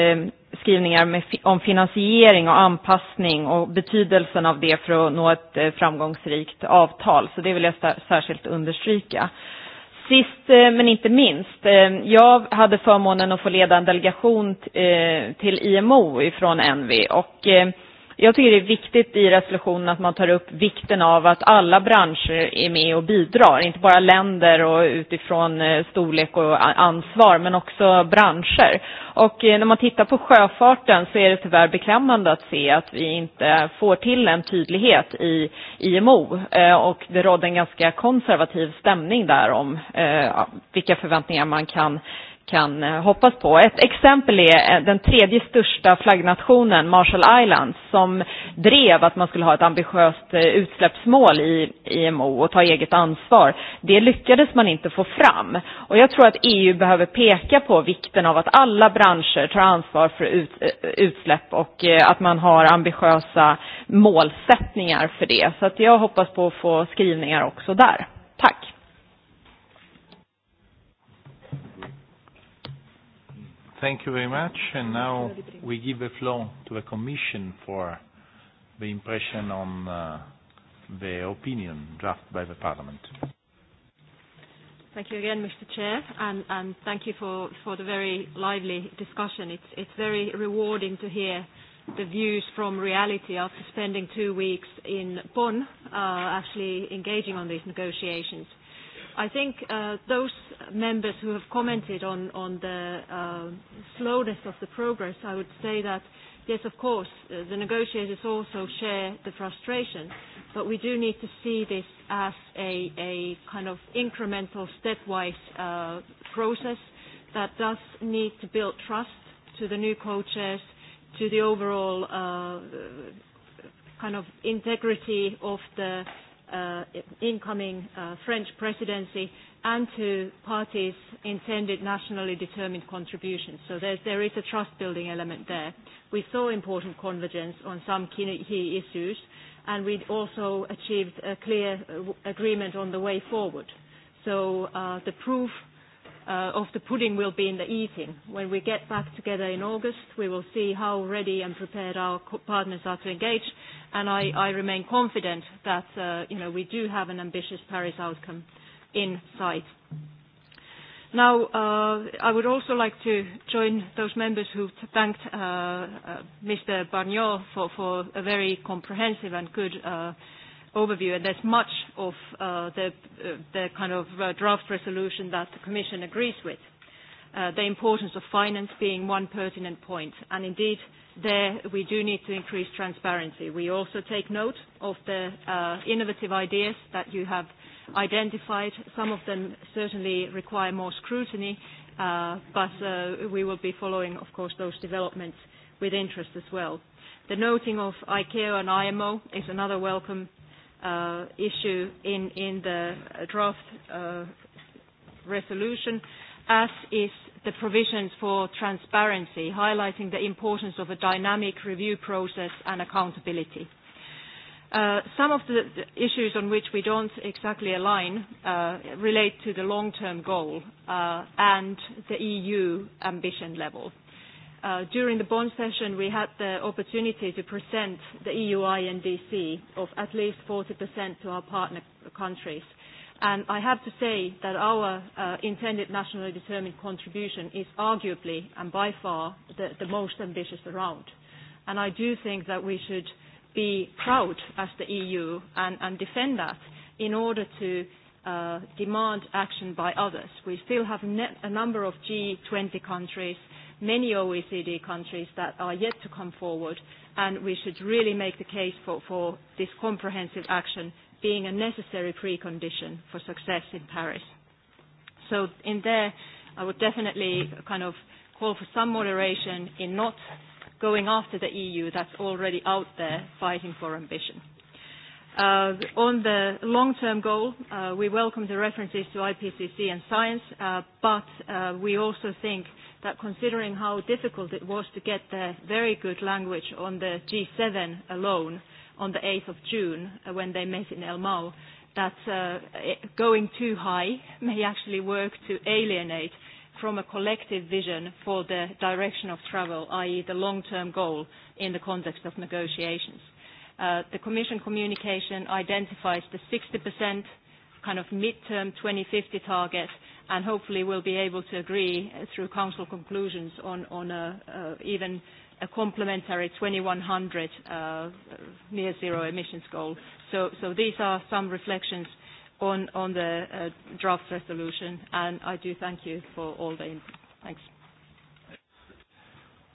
[SPEAKER 4] skrivningar om finansiering och anpassning och betydelsen av det för att nå ett framgångsrikt avtal. Så det vill jag särskilt understryka. Sist men inte minst, jag hade förmånen att få leda en delegation till IMO ifrån NV och Jag tycker det är viktigt i resolutionen att man tar upp vikten av att alla branscher är med och bidrar, inte bara länder och utifrån storlek och ansvar, men också branscher. Och när man tittar på sjöfarten så är det tyvärr beklämmande att se att vi inte får till en tydlighet i IMO. Och det råder en ganska konservativ stämning där om vilka förväntningar man kan kan hoppas på. Ett exempel är den tredje största flaggnationen, Marshall Islands, som drev att man skulle ha ett ambitiöst utsläppsmål i IMO och ta eget ansvar. Det lyckades man inte få fram. Och jag tror att EU behöver peka på vikten av att alla branscher tar ansvar för utsläpp och att man har ambitiösa målsättningar för det. Så att jag hoppas på att få skrivningar också där. Tack!
[SPEAKER 2] Thank you very much. And now we give the floor to the Commission for the impression on the opinion drafted by the Parliament.
[SPEAKER 18] Thank you again, Mr. Chair, and, and thank you for, for the very lively discussion. It's, it's very rewarding to hear the views from reality after spending two weeks in Bonn, uh, actually engaging on these negotiations. I think those members who have commented on on the slowness of the progress, I would say that yes, of course, the negotiators also share the frustration, but we do need to see this as a a kind of incremental, stepwise process that does need to build trust to the new co-chairs, to the overall kind of integrity of the incoming French presidency and to parties' intended nationally determined contributions. So there is a trust-building element there. We saw important convergence on some key issues, and we also achieved a clear agreement on the way forward. So the proof of the pudding will be in the eating. When we get back together in August, we will see how ready and prepared our partners are to engage, and I, remain confident that you know, we do have an ambitious Paris outcome in sight. Now, I would also like to join those members who thanked Mr. Barnier for, for a very comprehensive and good overview, and there's much of the the kind of draft resolution that the Commission agrees with. The importance of finance being one pertinent point, and indeed there we do need to increase transparency. We also take note of the innovative ideas that you have identified. Some of them certainly require more scrutiny, but we will be following, of course, those developments with interest as well. The noting of ICAO and IMO is another welcome issue in in the draft resolution, as is the provisions for transparency, highlighting the importance of a dynamic review process and accountability. Some of the issues on which we don't exactly align relate to the long-term goal and the EU ambition level. During the bond session, we had the opportunity to present the EU INDC of at least 40% to our partner countries. And I have to say that our intended nationally determined contribution is arguably and by far the most ambitious around. And I do think that we should be proud as the EU and defend that in order to demand action by others. We still have a number of G20 countries many OECD countries that are yet to come forward, and we should really make the case for, for this comprehensive action being a necessary precondition for success in Paris. So in there, I would definitely kind of call for some moderation in not going after the EU that's already out there fighting for ambition. On the long-term goal, we welcome the references to IPCC and science, but we also think that considering how difficult it was to get the very good language on the G7 alone on the 8th of June when they met in El Mau, that going too high may actually work to alienate from a collective vision for the direction of travel, i.e. the long-term goal in the context of negotiations. The Commission communication identifies the 60% kind of mid-term 2050 target and hopefully we'll be able to agree through Council conclusions on on a even a complementary 2100 near zero emissions goal. So so these are some reflections on on the draft resolution, and I do thank you for all the input.
[SPEAKER 7] Thanks.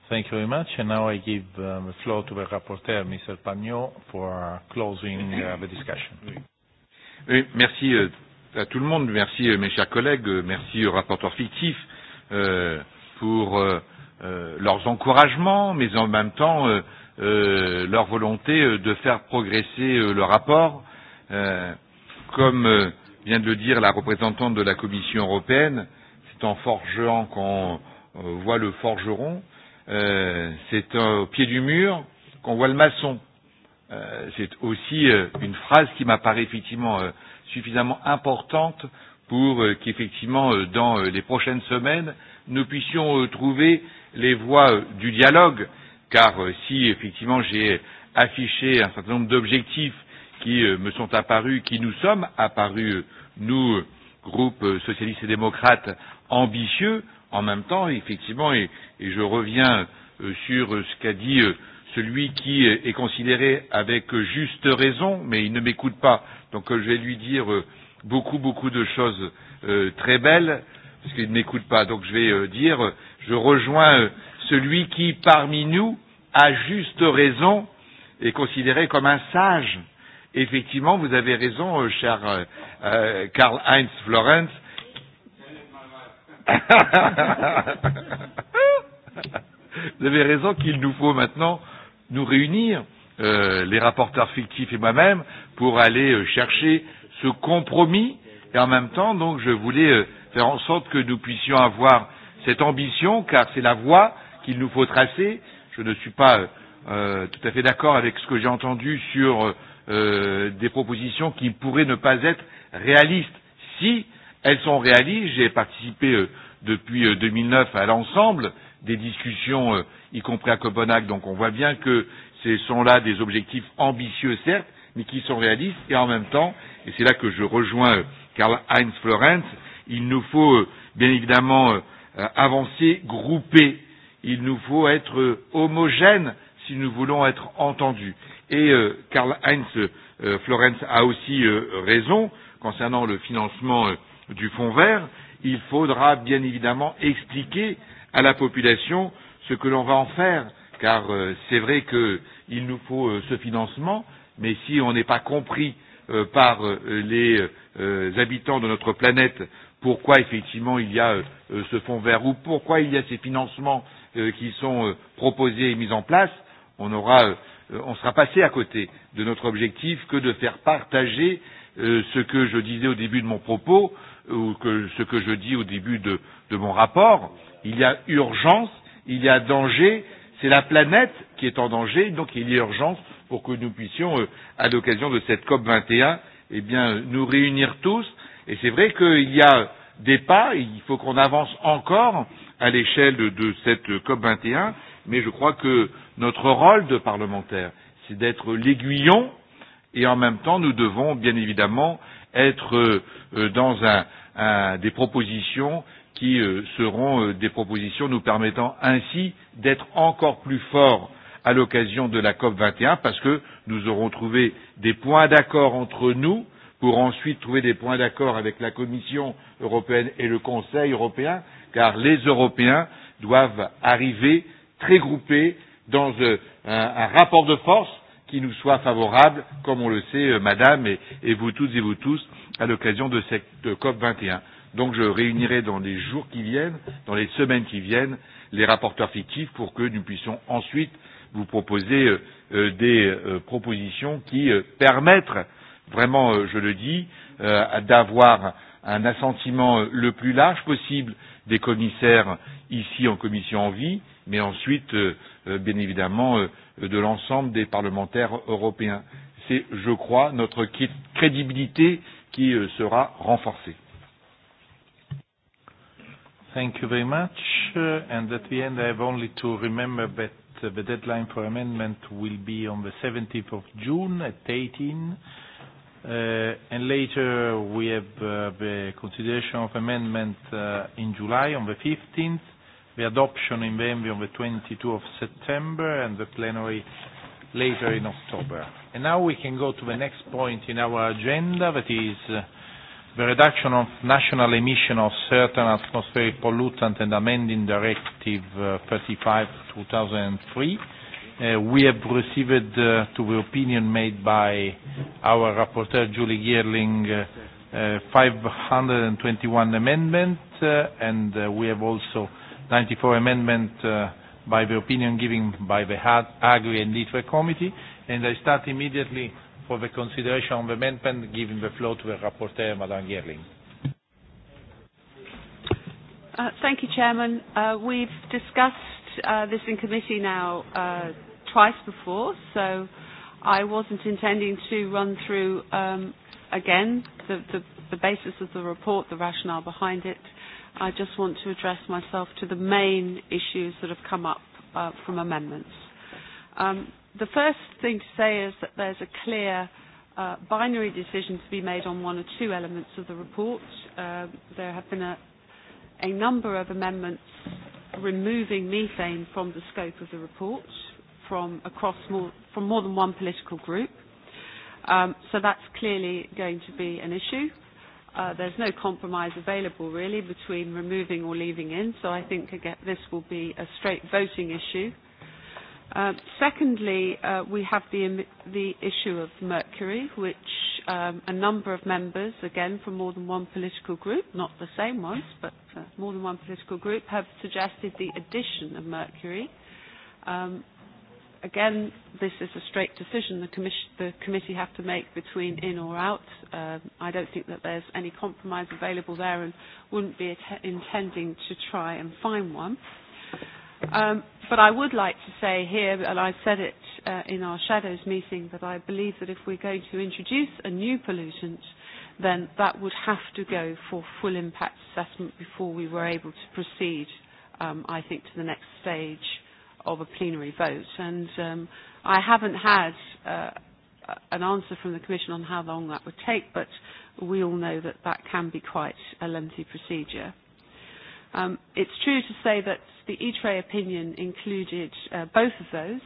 [SPEAKER 2] Thank you very much. And now I give the floor to the rapporteur, Mr. Pagnot, for closing the discussion.
[SPEAKER 19] merci à tout le monde. Merci mes chers collègues, merci aux rapporteurs fictifs pour leurs encouragements, mais en même temps leur volonté de faire progresser le rapport. Comme vient de le dire la représentante de la Commission européenne, c'est en forgeant qu'on voit le forgeron, c'est au pied du mur qu'on voit le maçon. C'est aussi une phrase qui m'apparaît effectivement suffisamment importante pour qu'effectivement, dans les prochaines semaines, nous puissions trouver les voies du dialogue, car si effectivement j'ai affiché un certain nombre d'objectifs qui me sont apparus, qui nous sommes apparus, nous, groupe socialistes et démocrate, ambitieux, en même temps, effectivement, et, et je reviens sur ce qu'a dit celui qui est considéré avec juste raison, mais il ne m'écoute pas. Donc je vais lui dire beaucoup, beaucoup de choses très belles, parce qu'il ne m'écoute pas. Donc je vais dire, je rejoins celui qui, parmi nous, à juste raison, est considéré comme un sage. Effectivement, vous avez raison, cher Karl-Heinz Florenz. Vous avez raison qu'il nous faut maintenant nous réunir, les rapporteurs fictifs et moi-même, pour aller chercher ce compromis. Et en même temps, donc, je voulais faire en sorte que nous puissions avoir cette ambition, car c'est la voie qu'il nous faut tracer. Je ne suis pas tout à fait d'accord avec ce que j'ai entendu sur des propositions qui pourraient ne pas être réalistes. Si elles sont réalistes, j'ai participé depuis 2009 à l'ensemble des discussions, y compris à Copenhague. Donc on voit bien que ce sont là des objectifs ambitieux, certes, mais qui sont réalistes et en même temps, et c'est là que je rejoins Karl-Heinz Florenz, il nous faut bien évidemment avancer grouper. Il nous faut être homogène si nous voulons être entendus. Et Karl-Heinz Florenz a aussi raison concernant le financement du Fonds vert il faudra bien évidemment expliquer à la population ce que l'on va en faire, car c'est vrai qu'il nous faut ce financement, mais si on n'est pas compris par les habitants de notre planète pourquoi effectivement il y a ce fonds vert ou pourquoi il y a ces financements qui sont proposés et mis en place, on aura on sera passé à côté de notre objectif que de faire partager ce que je disais au début de mon propos ou que ce que je dis au début de, de mon rapport, il y a urgence, il y a danger, c'est la planète qui est en danger, donc il y a urgence pour que nous puissions, à l'occasion de cette COP 21, eh bien, nous réunir tous. Et c'est vrai qu'il y a des pas, il faut qu'on avance encore à l'échelle de cette COP 21, mais je crois que notre rôle de parlementaire, c'est d'être l'aiguillon, et en même temps, nous devons bien évidemment être dans un, des propositions qui seront des propositions nous permettant ainsi d'être encore plus forts à l'occasion de la COP 21 parce que nous aurons trouvé des points d'accord entre nous pour ensuite trouver des points d'accord avec la Commission européenne et le Conseil européen car les Européens doivent arriver très groupés dans un rapport de force qui nous soit favorable, comme on le sait, Madame, et, et vous toutes et vous tous, à l'occasion de cette COP 21. Donc je réunirai dans les jours qui viennent, dans les semaines qui viennent, les rapporteurs fictifs pour que nous puissions ensuite vous proposer des propositions qui permettent vraiment, je le dis, d'avoir un assentiment le plus large possible des commissaires ici en commission en vie, mais ensuite, bien évidemment, de l'ensemble des parlementaires européens. C'est, je crois, notre crédibilité qui sera renforcée. Thank you very much.
[SPEAKER 2] And at the end, I have only to remember that the deadline for amendment will be on the 17th of June at 18. And later, we have the consideration of amendment in July on the 15th the adoption in Benvi on the 22 of September and the plenary later in October. And now we can go to the next point in our agenda, that is the reduction of national emission of certain atmospheric pollutants and amending Directive 35/2003. We have received to the opinion made by our rapporteur, Julie Gierling, 521 amendments, and we have also 94 amendment by the opinion given by the Agri and Litre Committee, and I start immediately for the consideration of the amendment, giving the floor to the rapporteur, Madame Gerling.
[SPEAKER 27] Thank you, Chairman. We've discussed this in committee now twice before, so I wasn't intending to run through again the basis of the report, the rationale behind it I just want to address myself to the main issues that have come up from amendments. Um, the first thing to say is that there's a clear binary decision to be made on one or two elements of the report. there have been a, number of amendments removing methane from the scope of the report from across more, from more than one political group. Um, so that's clearly going to be an issue there's no compromise available really between removing or leaving in, so I think again, this will be a straight voting issue. Secondly, we have the the issue of mercury, which a number of members, again from more than one political group, not the same ones, but more than one political group, have suggested the addition of mercury. Um again, this is a straight decision the, commission, the committee have to make between in or out. Um, I don't think that there's any compromise available there and wouldn't be intending to try and find one. Um, but I would like to say here, and I said it uh, in our shadows meeting, that I believe that if we're going to introduce a new pollutant, then that would have to go for full impact assessment before we were able to proceed, um, I think, to the next stage of a plenary vote. And um, I haven't had uh, an answer from the Commission on how long that would take, but we all know that that can be quite a lengthy procedure. Um, it's true to say that the e opinion included uh, both of those,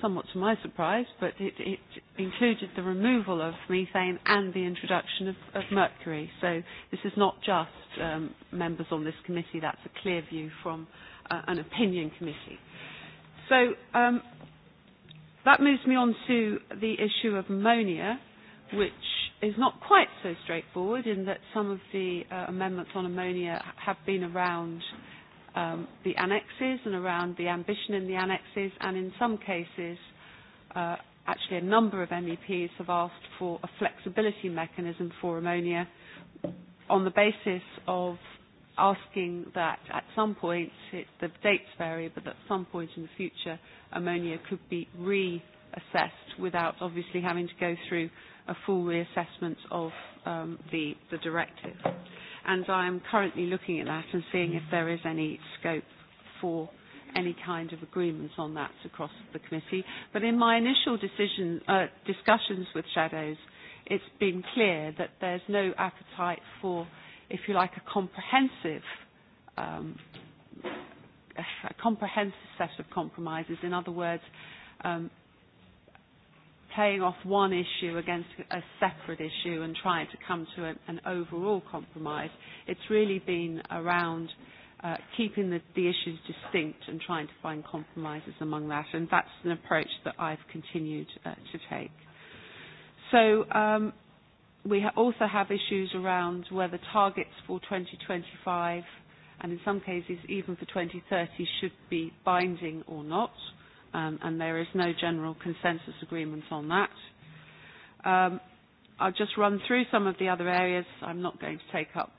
[SPEAKER 27] somewhat to my surprise, but it, it included the removal of methane and the introduction of, of mercury. So this is not just um, members on this committee, that's a clear view from an opinion committee. So that moves me on to the issue of ammonia, which is not quite so straightforward in that some of the amendments on ammonia have been around the annexes and around the ambition in the annexes, and in some cases, actually a number of MEPs have asked for a flexibility mechanism for ammonia on the basis of asking that at some point, the dates vary, but at some point in the future, ammonia could be reassessed without obviously having to go through a full reassessment of the, the directive. And I am currently looking at that and seeing if there is any scope for any kind of agreements on that across the committee. But in my initial decision, discussions with shadows, it's been clear that there's no appetite for if you like, a comprehensive um, a comprehensive set of compromises. In other words, um, playing off one issue against a separate issue and trying to come to an overall compromise. It's really been around uh, keeping the, the issues distinct and trying to find compromises among that. And that's an approach that I've continued uh, to take. So um, we also have issues around whether targets for 2025 and in some cases even for 2030 should be binding or not, and there is no general consensus agreement on that. I'll just run through some of the other areas. I'm not going to take up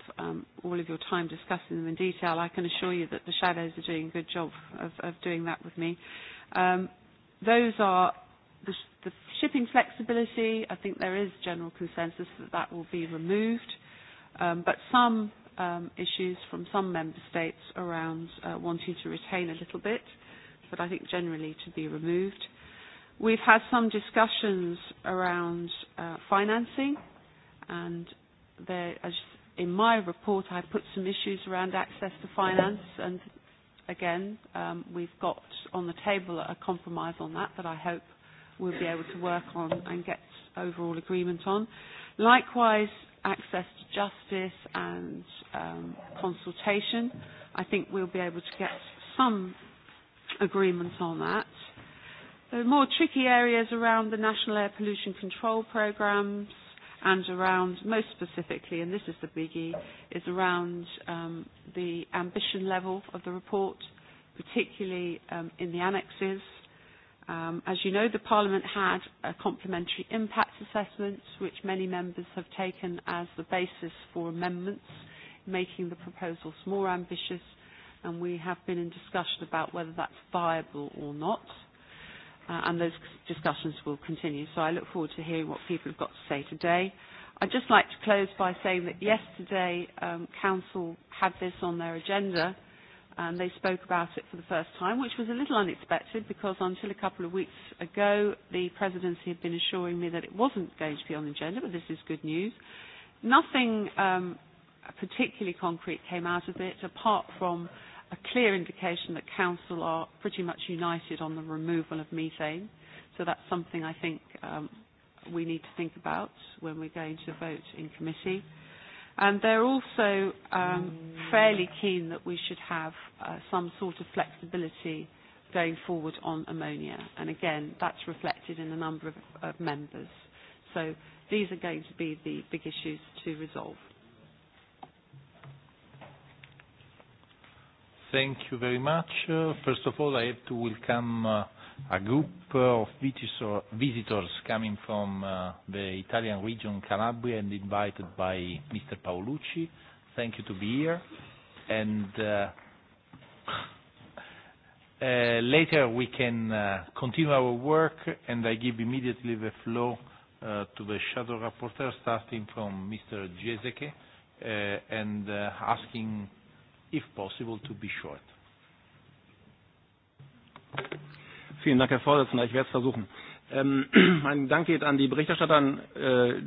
[SPEAKER 27] all of your time discussing them in detail. I can assure you that the shadows are doing a good job of doing that with me. Those are the, the shipping flexibility, I think there is general consensus that that will be removed, um, but some um, issues from some member states around uh, wanting to retain a little bit, but I think generally to be removed. We've had some discussions around uh, financing, and there, as in my report, I put some issues around access to finance, and again, um, we've got on the table a compromise on that that I hope we'll be able to work on and get overall agreement on. Likewise, access to justice and consultation. I think we'll be able to get some agreement on that. The more tricky areas around the National Air Pollution Control Programs and around, most specifically, and this is the biggie, is around the ambition level of the report, particularly in the annexes As you know, the Parliament had a complementary impact assessment, which many members have taken as the basis for amendments, making the proposals more ambitious, and we have been in discussion about whether that's viable or not, and those discussions will continue. So I look forward to hearing what people have got to say today. I'd just like to close by saying that yesterday, Council had this on their agenda, and they spoke about it for the first time, which was a little unexpected because until a couple of weeks ago, the presidency had been assuring me that it wasn't going to be on the agenda, but this is good news. Nothing um, particularly concrete came out of it, apart from a clear indication that Council are pretty much united on the removal of methane. So that's something I think um, we need to think about when we're going to vote in committee. And they're also um, fairly keen that we should have some sort of flexibility going forward on ammonia. And again, that's reflected in the number of members. So these are going to be the big issues to resolve.
[SPEAKER 2] Thank you very much. First of all, I have to welcome a group of visitors coming from the Italian region Calabria and invited by Mr. Paolucci. Thank you to be here. And uh later we can continue our work and I give immediately the floor to the shadow rapporteur starting from Mr. uh and asking if possible to
[SPEAKER 28] be short. Vielen Dank, Herr Vorsitzender. Ich werde es versuchen. Mein Dank geht an die Berichterstatterin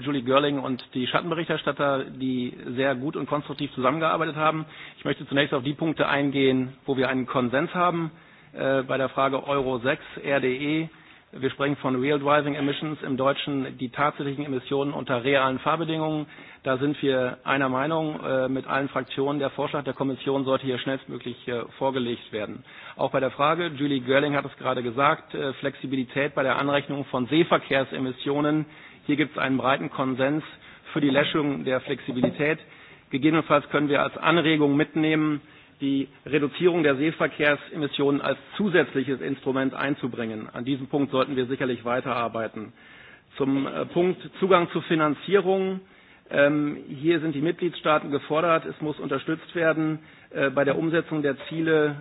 [SPEAKER 28] Julie Görling und die Schattenberichterstatter, die sehr gut und konstruktiv zusammengearbeitet haben. Ich möchte zunächst auf die Punkte eingehen, wo wir einen Konsens haben, bei der Frage Euro 6, RDE, Wir sprechen von Real Driving Emissions, im Deutschen die tatsächlichen Emissionen unter realen Fahrbedingungen. Da sind wir einer Meinung mit allen Fraktionen. Der Vorschlag der Kommission sollte hier schnellstmöglich vorgelegt werden. Auch bei der Frage, Julie Görling hat es gerade gesagt, Flexibilität bei der Anrechnung von Seeverkehrsemissionen. Hier gibt es einen breiten Konsens für die Läschung der Flexibilität. Gegebenenfalls können wir als Anregung mitnehmen, die Reduzierung der Seeverkehrsemissionen als zusätzliches Instrument einzubringen. An diesem Punkt sollten wir sicherlich weiterarbeiten. Zum Punkt Zugang zu Finanzierung. Hier sind die Mitgliedstaaten gefordert. Es muss unterstützt werden. Bei der Umsetzung der Ziele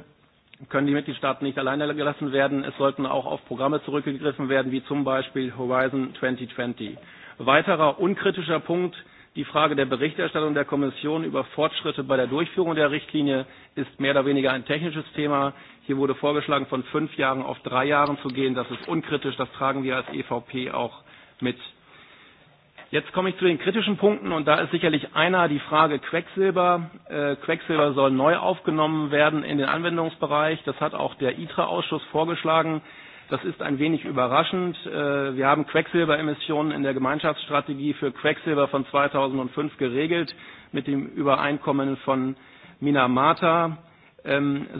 [SPEAKER 28] können die Mitgliedstaaten nicht alleine gelassen werden. Es sollten auch auf Programme zurückgegriffen werden, wie zum Beispiel Horizon 2020. Weiterer unkritischer Punkt Die Frage der Berichterstattung der Kommission über Fortschritte bei der Durchführung der Richtlinie ist mehr oder weniger ein technisches Thema. Hier wurde vorgeschlagen, von fünf Jahren auf drei Jahren zu gehen. Das ist unkritisch. Das tragen wir als EVP auch mit. Jetzt komme ich zu den kritischen Punkten und da ist sicherlich einer die Frage Quecksilber. Quecksilber soll neu aufgenommen werden in den Anwendungsbereich. Das hat auch der ITRA-Ausschuss vorgeschlagen. Das ist ein wenig überraschend. Wir haben Quecksilberemissionen in der Gemeinschaftsstrategie für Quecksilber von 2005 geregelt mit dem Übereinkommen von Minamata.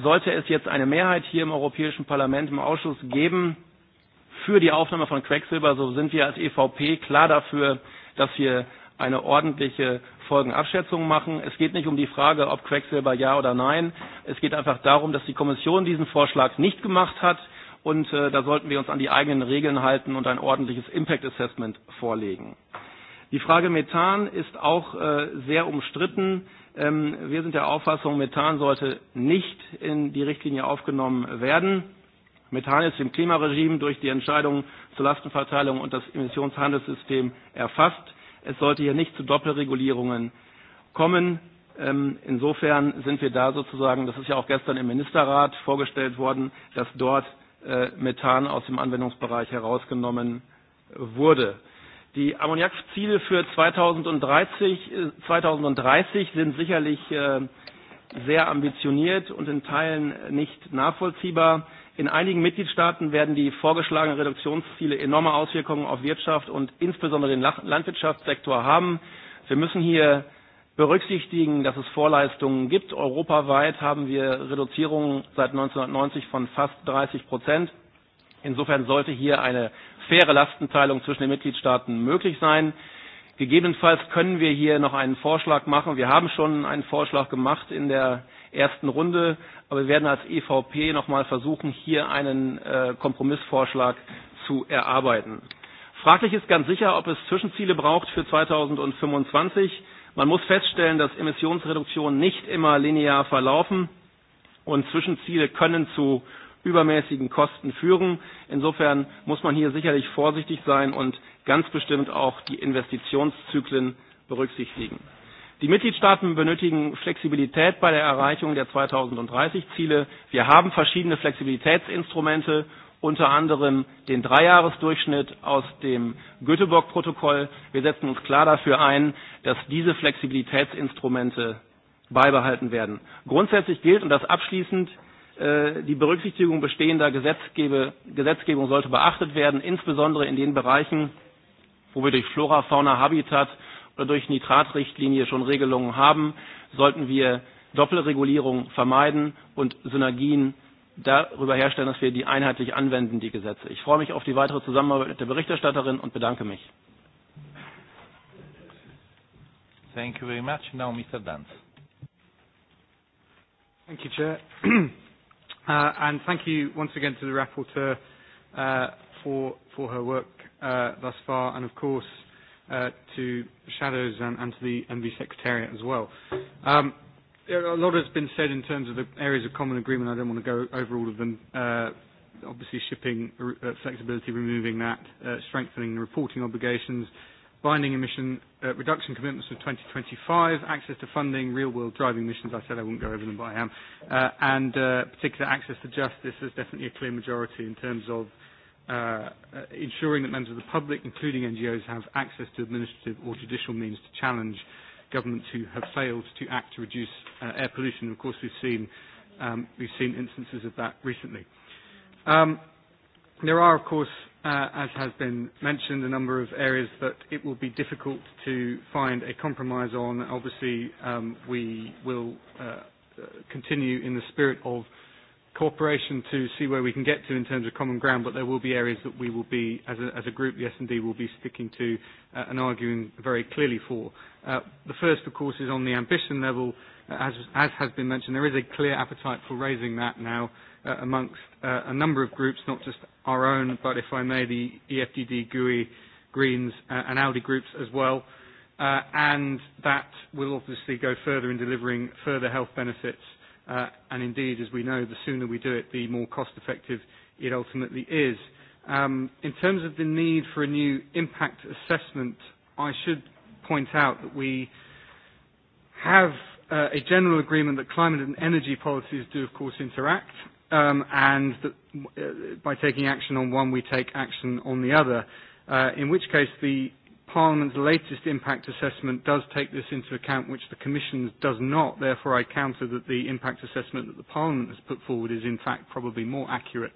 [SPEAKER 28] Sollte es jetzt eine Mehrheit hier im Europäischen Parlament im Ausschuss geben für die Aufnahme von Quecksilber, so sind wir als EVP klar dafür, dass wir eine ordentliche Folgenabschätzung machen. Es geht nicht um die Frage, ob Quecksilber ja oder nein. Es geht einfach darum, dass die Kommission diesen Vorschlag nicht gemacht hat Und da sollten wir uns an die eigenen Regeln halten und ein ordentliches Impact Assessment vorlegen. Die Frage Methan ist auch sehr umstritten. Wir sind der Auffassung, Methan sollte nicht in die Richtlinie aufgenommen werden. Methan ist im Klimaregime durch die Entscheidung zur Lastenverteilung und das Emissionshandelssystem erfasst. Es sollte hier nicht zu Doppelregulierungen kommen. Insofern sind wir da sozusagen, das ist ja auch gestern im Ministerrat vorgestellt worden, dass dort Methan aus dem Anwendungsbereich herausgenommen wurde. Die Ammoniakziele für 2030, 2030 sind sicherlich sehr ambitioniert und in Teilen nicht nachvollziehbar. In einigen Mitgliedstaaten werden die vorgeschlagenen Reduktionsziele enorme Auswirkungen auf Wirtschaft und insbesondere den Landwirtschaftssektor haben. Wir müssen hier berücksichtigen, dass es Vorleistungen gibt. Europaweit haben wir Reduzierungen seit 1990 von fast 30 Prozent. Insofern sollte hier eine faire Lastenteilung zwischen den Mitgliedstaaten möglich sein. Gegebenenfalls können wir hier noch einen Vorschlag machen. Wir haben schon einen Vorschlag gemacht in der ersten Runde, aber wir werden als EVP noch mal versuchen, hier einen Kompromissvorschlag zu erarbeiten. Fraglich ist ganz sicher, ob es Zwischenziele braucht für 2025. Man muss feststellen, dass Emissionsreduktionen nicht immer linear verlaufen und Zwischenziele können zu übermäßigen Kosten führen. Insofern muss man hier sicherlich vorsichtig sein und ganz bestimmt auch die Investitionszyklen berücksichtigen. Die Mitgliedstaaten benötigen Flexibilität bei der Erreichung der 2030 Ziele. Wir haben verschiedene Flexibilitätsinstrumente unter anderem den Dreijahresdurchschnitt aus dem Göteborg-Protokoll. Wir setzen uns klar dafür ein, dass diese Flexibilitätsinstrumente beibehalten werden. Grundsätzlich gilt, und das abschließend, die Berücksichtigung bestehender Gesetzgebung sollte beachtet werden, insbesondere in den Bereichen, wo wir durch Flora, Fauna, Habitat oder durch Nitratrichtlinie schon Regelungen haben, sollten wir Doppelregulierung vermeiden und Synergien darüber herstellen, dass wir die einheitlich anwenden, die Gesetze. Ich freue mich auf die weitere Zusammenarbeit mit der Berichterstatterin und bedanke mich. Thank you very much. Now, Mr. Dance.
[SPEAKER 21] Thank you, Chair. uh, and thank you once again to the rapporteur uh, for, for her work uh, thus far, and of course uh, to Shadows and, and to the MV Secretariat as well. Um, a lot has been said in terms of the areas of common agreement. I don't want to go over all of them. Obviously, shipping flexibility, removing that, strengthening the reporting obligations, binding emission reduction commitments for 2025, access to funding, real-world driving missions. I said I wouldn't go over them, but I am. And particular access to justice. is definitely a clear majority in terms of ensuring that members of the public, including NGOs, have access to administrative or judicial means to challenge governments who have failed to act to reduce air pollution. Of course, we've seen um, we've seen instances of that recently. Um, there are, of course, as has been mentioned, a number of areas that it will be difficult to find a compromise on. Obviously, um, we will continue in the spirit of cooperation to see where we can get to in terms of common ground, but there will be areas that we will be, as a, as a group, the S&D will be sticking to and arguing very clearly for. the first, of course, is on the ambition level. As, as has been mentioned, there is a clear appetite for raising that now amongst a number of groups, not just our own, but if I may, the EFDD, GUI, Greens and Audi groups as well. And that will obviously go further in delivering further health benefits and indeed, as we know, the sooner we do it, the more cost-effective it ultimately is. In terms of the need for a new impact assessment, I should point out that we have a general agreement that climate and energy policies do, of course, interact, and that by taking action on one, we take action on the other, in which case the Parliament's latest impact assessment does take this into account, which the Commission does not. Therefore, I counter that the impact assessment that the Parliament has put forward is, in fact, probably more accurate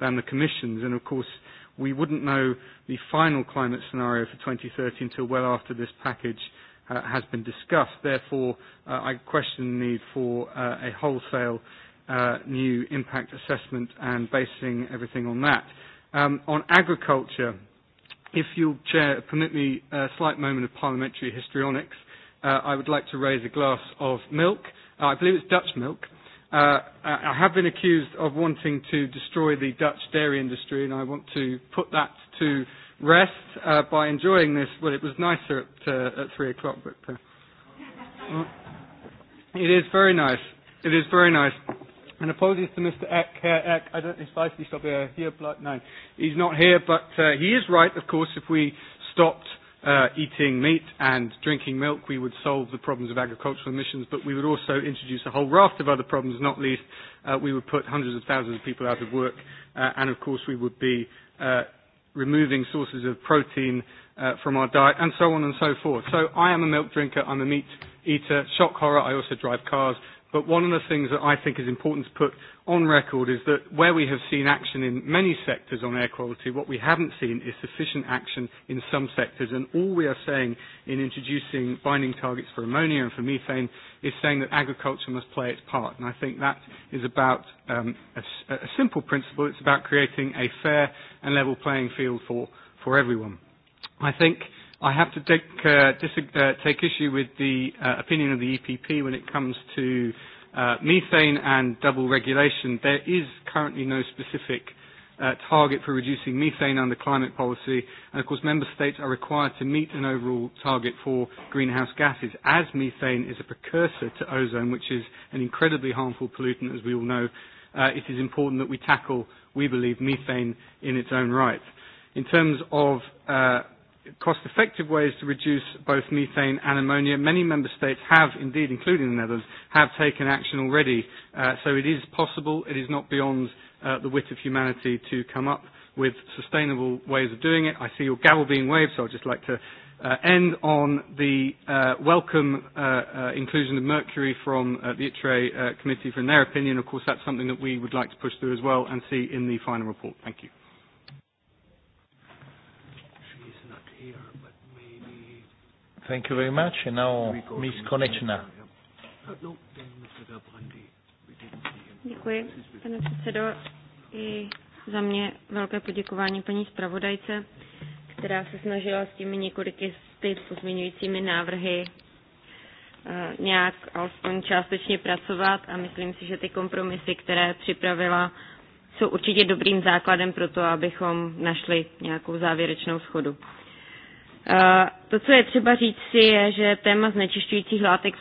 [SPEAKER 21] than the Commission's. And, of course, we wouldn't know the final climate scenario for 2030 until well after this package has been discussed. Therefore, I question the need for a wholesale new impact assessment and basing everything on that. On agriculture, If you'll, Chair, permit me a slight moment of parliamentary histrionics, I would like to raise a glass of milk. I believe it's Dutch milk. I have been accused of wanting to destroy the Dutch dairy industry, and I want to put that to rest by enjoying this. Well, it was nicer at, at three o'clock, but it is very nice. It is very nice. And apologies to Mr. Eck. Eck, I don't know if he's here, but no, he's not here. But uh, he is right, of course. If we stopped uh, eating meat and drinking milk, we would solve the problems of agricultural emissions, but we would also introduce a whole raft of other problems, not least uh, we would put hundreds of thousands of people out of work, uh, and of course we would be uh, removing sources of protein uh, from our diet, and so on and so forth. So I am a milk drinker, I'm a meat eater, shock horror, I also drive cars, But one of the things that I think is important to put on record is that where we have seen action in many sectors on air quality, what we haven't seen is sufficient action in some sectors. And all we are saying in introducing binding targets for ammonia and for methane is saying that agriculture must play its part. And I think that is about a, a simple principle. It's about creating a fair and level playing field for, for everyone. I think I have to take, uh, uh, take issue with the uh, opinion of the EPP when it comes to uh, methane and double regulation. There is currently no specific uh, target for reducing methane under climate policy, and of course member states are required to meet an overall target for greenhouse gases, as methane is a precursor to ozone, which is an incredibly harmful pollutant, as we all know. Uh, it is important that we tackle, we believe, methane in its own right. In terms of uh, cost-effective ways to reduce both methane and ammonia. Many member states have, indeed, including the Netherlands, have taken action already. So it is possible. It is not beyond the wit of humanity to come up with sustainable ways of doing it. I see your gavel being waved, so I'd just like to end on the welcome inclusion of mercury from the ITRE committee from their opinion. Of course, that's something that we would like to push through as well and see in the final report. Thank you. Thank you very much.
[SPEAKER 2] now
[SPEAKER 29] Ms. Konečná.
[SPEAKER 7] Děkuji, pane předsedo. I za mě velké poděkování paní zpravodajce, která se snažila s těmi několiky s ty pozměňujícími návrhy nějak alespoň částečně pracovat a myslím si, že ty kompromisy, které připravila, jsou určitě dobrým základem pro to, abychom našli nějakou závěrečnou schodu. To, co je třeba si, je, že téma znečišťujících látek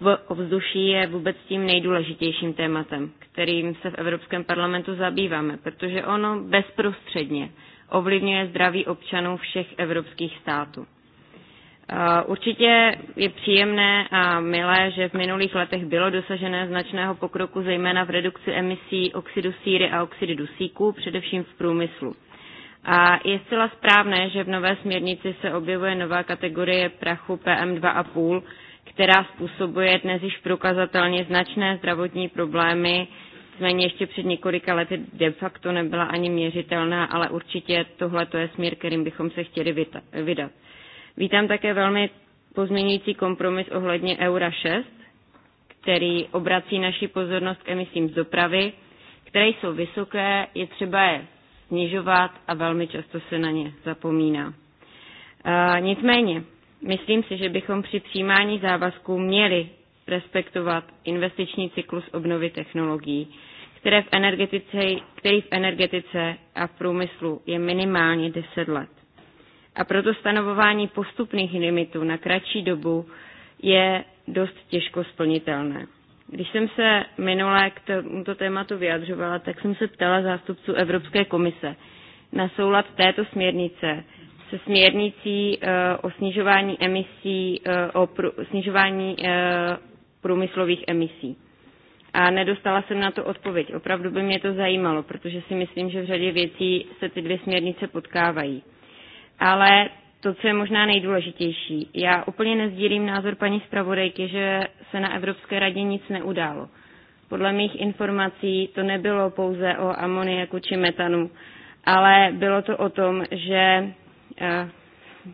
[SPEAKER 7] v ovzduší je vůbec tím nejdůležitějším tématem, kterým se v Evropském parlamentu zabýváme, protože ono bezprostředně ovlivňuje zdraví občanů všech evropských států. Určitě je příjemné a milé, že v minulých letech bylo dosažené značného pokroku zejména v redukci emisí oxidu síry a oxidu dusíku, především v průmyslu. A je zcela správné, že v nové směrnici se objevuje nová kategorie prachu PM2,5, která způsobuje dnes již prokazatelně značné zdravotní problémy, nicméně ještě před několika lety de facto nebyla ani měřitelná, ale určitě tohle je směr, kterým bychom se chtěli vydat. Vítám také velmi pozměňující kompromis ohledně Eura 6, který obrací naši pozornost k emisím z dopravy, které jsou vysoké, je třeba je snižovat a velmi často se na ně zapomíná. Nicméně, myslím si, že bychom při přijímání závazků měli respektovat investiční cyklus obnovy technologií, které v energetice, který v energetice a v průmyslu je minimálně 10 let. A proto stanovování postupných limitů na kratší dobu je dost těžko splnitelné. Když jsem se minule k tomuto tématu vyjadřovala, tak jsem se ptala zástupců Evropské komise na soulad této směrnice se směrnicí o snižování emisí, o snižování průmyslových emisí. A nedostala jsem na to odpověď. Opravdu by mě to zajímalo, protože si myslím, že v řadě věcí se ty dvě směrnice potkávají. Ale to, co je možná nejdůležitější. Já úplně nezdílím názor paní zpravodajky, že se na Evropské radě nic neudálo. Podle mých informací to nebylo pouze o amoniaku či metanu, ale bylo to o tom, že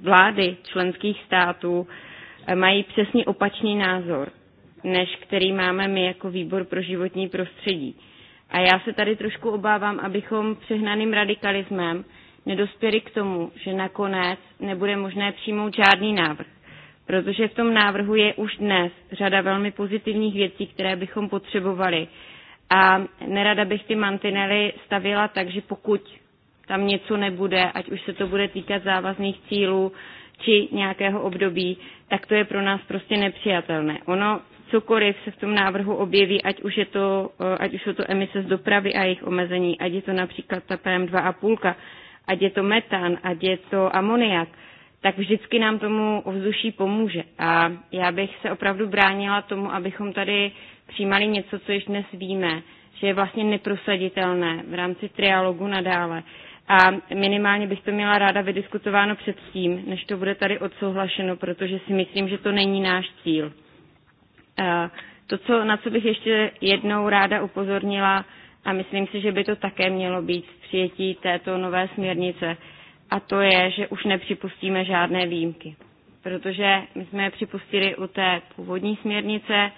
[SPEAKER 7] vlády členských států mají přesně opačný názor, než který máme my jako výbor pro životní prostředí. A já se tady trošku obávám, abychom přehnaným radikalismem nedospěli k tomu, že nakonec nebude možné přijmout žádný návrh, protože v tom návrhu je už dnes řada velmi pozitivních věcí, které bychom potřebovali. A nerada bych ty mantinely stavila tak, že pokud tam něco nebude, ať už se to bude týkat závazných cílů či nějakého období, tak to je pro nás prostě nepřijatelné. Ono cokoliv se v tom návrhu objeví, ať už, je to, ať už jsou to emise z dopravy a jejich omezení, ať je to například ta PM2,5, ať je to metan, ať je to amoniak, tak vždycky nám tomu ovzduší pomůže. A já bych se opravdu bránila tomu, abychom tady přijímali něco, co již dnes víme, že je vlastně neprosaditelné v rámci trialogu nadále. A minimálně bych to měla ráda vydiskutováno předtím, než to bude tady odsouhlašeno, protože si myslím, že to není náš cíl. To, co, na co bych ještě jednou ráda upozornila, a myslím si, že by to také mělo být v přijetí této nové směrnice. A to je, že už nepřipustíme žádné výjimky. Protože my jsme je připustili u té původní směrnice,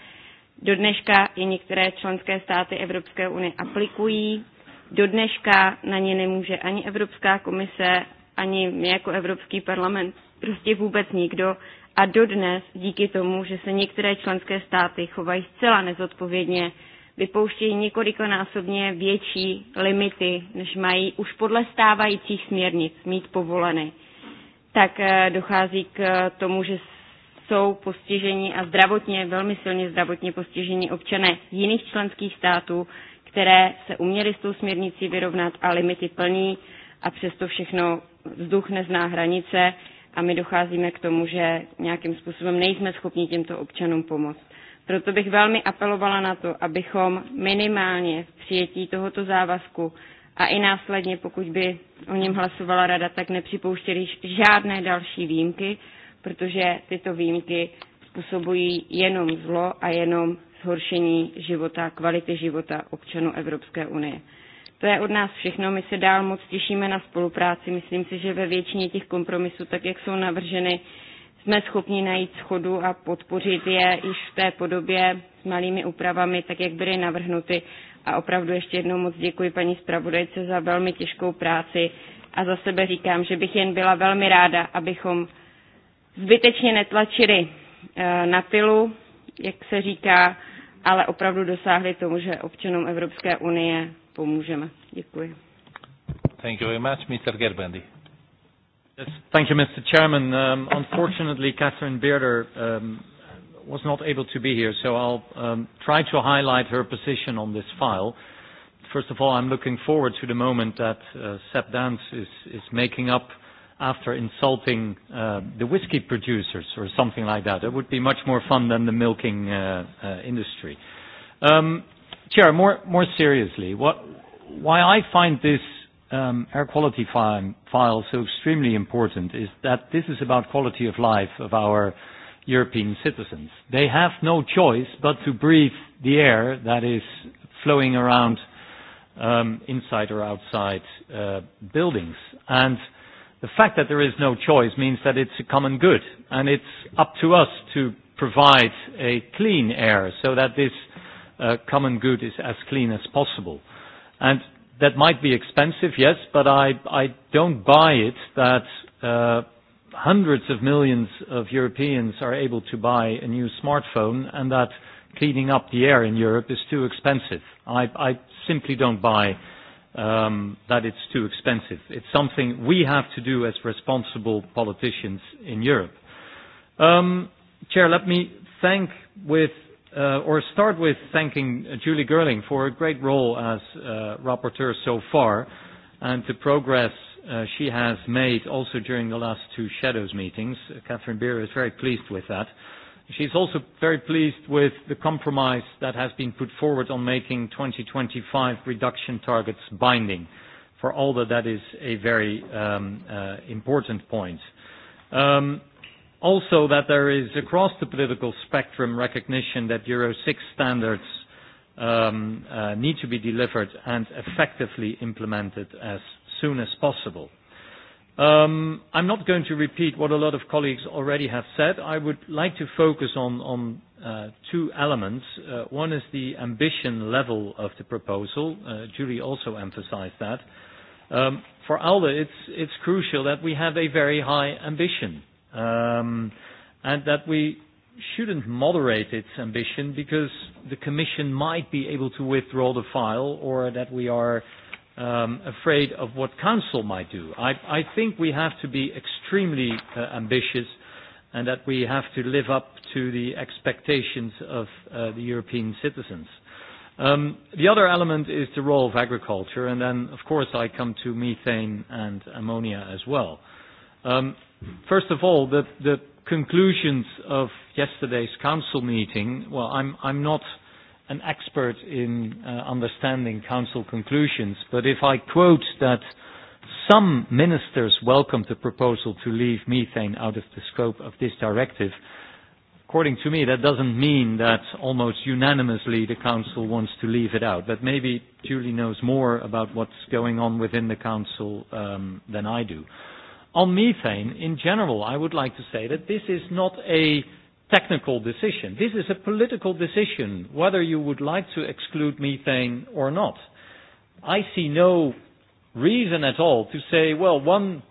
[SPEAKER 7] do dneška i některé členské státy Evropské unie aplikují, do dneška na ně nemůže ani Evropská komise, ani my jako Evropský parlament, prostě vůbec nikdo. A dodnes díky tomu, že se některé členské státy chovají zcela nezodpovědně, vypouštějí několikonásobně větší limity, než mají už podle stávajících směrnic mít povoleny, tak dochází k tomu, že jsou postižení a zdravotně, velmi silně zdravotně postižení občané jiných členských států, které se uměly s tou směrnicí vyrovnat a limity plní a přesto všechno vzduch nezná hranice a my docházíme k tomu, že nějakým způsobem nejsme schopni těmto občanům pomoct. Proto bych velmi apelovala na to, abychom minimálně v přijetí tohoto závazku a i následně, pokud by o něm hlasovala rada, tak nepřipouštěli žádné další výjimky, protože tyto výjimky způsobují jenom zlo a jenom zhoršení života, kvality života občanů Evropské unie. To je od nás všechno, my se dál moc těšíme na spolupráci, myslím si, že ve většině těch kompromisů, tak jak jsou navrženy, jsme schopni najít schodu a podpořit je již v té podobě s malými úpravami, tak jak byly navrhnuty. A opravdu ještě jednou moc děkuji paní zpravodajce za velmi těžkou práci a za sebe říkám, že bych jen byla velmi ráda, abychom zbytečně netlačili na pilu, jak se říká, ale opravdu dosáhli tomu, že občanům Evropské unie pomůžeme.
[SPEAKER 2] Děkuji. Thank you very much, Mr. Gerbendi.
[SPEAKER 13] Yes, thank you, Mr. Chairman. Um, unfortunately, Catherine Bearder um, was not able to be here, so I'll um, try to highlight her position on this file. First of all, I'm looking forward to the moment that uh, Sepp Dance is, is making up after insulting uh, the whiskey producers or something like that. It would be much more fun than the milking uh, uh, industry. Um, Chair, more, more seriously, what, why I find this air quality file so extremely important is that this is about quality of life of our European citizens. They have no choice but to breathe the air that is flowing around um, inside or outside uh, buildings. And the fact that there is no choice means that it's a common good. And it's up to us to provide a clean air so that this common good is as clean as possible. And that might be expensive, yes, but I don't buy it that hundreds of millions of Europeans are able to buy a new smartphone and that cleaning up the air in Europe is too expensive. I simply don't buy that it's too expensive. It's something we have to do as responsible politicians in Europe. Um Chair, let me thank with or start with thanking Julie Gerling for a great role as rapporteur so far and the progress she has made also during the last two shadows meetings. Catherine Beer is very pleased with that. She's also very pleased with the compromise that has been put forward on making 2025 reduction targets binding. For all that that is a very important point also that there is across the political spectrum recognition that Euro 6 standards um, need to be delivered and effectively implemented as soon as possible. Um, I'm not going to repeat what a lot of colleagues already have said. I would like to focus on, on two elements. one is the ambition level of the proposal. Julie also emphasized that. Um, for ALDE, it's, it's crucial that we have a very high ambition um, and that we shouldn't moderate its ambition because the Commission might be able to withdraw the file or that we are um, afraid of what Council might do. I, I think we have to be extremely uh, ambitious and that we have to live up to the expectations of uh, the European citizens. Um, the other element is the role of agriculture, and then, of course, I come to methane and ammonia as well. Um, First of all, the the conclusions of yesterday's council meeting. Well, I'm I'm not an expert in understanding council conclusions, but if I quote that some ministers welcomed the proposal to leave methane out of the scope of this directive, according to me, that doesn't mean that almost unanimously the council wants to leave it out. But maybe Julie knows more about what's going on within the council than I do. On methane, in general, I would like to say that this is not a technical decision. This is a political decision, whether you would like to exclude methane or not. I see no reason at all to say, well, one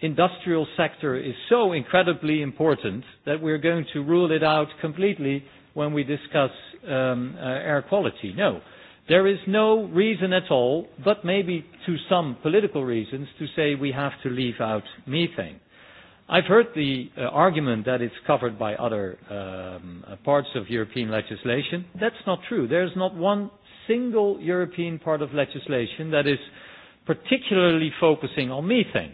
[SPEAKER 13] industrial sector is so incredibly important that we're going to rule it out completely when we discuss air quality. No. There is no reason at all, but maybe to some political reasons, to say we have to leave out methane. I've heard the argument that it's covered by other parts of European legislation. That's not true. There's not one single European part of legislation that is particularly focusing on methane.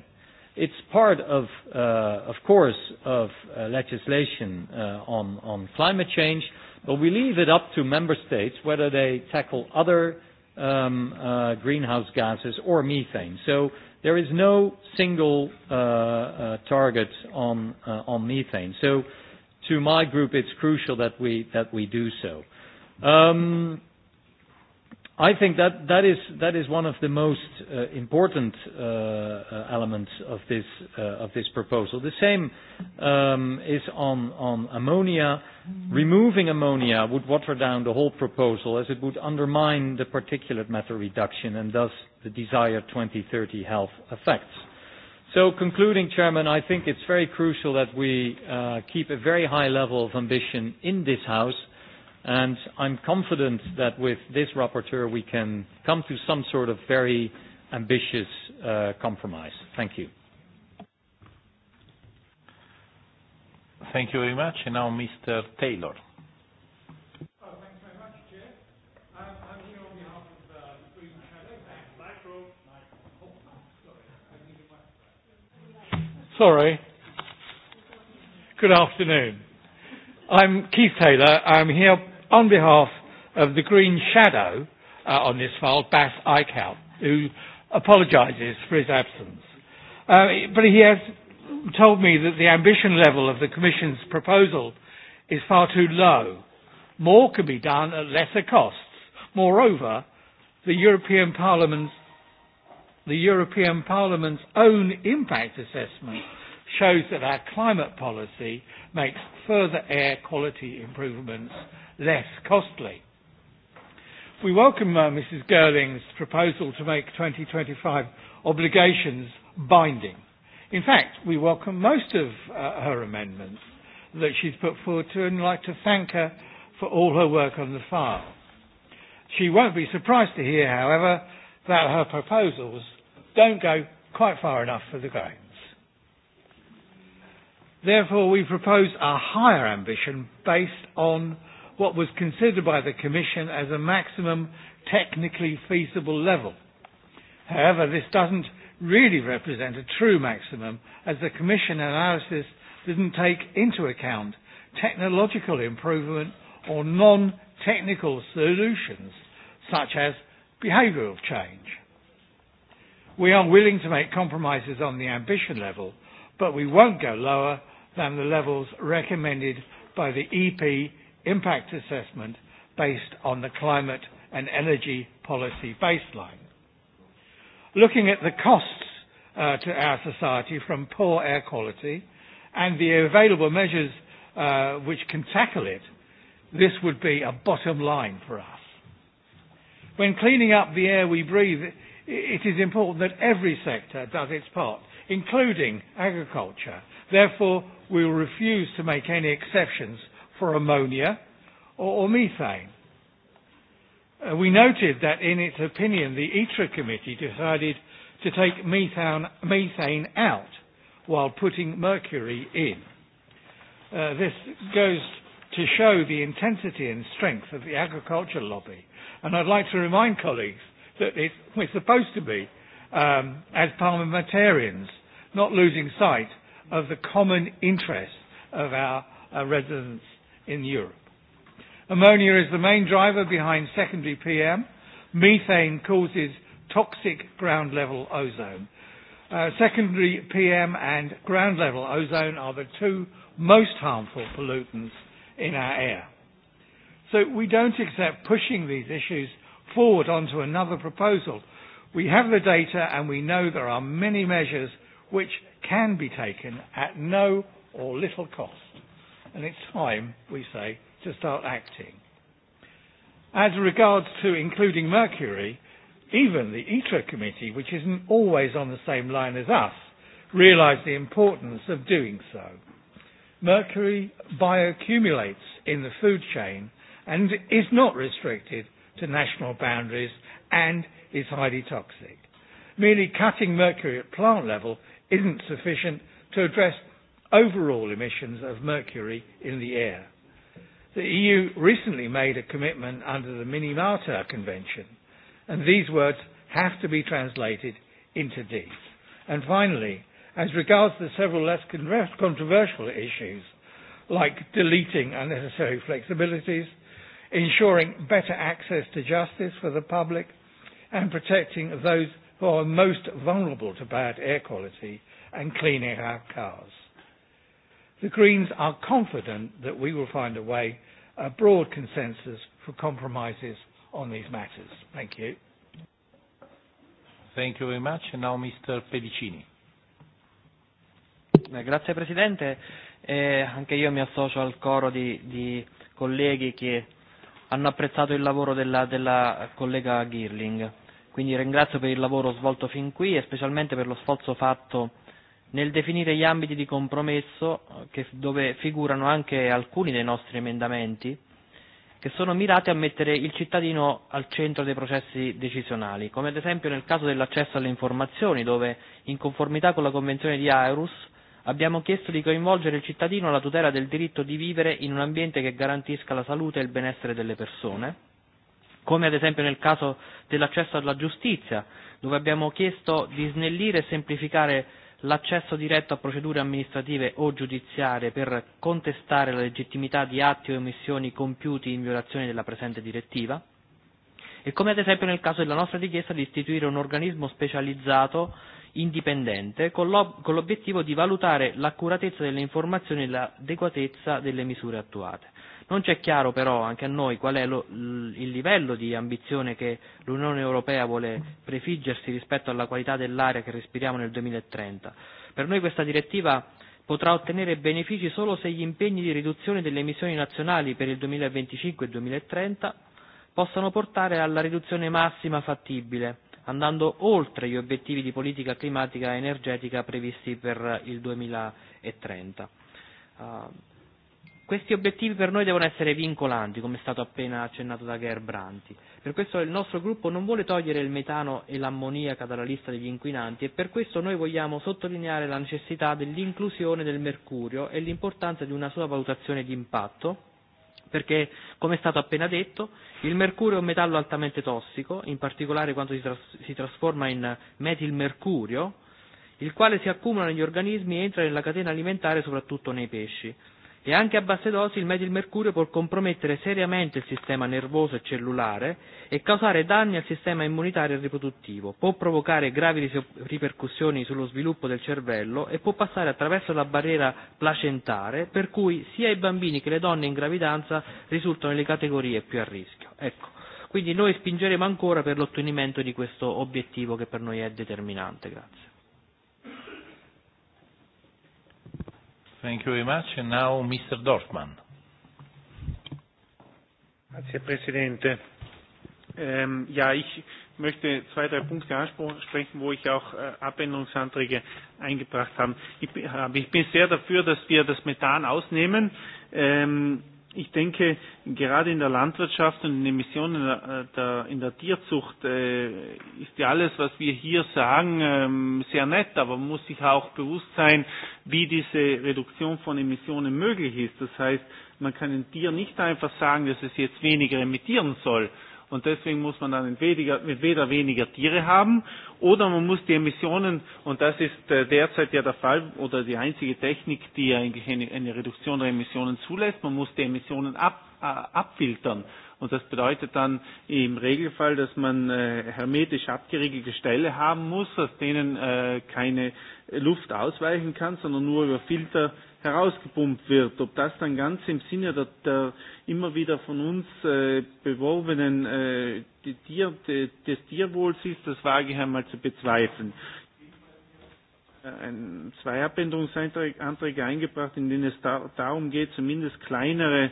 [SPEAKER 13] It's part of, of course, of legislation on, on climate change, But we leave it up to member states whether they tackle other um, uh, greenhouse gases or methane. So there is no single uh, uh, target on, on methane. So to my group, it's crucial that we, that we do so. Um, I think that that is that is one of the most important elements of this of this proposal. The same is on on ammonia. Removing ammonia would water down the whole proposal as it would undermine the particulate matter reduction and thus the desired 2030 health effects. So concluding, Chairman, I think it's very crucial that we keep a very high level of ambition in this House And I'm confident that with this rapporteur we can come to some sort of very ambitious compromise. Thank you.
[SPEAKER 2] Thank you very much. And now Mr. Taylor.
[SPEAKER 30] Sorry. Good afternoon. I'm Keith Taylor. I'm here on behalf of the Green Shadow on this file, Bas Eichhout, who apologises for his absence. But he has told me that the ambition level of the Commission's proposal is far too low. More can be done at lesser costs. Moreover, the European Parliament's the European Parliament's own impact assessment shows that our climate policy makes further air quality improvements less costly. We welcome Mrs. Gerling's proposal to make 2025 obligations binding. In fact, we welcome most of her amendments that she's put forward to and like to thank her for all her work on the file. She won't be surprised to hear, however, that her proposals don't go quite far enough for the grains. Therefore, we propose a higher ambition based on what was considered by the Commission as a maximum technically feasible level. However, this doesn't really represent a true maximum, as the Commission analysis didn't take into account technological improvement or non-technical solutions, such as behavioural change. We are willing to make compromises on the ambition level, but we won't go lower than the levels recommended by the EP impact assessment based on the climate and energy policy baseline. Looking at the costs to our society from poor air quality and the available measures which can tackle it, this would be a bottom line for us. When cleaning up the air we breathe, it is important that every sector does its part, including agriculture. Therefore, we will refuse to make any exceptions for ammonia or methane. We noted that in its opinion the ITRA committee decided to take methane out while putting mercury in. This goes to show the intensity and strength of the agriculture lobby. And I'd like to remind colleagues that it's, we're supposed to be, as parliamentarians, not losing sight of the common interests of our residents in Europe. Ammonia is the main driver behind secondary PM. Methane causes toxic ground level ozone. Secondary PM and ground level ozone are the two most harmful pollutants in our air. So we don't accept pushing these issues forward onto another proposal. We have the data and we know there are many measures which can be taken at no or little cost and it's time, we say, to start acting. As regards to including Mercury, even the ITRA committee, which isn't always on the same line as us, realised the importance of doing so. Mercury bioaccumulates in the food chain and is not restricted to national boundaries and is highly toxic. Merely cutting mercury at plant level isn't sufficient to address overall emissions of mercury in the air. The EU recently made a commitment under the Minamata Convention, and these words have to be translated into deeds. And finally, as regards the several less controversial issues, like deleting unnecessary flexibilities, ensuring better access to justice for the public, and protecting those who are most vulnerable to bad air quality and cleaning our cars. The Greens are confident that we will find a way, a broad consensus for compromises on these matters. Thank you.
[SPEAKER 2] Thank you very much. And now Mr. Pedicini.
[SPEAKER 31] Grazie Presidente, eh, anche io mi associo al coro di, di colleghi che hanno apprezzato il lavoro della, della collega Girling, quindi ringrazio per il lavoro svolto fin qui e specialmente per lo sforzo fatto nel definire gli ambiti di compromesso che, dove figurano anche alcuni dei nostri emendamenti che sono mirati a mettere il cittadino al centro dei processi decisionali, come ad esempio nel caso dell'accesso alle informazioni, dove, in conformità con la Convenzione di Aarhus, abbiamo chiesto di coinvolgere il cittadino alla tutela del diritto di vivere in un ambiente che garantisca la salute e il benessere delle persone, come ad esempio nel caso dell'accesso alla giustizia, dove abbiamo chiesto di snellire e semplificare l'accesso diretto a procedure amministrative o giudiziarie per contestare la legittimità di atti o omissioni compiuti in violazione della presente direttiva e come ad esempio nel caso della nostra richiesta di istituire un organismo specializzato indipendente con l'obiettivo di valutare l'accuratezza delle informazioni e l'adeguatezza delle misure attuate. Non c'è chiaro però anche a noi qual è lo, il livello di ambizione che l'Unione Europea vuole prefiggersi rispetto alla qualità dell'aria che respiriamo nel 2030. Per noi questa direttiva potrà ottenere benefici solo se gli impegni di riduzione delle emissioni nazionali per il 2025 e il 2030 possano portare alla riduzione massima fattibile, andando oltre gli obiettivi di politica climatica e energetica previsti per il 2030. Questi obiettivi per noi devono essere vincolanti, come è stato appena accennato da Gerbranti. Per questo il nostro gruppo non vuole togliere il metano e l'ammoniaca dalla lista degli inquinanti e per questo noi vogliamo sottolineare la necessità dell'inclusione del mercurio e l'importanza di una sua valutazione di impatto, perché, come è stato appena detto, il mercurio è un metallo altamente tossico, in particolare quando si trasforma in metilmercurio, il quale si accumula negli organismi e entra nella catena alimentare soprattutto nei pesci e anche a basse dosi il metilmercurio può compromettere seriamente il sistema nervoso e cellulare e causare danni al sistema immunitario e riproduttivo, può provocare gravi ripercussioni sullo sviluppo del cervello e può passare attraverso la barriera placentare, per cui sia i bambini che le donne in gravidanza risultano nelle categorie più a rischio. Ecco, quindi noi spingeremo ancora per l'ottenimento di questo obiettivo che per noi è determinante. Grazie. Thank you very much. now Mr.
[SPEAKER 32] Herr Präsident. ja, ich möchte zwei, drei Punkte ansprechen, wo ich auch Abänderungsanträge eingebracht habe. Ich bin sehr dafür, dass wir das Methan ausnehmen. Ich denke, gerade in der Landwirtschaft und in den Emissionen der, in der Tierzucht ist ja alles, was wir hier sagen, sehr nett, aber man muss sich auch bewusst sein, wie diese Reduktion von Emissionen möglich ist. Das heißt, man kann dem Tier nicht einfach sagen, dass es jetzt weniger emittieren soll und deswegen muss man dann entweder weniger Tiere haben oder man muss die Emissionen, und das ist derzeit ja der Fall oder die einzige Technik, die eigentlich eine Reduktion der Emissionen zulässt, man muss die Emissionen abfiltern. Und das bedeutet dann im Regelfall, dass man hermetisch abgeriegelte Ställe haben muss, aus denen keine Luft ausweichen kann, sondern nur über Filter herausgepumpt wird. Ob das dann ganz im Sinne der, der immer wieder von uns äh, beworbenen die Tier, die, des Tierwohls ist, das wage ich einmal zu bezweifeln. Ein, zwei Abänderungsanträge eingebracht, in denen es da, darum geht, zumindest kleinere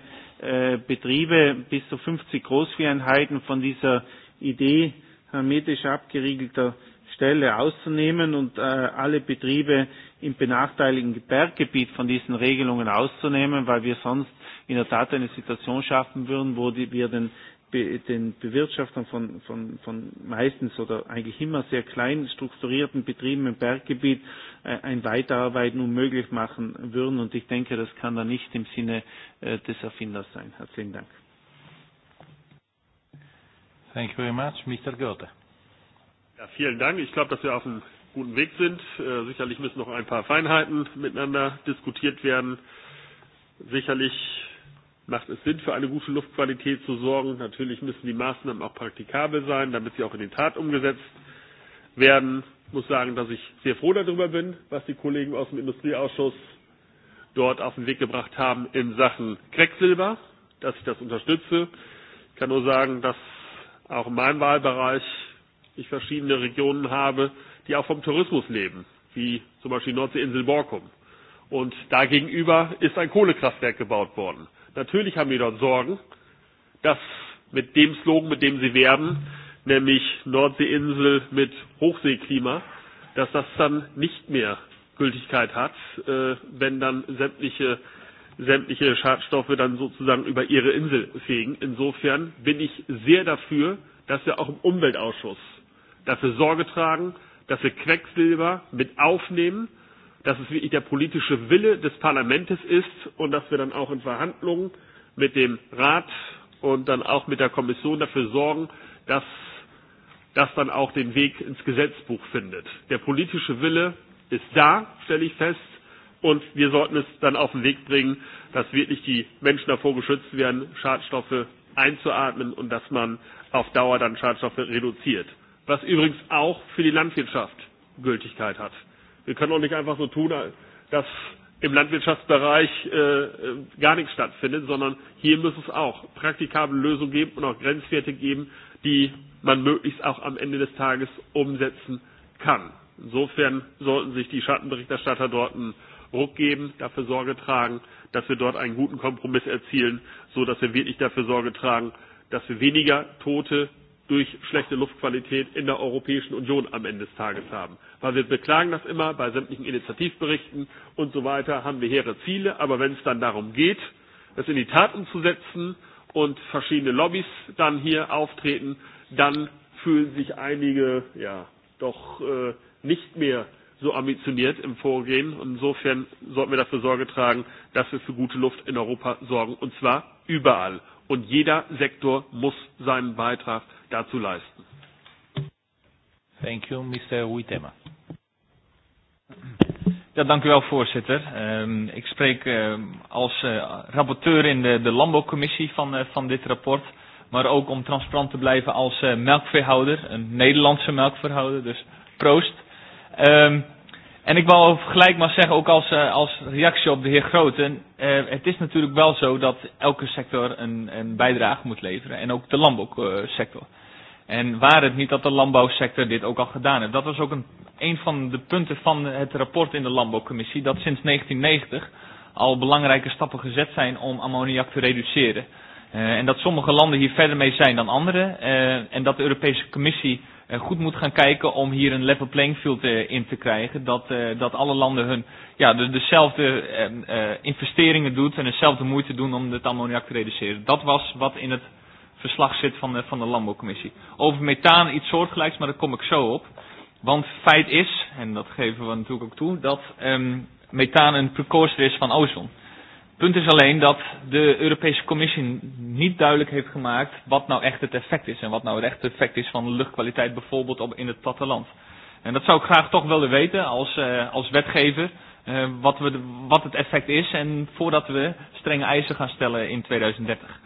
[SPEAKER 32] Betriebe bis zu 50 Großvieheinheiten von dieser Idee hermetisch abgeriegelter Stelle auszunehmen und alle Betriebe im benachteiligten Berggebiet von diesen Regelungen auszunehmen, weil wir sonst in der Tat eine Situation schaffen würden, wo wir den den Bewirtschaftern von, von, von meistens oder eigentlich immer sehr klein strukturierten Betrieben im Berggebiet ein Weiterarbeiten unmöglich machen würden. Und ich denke, das kann da nicht im Sinne des Erfinders sein. Herzlichen
[SPEAKER 11] Dank.
[SPEAKER 2] Thank you very much. Mr. Goethe
[SPEAKER 11] vielen Dank. Ich glaube, dass wir auf einem guten Weg sind. Sicherlich müssen noch ein paar Feinheiten miteinander diskutiert werden. Sicherlich macht es Sinn, für eine gute Luftqualität zu sorgen. Natürlich müssen die Maßnahmen auch praktikabel sein, damit sie auch in die Tat umgesetzt werden. Ich muss sagen, dass ich sehr froh darüber bin, was die Kollegen aus dem Industrieausschuss dort auf den Weg gebracht haben in Sachen Quecksilber, dass ich das unterstütze. Ich kann nur sagen, dass auch in meinem Wahlbereich ich verschiedene Regionen habe, die auch vom Tourismus leben, wie zum Beispiel Nordseeinsel Borkum. Und dagegenüber ist ein Kohlekraftwerk gebaut worden. Natürlich haben wir dort Sorgen, dass mit dem Slogan, mit dem sie werben, nämlich Nordseeinsel mit Hochseeklima, dass das dann nicht mehr Gültigkeit hat, wenn dann sämtliche sämtliche Schadstoffe dann sozusagen über ihre Insel fegen. Insofern bin ich sehr dafür, dass wir auch im Umweltausschuss dass wir Sorge tragen, dass wir Quecksilber mit aufnehmen, dass es wirklich der politische Wille des Parlaments ist und dass wir dann auch in Verhandlungen mit dem Rat und dann auch mit der Kommission dafür sorgen, dass das dann auch den Weg ins Gesetzbuch findet. Der politische Wille ist da, stelle ich fest, und wir sollten es dann auf den Weg bringen, dass wirklich die Menschen davor geschützt werden, Schadstoffe einzuatmen und dass man auf Dauer dann Schadstoffe reduziert was übrigens auch für die Landwirtschaft Gültigkeit hat. Wir können auch nicht einfach so tun, dass im Landwirtschaftsbereich gar nichts stattfindet, sondern hier muss es auch praktikable Lösungen geben und auch Grenzwerte geben, die man möglichst auch am Ende des Tages umsetzen kann. Insofern sollten sich die Schattenberichterstatter dort einen Ruck geben, dafür Sorge tragen, dass wir dort einen guten Kompromiss erzielen, sodass wir wirklich dafür Sorge tragen, dass wir weniger Tote durch schlechte Luftqualität in der Europäischen Union am Ende des Tages haben. Weil wir beklagen das immer bei sämtlichen Initiativberichten und so weiter, haben wir hehre Ziele, aber wenn es dann darum geht, es in die Tat umzusetzen und verschiedene Lobbys dann hier auftreten, dann fühlen sich einige ja doch nicht mehr so ambitioniert im Vorgehen. Und insofern sollten wir dafür Sorge tragen, dass wir für gute Luft in Europa sorgen, und zwar überall und jeder Sektor muss seinen Beitrag dazu leisten.
[SPEAKER 33] Thank you, Mr. Uitema. Ja, dank u wel, voorzitter. ik spreek als uh, rapporteur in de, de landbouwcommissie van, uh, van dit rapport. Maar ook om transparant te blijven als uh, melkveehouder. Een Nederlandse melkveehouder, dus proost. Um, En ik wil gelijk maar zeggen, ook als, als reactie op de heer Groten, het is natuurlijk wel zo dat elke sector een, een bijdrage moet leveren. En ook de landbouwsector. En waar het niet dat de landbouwsector dit ook al gedaan heeft. Dat was ook een, een van de punten van het rapport in de landbouwcommissie. Dat sinds 1990 al belangrijke stappen gezet zijn om ammoniak te reduceren. en dat sommige landen hier verder mee zijn dan anderen. en dat de Europese Commissie goed moet gaan kijken om hier een level playing field in te krijgen. Dat, dat alle landen hun, ja, de, dezelfde investeringen doen en dezelfde moeite doen om het ammoniak te reduceren. Dat was wat in het verslag zit van de, van de landbouwcommissie. Over methaan iets soortgelijks, maar daar kom ik zo op. Want feit is, en dat geven we natuurlijk ook toe, dat um, methaan een precursor is van ozon punt is alleen dat de Europese Commissie niet duidelijk heeft gemaakt wat nou echt het effect is. En wat nou echt het effect is van luchtkwaliteit bijvoorbeeld op, in het platteland. En dat zou ik graag toch willen weten als, als wetgever wat, we, wat het effect is. En voordat we strenge eisen gaan stellen in 2030.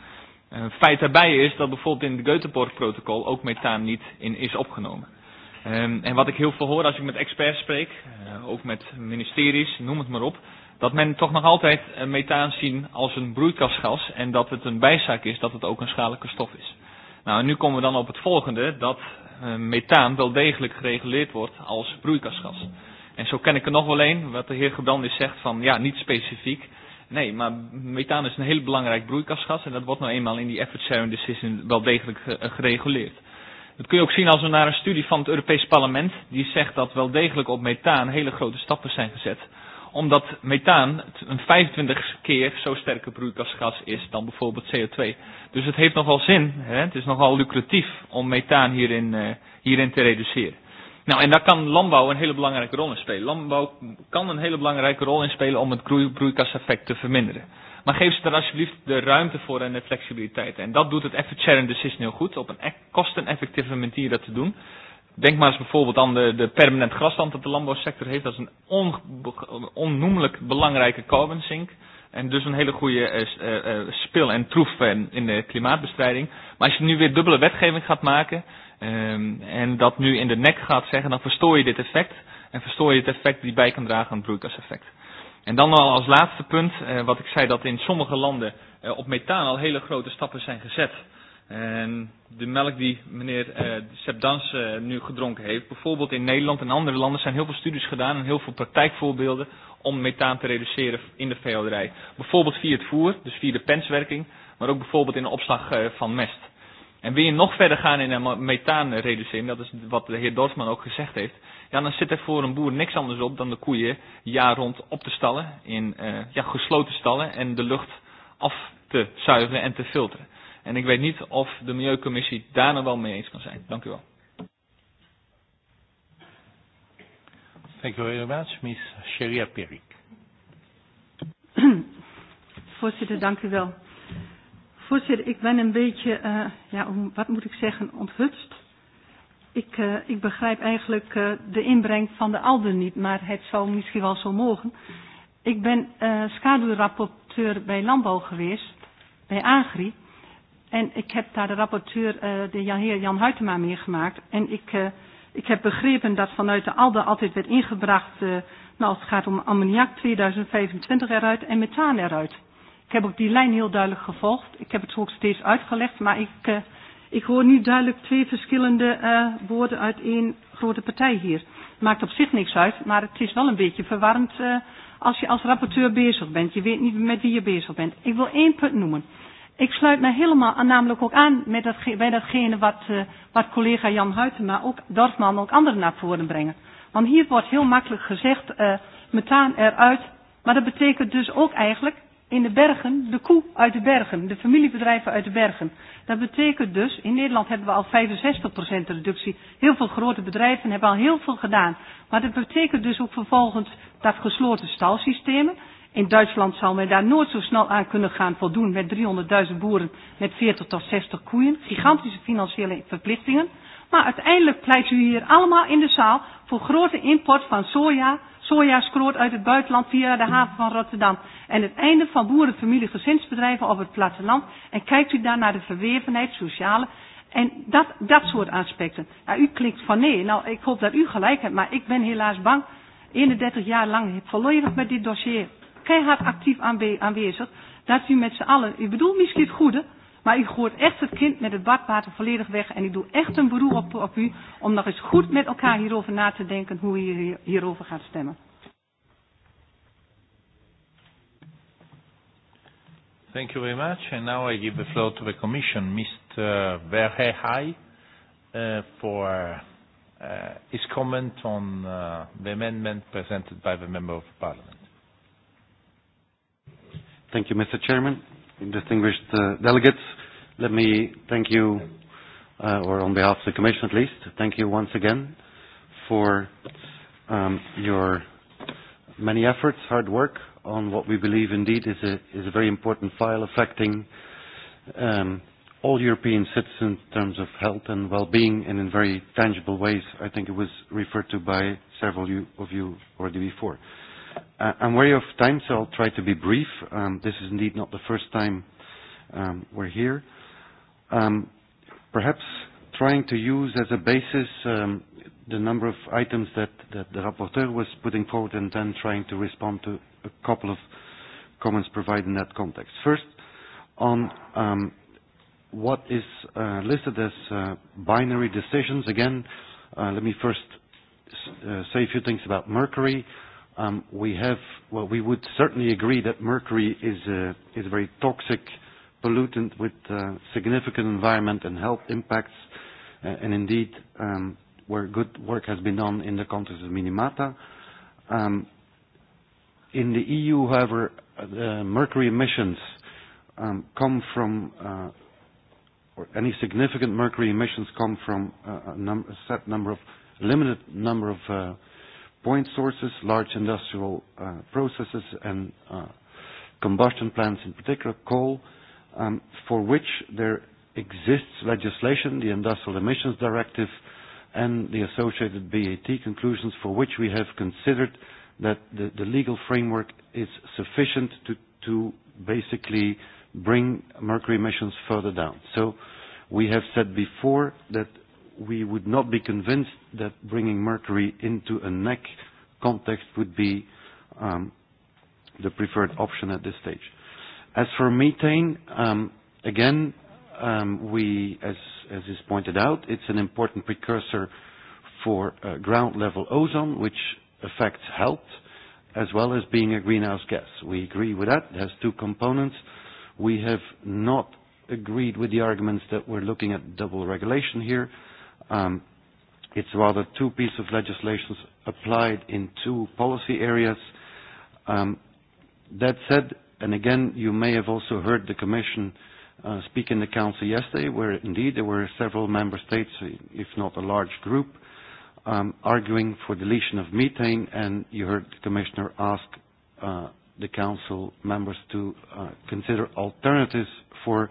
[SPEAKER 33] Een feit daarbij is dat bijvoorbeeld in het Göteborg-protocol ook methaan niet in is opgenomen. En wat ik heel veel hoor als ik met experts spreek, ook met ministeries, noem het maar op, dat men toch nog altijd methaan zien als een broeikasgas en dat het een bijzaak is dat het ook een schadelijke stof is. Nou, en nu komen we dan op het volgende, dat methaan wel degelijk gereguleerd wordt als broeikasgas. En zo ken ik er nog wel een, wat de heer Gebrandis zegt van, ja, niet specifiek. Nee, maar methaan is een heel belangrijk broeikasgas en dat wordt nou eenmaal in die effort sharing decision wel degelijk gereguleerd. Dat kun je ook zien als we naar een studie van het Europees Parlement, die zegt dat wel degelijk op methaan hele grote stappen zijn gezet omdat methaan een 25 keer zo sterke broeikasgas is dan bijvoorbeeld CO2. Dus het heeft nogal zin, hè? het is nogal lucratief om methaan hierin, uh, hierin te reduceren. Nou, en daar kan landbouw een hele belangrijke rol in spelen. Landbouw kan een hele belangrijke rol in spelen om het broeikaseffect te verminderen. Maar geef ze er alsjeblieft de ruimte voor en de flexibiliteit. En dat doet het effort sharing decision heel goed, op een kosteneffectieve manier dat te doen. Denk maar eens bijvoorbeeld aan de, de permanent grasland dat de landbouwsector heeft. Dat is een on, onnoemelijk belangrijke carbon sink. En dus een hele goede uh, uh, spil en troef in de klimaatbestrijding. Maar als je nu weer dubbele wetgeving gaat maken en dat nu in de nek gaat zeggen, dan verstoor je dit effect. En verstoor je het effect die bij kan dragen aan het broeikaseffect. En dan al als laatste punt, uh, wat ik zei, dat in sommige landen uh, op methaan al hele grote stappen zijn gezet. En de melk die meneer uh, Dans uh, nu gedronken heeft, bijvoorbeeld in Nederland en andere landen zijn heel veel studies gedaan en heel veel praktijkvoorbeelden om methaan te reduceren in de veehouderij. Bijvoorbeeld via het voer, dus via de penswerking, maar ook bijvoorbeeld in de opslag uh, van mest. En wil je nog verder gaan in methaan reduceren dat is wat de heer Dorfman ook gezegd heeft, ja, dan zit er voor een boer niks anders op dan de koeien jaar rond op te stallen, in uh, ja, gesloten stallen en de lucht af te zuigen en te filteren. En ik weet niet of de Milieucommissie daar nou wel mee eens kan zijn. Dank u wel. Dank u wel,
[SPEAKER 2] Perik.
[SPEAKER 24] Voorzitter, dank u wel. Voorzitter, ik ben een beetje, uh, ja, wat moet ik zeggen, onthutst. Ik, uh, ik begrijp eigenlijk uh, de inbreng van de ALDE niet, maar het zou misschien wel zo mogen. Ik ben uh, schaduwrapporteur bij Landbouw geweest, bij Agri. En ik heb daar de rapporteur, de heer Jan Huytema, meegemaakt. En ik, ik heb begrepen dat vanuit de ALDE altijd werd ingebracht, nou als het gaat om ammoniak 2025 eruit en methaan eruit. Ik heb ook die lijn heel duidelijk gevolgd. Ik heb het ook steeds uitgelegd, maar ik, ik hoor nu duidelijk twee verschillende woorden uit één grote partij hier. Maakt op zich niks uit, maar het is wel een beetje verwarrend als je als rapporteur bezig bent. Je weet niet met wie je bezig bent. Ik wil één punt noemen. Ik sluit mij helemaal namelijk ook aan met dat, bij datgene wat, uh, wat collega Jan Huytema, ook Dorfman, ook anderen naar voren brengen. Want hier wordt heel makkelijk gezegd, uh, methaan eruit. Maar dat betekent dus ook eigenlijk in de bergen, de koe uit de bergen, de familiebedrijven uit de bergen. Dat betekent dus, in Nederland hebben we al 65% reductie. Heel veel grote bedrijven hebben al heel veel gedaan. Maar dat betekent dus ook vervolgens dat gesloten stalsystemen, In Duitsland zal men daar nooit zo snel aan kunnen gaan voldoen met 300.000 boeren met 40 tot 60 koeien. Gigantische financiële verplichtingen. Maar uiteindelijk pleit u hier allemaal in de zaal voor grote import van soja, sojaskroot uit het buitenland via de haven van Rotterdam. En het einde van boerenfamilie gezinsbedrijven op het platteland. En kijkt u daar naar de verwevenheid, sociale en dat, dat soort aspecten. Nou, u klinkt van nee. Nou, ik hoop dat u gelijk hebt, maar ik ben helaas bang. 31 jaar lang volledig met dit dossier keihard actief aanwezig. Dat u met z'n allen, ik bedoel misschien het goede, maar u gooit echt het kind met het badwater volledig weg. En ik doe echt een beroep op, op u om nog eens goed met elkaar hierover na te denken hoe u hierover gaat stemmen.
[SPEAKER 2] Thank you very much. And now I give the floor to the Commission, Mr. Verhey, uh, for uh, his comment on uh, the amendment presented by the Member of
[SPEAKER 34] Parliament. Thank you, Mr. Chairman, distinguished uh, delegates. Let me thank you, uh, or on behalf of the Commission at least, thank you once again for um, your many efforts, hard work on what we believe indeed is a, is a very important file affecting um, all European citizens in terms of health and well-being and in very tangible ways. I think it was referred to by several of you already before. I'm wary of time, so I'll try to be brief. Um, this is indeed not the first time um, we're here. Um, perhaps trying to use as a basis um, the number of items that, that the rapporteur was putting forward and then trying to respond to a couple of comments provided in that context. First, on um, what is uh, listed as uh, binary decisions. Again, uh, let me first uh, say a few things about Mercury um, we have, well, we would certainly agree that mercury is a, is a very toxic pollutant with uh, significant environment and health impacts. and indeed, um, where good work has been done in the context of Minimata. Um, in the EU, however, the mercury emissions um, come from, uh, or any significant mercury emissions come from a, a, a set number of, limited number of uh, point sources, large industrial processes and combustion plants in particular, coal, for which there exists legislation, the Industrial Emissions Directive and the associated BAT conclusions for which we have considered that the legal framework is sufficient to to basically bring mercury emissions further down. So we have said before that we would not be convinced that bringing mercury into a neck context would be um, the preferred option at this stage. As for methane, um, again, um, we, as, as is pointed out, it's an important precursor for uh, ground level ozone, which affects health, as well as being a greenhouse gas. We agree with that. It has two components. We have not agreed with the arguments that we're looking at double regulation here. It's rather two pieces of legislation applied in two policy areas. That said, and again, you may have also heard the Commission speak in the Council yesterday, where indeed there were several member states, if not a large group, arguing for deletion of methane, and you heard the Commissioner ask the Council members to consider alternatives for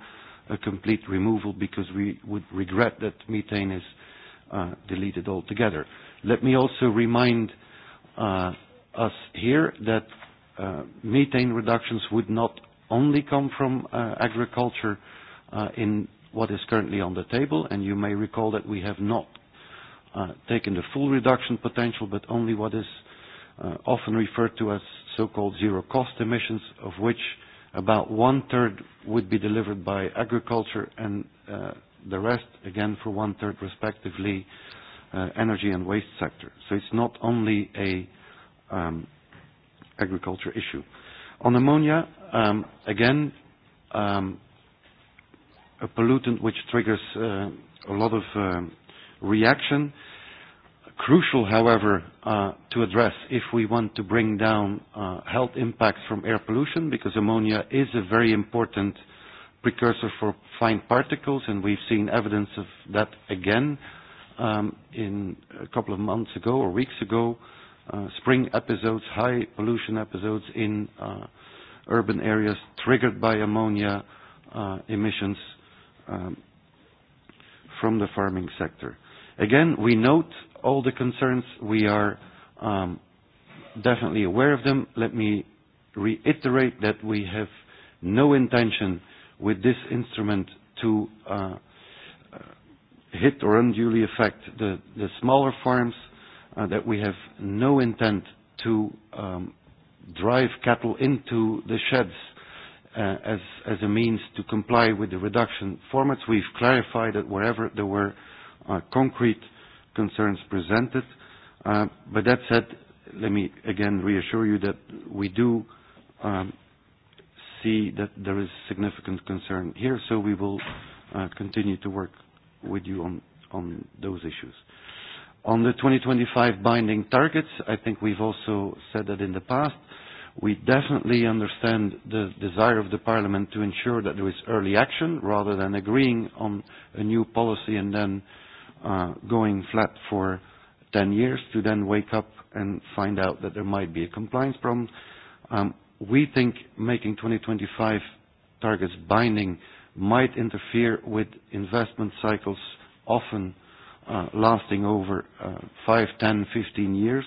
[SPEAKER 34] a complete removal, because we would regret that methane is deleted altogether. Let me also remind us here that methane reductions would not only come from agriculture in what is currently on the table, and you may recall that we have not taken the full reduction potential, but only what is often referred to as so-called zero-cost emissions, of which about one-third would be delivered by agriculture and the rest, again, for one-third, respectively, energy and waste sector. So it's not only a agriculture issue. On ammonia, again, a pollutant which triggers a lot of reaction. Crucial, however, to address if we want to bring down health impacts from air pollution, because ammonia is a very important precursor for fine particles, and we've seen evidence of that again um, in a couple of months ago or weeks ago. Uh, spring episodes, high pollution episodes in uh, urban areas triggered by ammonia uh, emissions um, from the farming sector. Again, we note all the concerns. We are um, definitely aware of them. Let me reiterate that we have no intention with this instrument to hit or unduly affect the the smaller farms that we have no intent to drive cattle into the sheds as as a means to comply with the reduction formats. We've clarified that wherever there were concrete concerns presented. But that said, let me again reassure you that we do see that there is significant concern here, so we will continue to work with you on on those issues. On the 2025 binding targets, I think we've also said that in the past. We definitely understand the desire of the Parliament to ensure that there is early action rather than agreeing on a new policy and then going flat for 10 years to then wake up and find out that there might be a compliance problem we think making 2025 targets binding might interfere with investment cycles often lasting over 5, 10, 15 years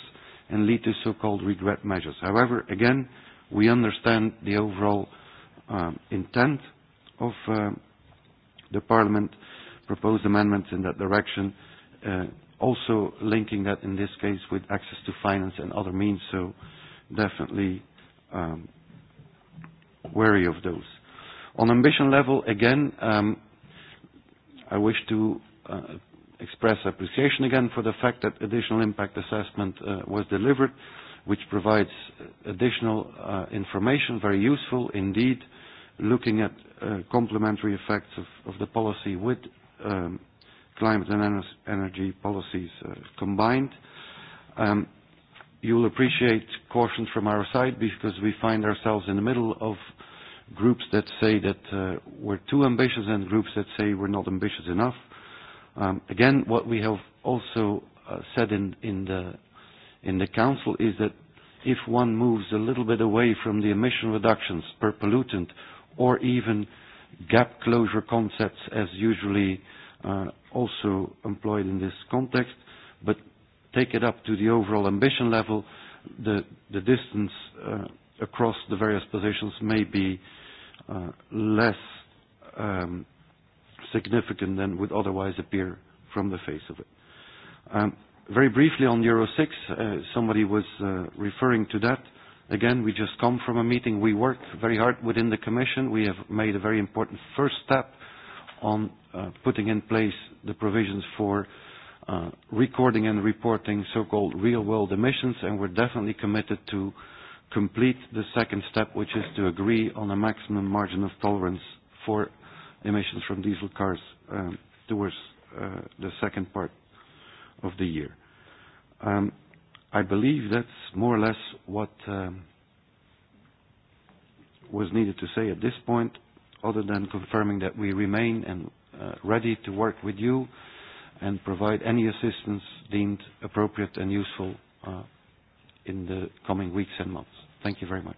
[SPEAKER 34] and lead to so-called regret measures. However, again, we understand the overall intent of the Parliament proposed amendments in that direction, also linking that in this case with access to finance and other means, so definitely um, wary of those. On ambition level, again, um, I wish to uh, express appreciation again for the fact that additional impact assessment uh, was delivered, which provides additional uh, information, very useful indeed, looking at uh, complementary effects of, of the policy with um, climate and energy policies uh, combined. Um, You will appreciate caution from our side because we find ourselves in the middle of groups that say that we're too ambitious and groups that say we're not ambitious enough. Again, what we have also said in the in the Council is that if one moves a little bit away from the emission reductions per pollutant or even gap closure concepts as usually also employed in this context, but take it up to the overall ambition level, the the distance across the various positions may be less um significant than would otherwise appear from the face of it. Um very briefly on Euro 6, somebody was referring to that. Again, we just come from a meeting. We work very hard within the Commission. We have made a very important first step on putting in place the provisions for recording and reporting so-called real-world emissions, and we're definitely committed to complete the second step, which is to agree on a maximum margin of tolerance for emissions from diesel cars towards the second part of the year. Um, I believe that's more or less what was needed to say at this point, other than confirming that we remain and ready to work with you and provide any assistance deemed appropriate and useful in the coming weeks and months. Thank you very much.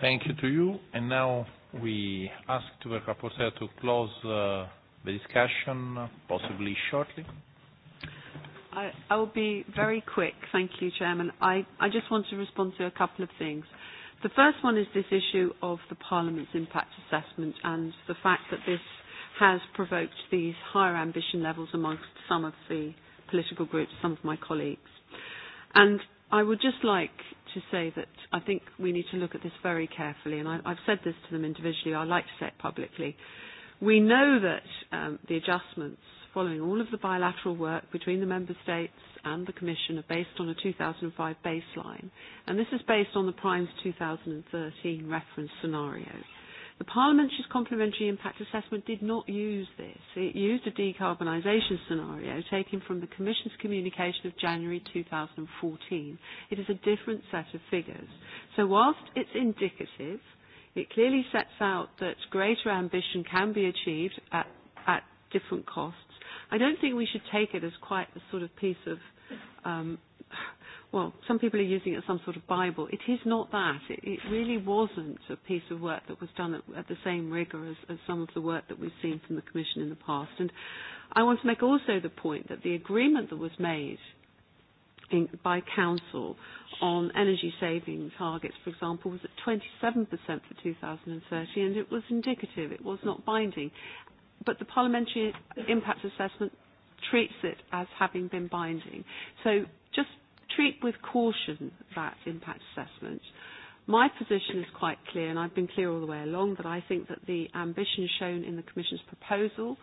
[SPEAKER 2] Thank you to you. And now we ask to the rapporteur to close the discussion, possibly shortly.
[SPEAKER 27] I, I will be very quick. Thank you, Chairman. I, I just want to respond to a couple of things. The first one is this issue of the Parliament's impact assessment and the fact that this has provoked these higher ambition levels amongst some of the political groups, some of my colleagues. And I would just like to say that I think we need to look at this very carefully, and I, I've said this to them individually, I like to say it publicly. We know that the adjustments following all of the bilateral work between the Member States and the Commission are based on a 2005 baseline, and this is based on the Prime's 2013 reference scenarios. The Parliament's complementary impact assessment did not use this. It used a decarbonisation scenario taken from the Commission's communication of January 2014. It is a different set of figures. So whilst it's indicative, it clearly sets out that greater ambition can be achieved at, at different costs. I don't think we should take it as quite the sort of piece of um, well, some people are using it as some sort of Bible. It is not that. It, it really wasn't a piece of work that was done at, the same rigour as, as some of the work that we've seen from the Commission in the past. And I want to make also the point that the agreement that was made in, by Council on energy saving targets, for example, was at 27% for 2030, and it was indicative. It was not binding. But the Parliamentary Impact Assessment treats it as having been binding. So treat with caution that impact assessment. My position is quite clear, and I've been clear all the way along, that I think that the ambition shown in the Commission's proposal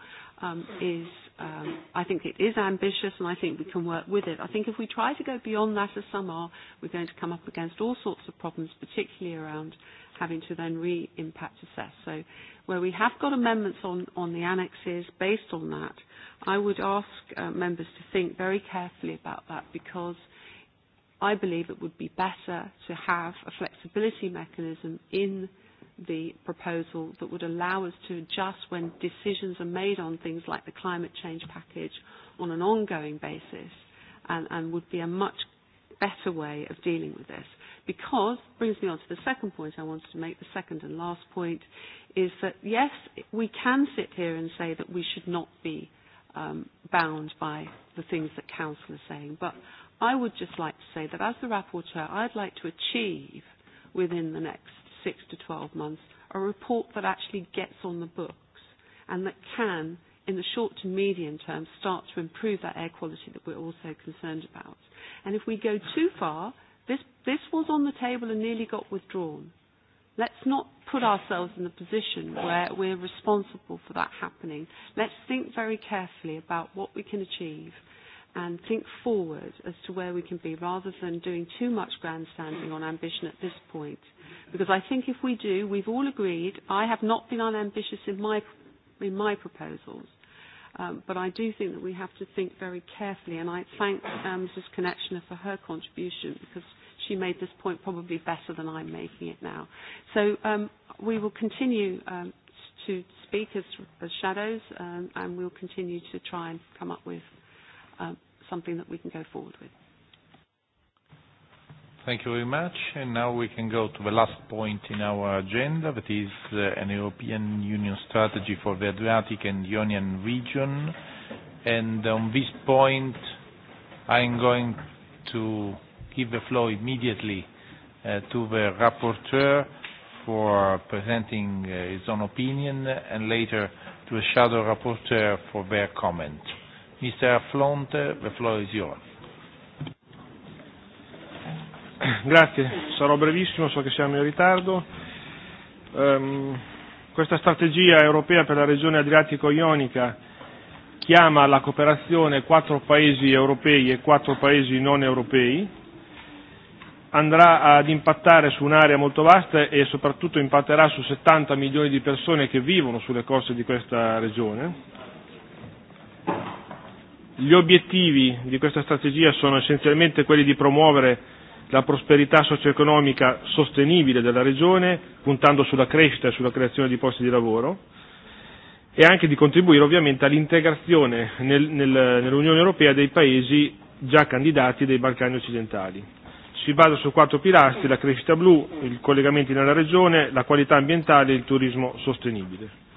[SPEAKER 27] is, I think it is ambitious, and I think we can work with it. I think if we try to go beyond that, as some are, we're going to come up against all sorts of problems, particularly around having to then re-impact assess. So where we have got amendments on, on the annexes based on that, I would ask members to think very carefully about that because – I believe it would be better to have a flexibility mechanism in the proposal that would allow us to adjust when decisions are made on things like the climate change package on an ongoing basis and, and would be a much better way of dealing with this. Because, brings me on to the second point I wanted to make, the second and last point, is that yes, we can sit here and say that we should not be um, bound by the things that Council is saying, but I would just like to say that as the rapporteur, I'd like to achieve within the next six to 12 months a report that actually gets on the books and that can, in the short to medium term, start to improve that air quality that we're also concerned about. And if we go too far, this, this was on the table and nearly got withdrawn. Let's not put ourselves in the position where we're responsible for that happening. Let's think very carefully about what we can achieve and think forward as to where we can be rather than doing too much grandstanding on ambition at this point. Because I think if we do, we've all agreed, I have not been unambitious in my, in my proposals, but I do think that we have to think very carefully and I thank um, Mrs. Connectioner for her contribution because she made this point probably better than I'm making it now. So um, we will continue um, to speak as, as shadows um, and we'll continue to try and come up with something that we can go forward with.
[SPEAKER 2] Thank you very much. And now we can go to the last point in our agenda, that is an European Union strategy for the Adriatic and Ionian region. And on this point, I'm going to give the floor immediately to the rapporteur for presenting his own opinion and later to the shadow rapporteur for their comment. Mr.
[SPEAKER 9] Flonte, the floor is yours. Grazie, sarò brevissimo, so che siamo in ritardo. questa strategia europea per la regione adriatico-ionica chiama alla cooperazione quattro paesi europei e quattro paesi non europei, andrà ad impattare su un'area molto vasta e soprattutto impatterà su 70 milioni di persone che vivono sulle coste di questa regione Gli obiettivi di questa strategia sono essenzialmente quelli di promuovere la prosperita socioeconomica sostenibile della regione, puntando sulla crescita e sulla creazione di posti di lavoro, e anche di contribuire ovviamente all'integrazione nel, nel, nell'Unione Europea dei paesi già candidati dei Balcani occidentali. Si basa su quattro pilastri, la crescita blu, i collegamenti nella regione, la qualità ambientale e il turismo sostenibile.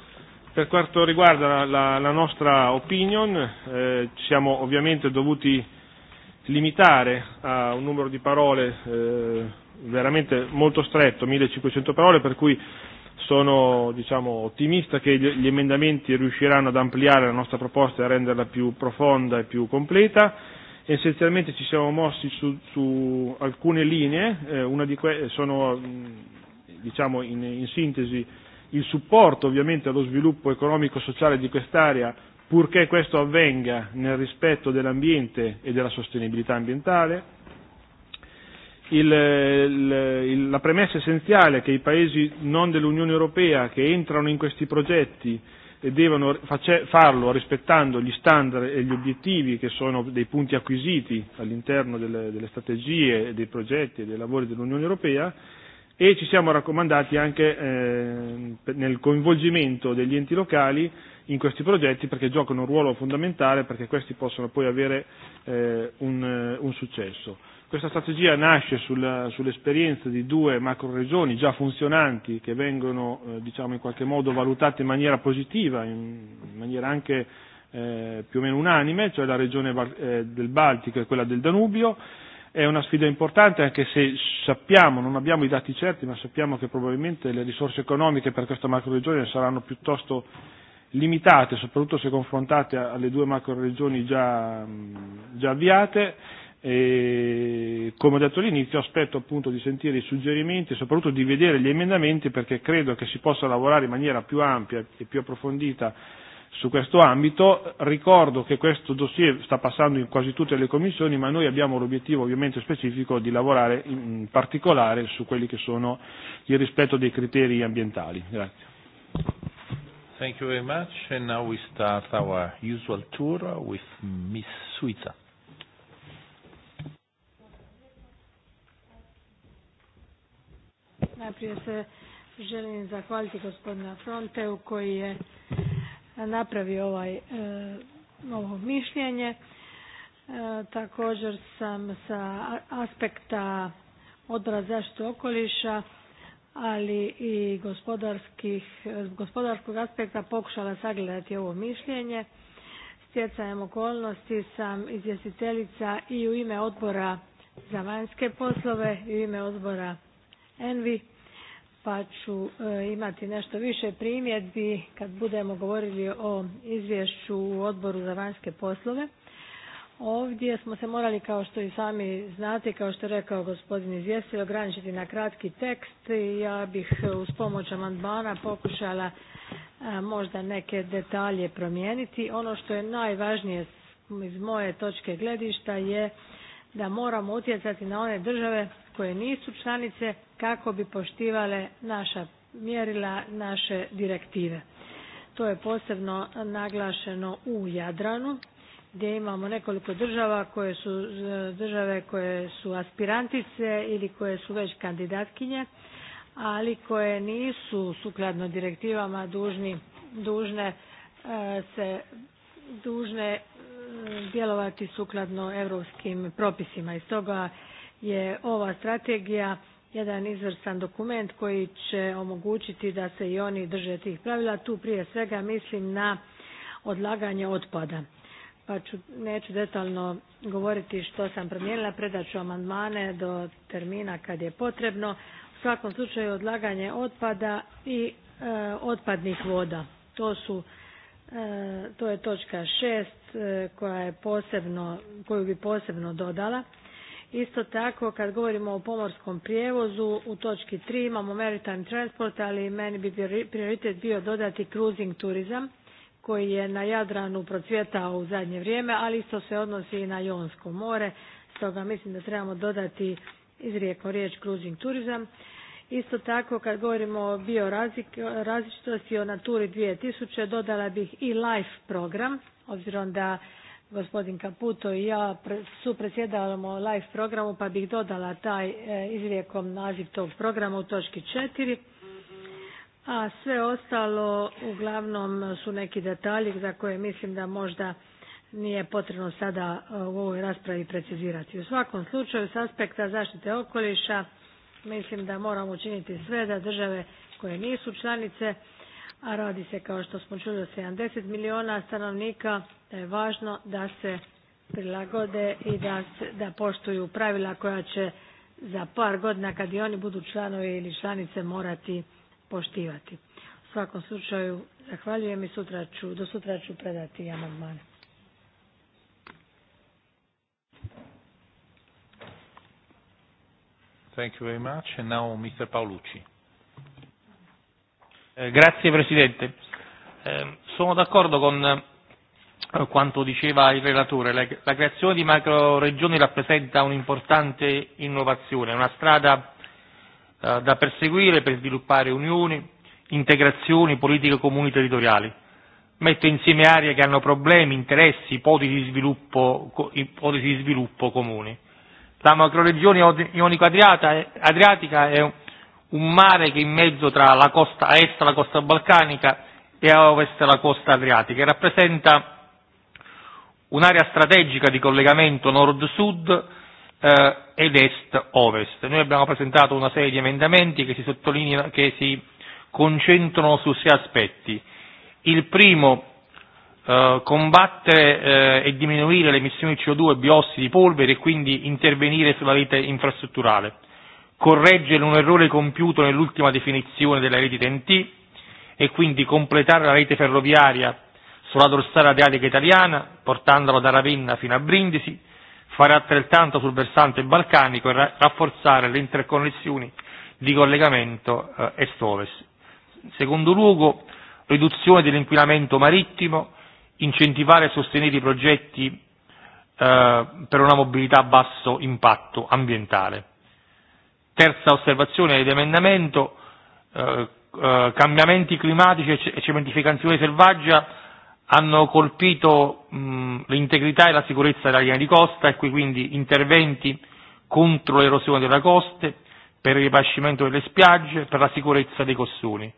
[SPEAKER 9] Per quanto riguarda la, la nostra opinion, eh, siamo ovviamente dovuti limitare a un numero di parole veramente molto stretto, 1500 parole, per cui sono diciamo, ottimista che gli emendamenti riusciranno ad ampliare la nostra proposta e a renderla più profonda e più completa. Essenzialmente ci siamo mossi su, su alcune linee, una di queste sono diciamo, in, in sintesi il supporto ovviamente allo sviluppo economico-sociale di quest'area, purché questo avvenga nel rispetto dell'ambiente e della sostenibilità ambientale. Il, la premessa essenziale è che i paesi non dell'Unione Europea che entrano in questi progetti e devono farlo rispettando gli standard e gli obiettivi che sono dei punti acquisiti all'interno delle, delle strategie, dei progetti e dei lavori dell'Unione Europea e ci siamo raccomandati anche nel coinvolgimento degli enti locali in questi progetti perché giocano un ruolo fondamentale perché questi possono poi avere un, un successo. Questa strategia nasce sull'esperienza di due macroregioni già funzionanti che vengono diciamo in qualche modo valutate in maniera positiva, in maniera anche più o meno unanime, cioè la regione del Baltico e quella del Danubio È una sfida importante anche se sappiamo, non abbiamo i dati certi, ma sappiamo che probabilmente le risorse economiche per questa macroregione saranno piuttosto limitate, soprattutto se confrontate alle due macroregioni già, già avviate. E, come ho detto all'inizio, aspetto appunto di sentire i suggerimenti e soprattutto di vedere gli emendamenti perché credo che si possa lavorare in maniera più ampia e più approfondita su questo ambito. Ricordo che questo dossier sta passando in quasi tutte le commissioni, ma noi abbiamo l'obiettivo ovviamente specifico di lavorare in particolare su quelli che sono il rispetto dei criteri ambientali. Grazie.
[SPEAKER 2] Thank you very much. And now we start our usual tour with Miss
[SPEAKER 29] Suiza.
[SPEAKER 35] Najprije se želim zahvaliti Fronteu koji je napravi ovaj ovo mišljenje. Također sam sa aspekta odbora zaštite okoliša, ali i gospodarskih, gospodarskog aspekta pokušala sagledati ovo mišljenje. Stjecajem okolnosti sam izvjestiteljica i u ime odbora za vanjske poslove i u ime odbora ENVI pa ću imati nešto više primjedbi kad budemo govorili o izvješću u odboru za vanjske poslove. Ovdje smo se morali, kao što i sami znate, kao što je rekao gospodin izvjestitelj, ograničiti na kratki tekst. Ja bih uz pomoć amandmana pokušala možda neke detalje promijeniti. Ono što je najvažnije iz moje točke gledišta je da moramo utjecati na one države koje nisu članice kako bi poštivale naša mjerila, naše direktive. To je posebno naglašeno u Jadranu gdje imamo nekoliko država koje su države koje su aspirantice ili koje su već kandidatkinje, ali koje nisu sukladno direktivama dužni, dužne se dužne djelovati sukladno europskim propisima. I stoga je ova strategija jedan izvrstan dokument koji će omogućiti da se i oni drže tih pravila. Tu prije svega mislim na odlaganje otpada. Pa ću, neću detaljno govoriti što sam promijenila, predat ću amandmane do termina kad je potrebno. U svakom slučaju odlaganje otpada i e, otpadnih voda. To su to je točka šest koja je posebno, koju bi posebno dodala. Isto tako kad govorimo o pomorskom prijevozu u točki 3 imamo maritime transport, ali meni bi prioritet bio dodati cruising turizam koji je na Jadranu procvjetao u zadnje vrijeme, ali isto se odnosi i na Jonsko more, stoga mislim da trebamo dodati izrijekom riječ cruising turizam. Isto tako kad govorimo o biorazličitosti o Naturi 2000 dodala bih i LIFE program, obzirom da gospodin Caputo i ja su supredsjedavamo live programu pa bih dodala taj izrijekom naziv tog programa u točki četiri a sve ostalo uglavnom su neki detalji za koje mislim da možda nije potrebno sada u ovoj raspravi precizirati. U svakom slučaju s aspekta zaštite okoliša mislim da moramo učiniti sve da države koje nisu članice a radi se kao što smo čuli o 70 milijuna stanovnika, da je važno da se prilagode i da, da poštuju pravila koja će za par godina kad i oni budu članovi ili članice morati poštivati. U svakom slučaju zahvaljujem i sutra ću, do sutra ću predati amandman.
[SPEAKER 2] Thank you very much. And now Mr. Paolucci.
[SPEAKER 29] Grazie Presidente. Sono d'accordo con quanto diceva il relatore. La creazione di macroregioni rappresenta un'importante innovazione, una strada da perseguire per sviluppare unioni, integrazioni, politiche comuni territoriali. Mette insieme aree che hanno problemi, interessi, ipotesi di sviluppo, ipotesi di sviluppo comuni. La macroregione ionico-adriatica è un mare che in mezzo tra la costa a est la costa balcanica e a ovest la costa adriatica e rappresenta un'area strategica di collegamento nord-sud ed est-ovest. Noi abbiamo presentato una serie di emendamenti che si, che si concentrano su sei aspetti. Il primo, combattere e diminuire le emissioni di CO2 e biossidi di polvere e quindi intervenire sulla rete infrastrutturale correggere un errore compiuto nell'ultima definizione della rete TNT e quindi completare la rete ferroviaria sulla dorsale adriatica italiana, portandola da Ravenna fino a Brindisi, fare altrettanto sul versante balcanico e rafforzare le interconnessioni di collegamento est-ovest. secondo luogo, riduzione dell'inquinamento marittimo, incentivare e sostenere i progetti per una mobilità a basso impatto ambientale. Terza osservazione dell'emendamento, eh, cambiamenti climatici e cementificazione selvaggia hanno colpito l'integrità e la sicurezza della linea di costa e qui quindi interventi contro l'erosione delle coste, per il ripascimento delle spiagge, per la sicurezza dei costoni.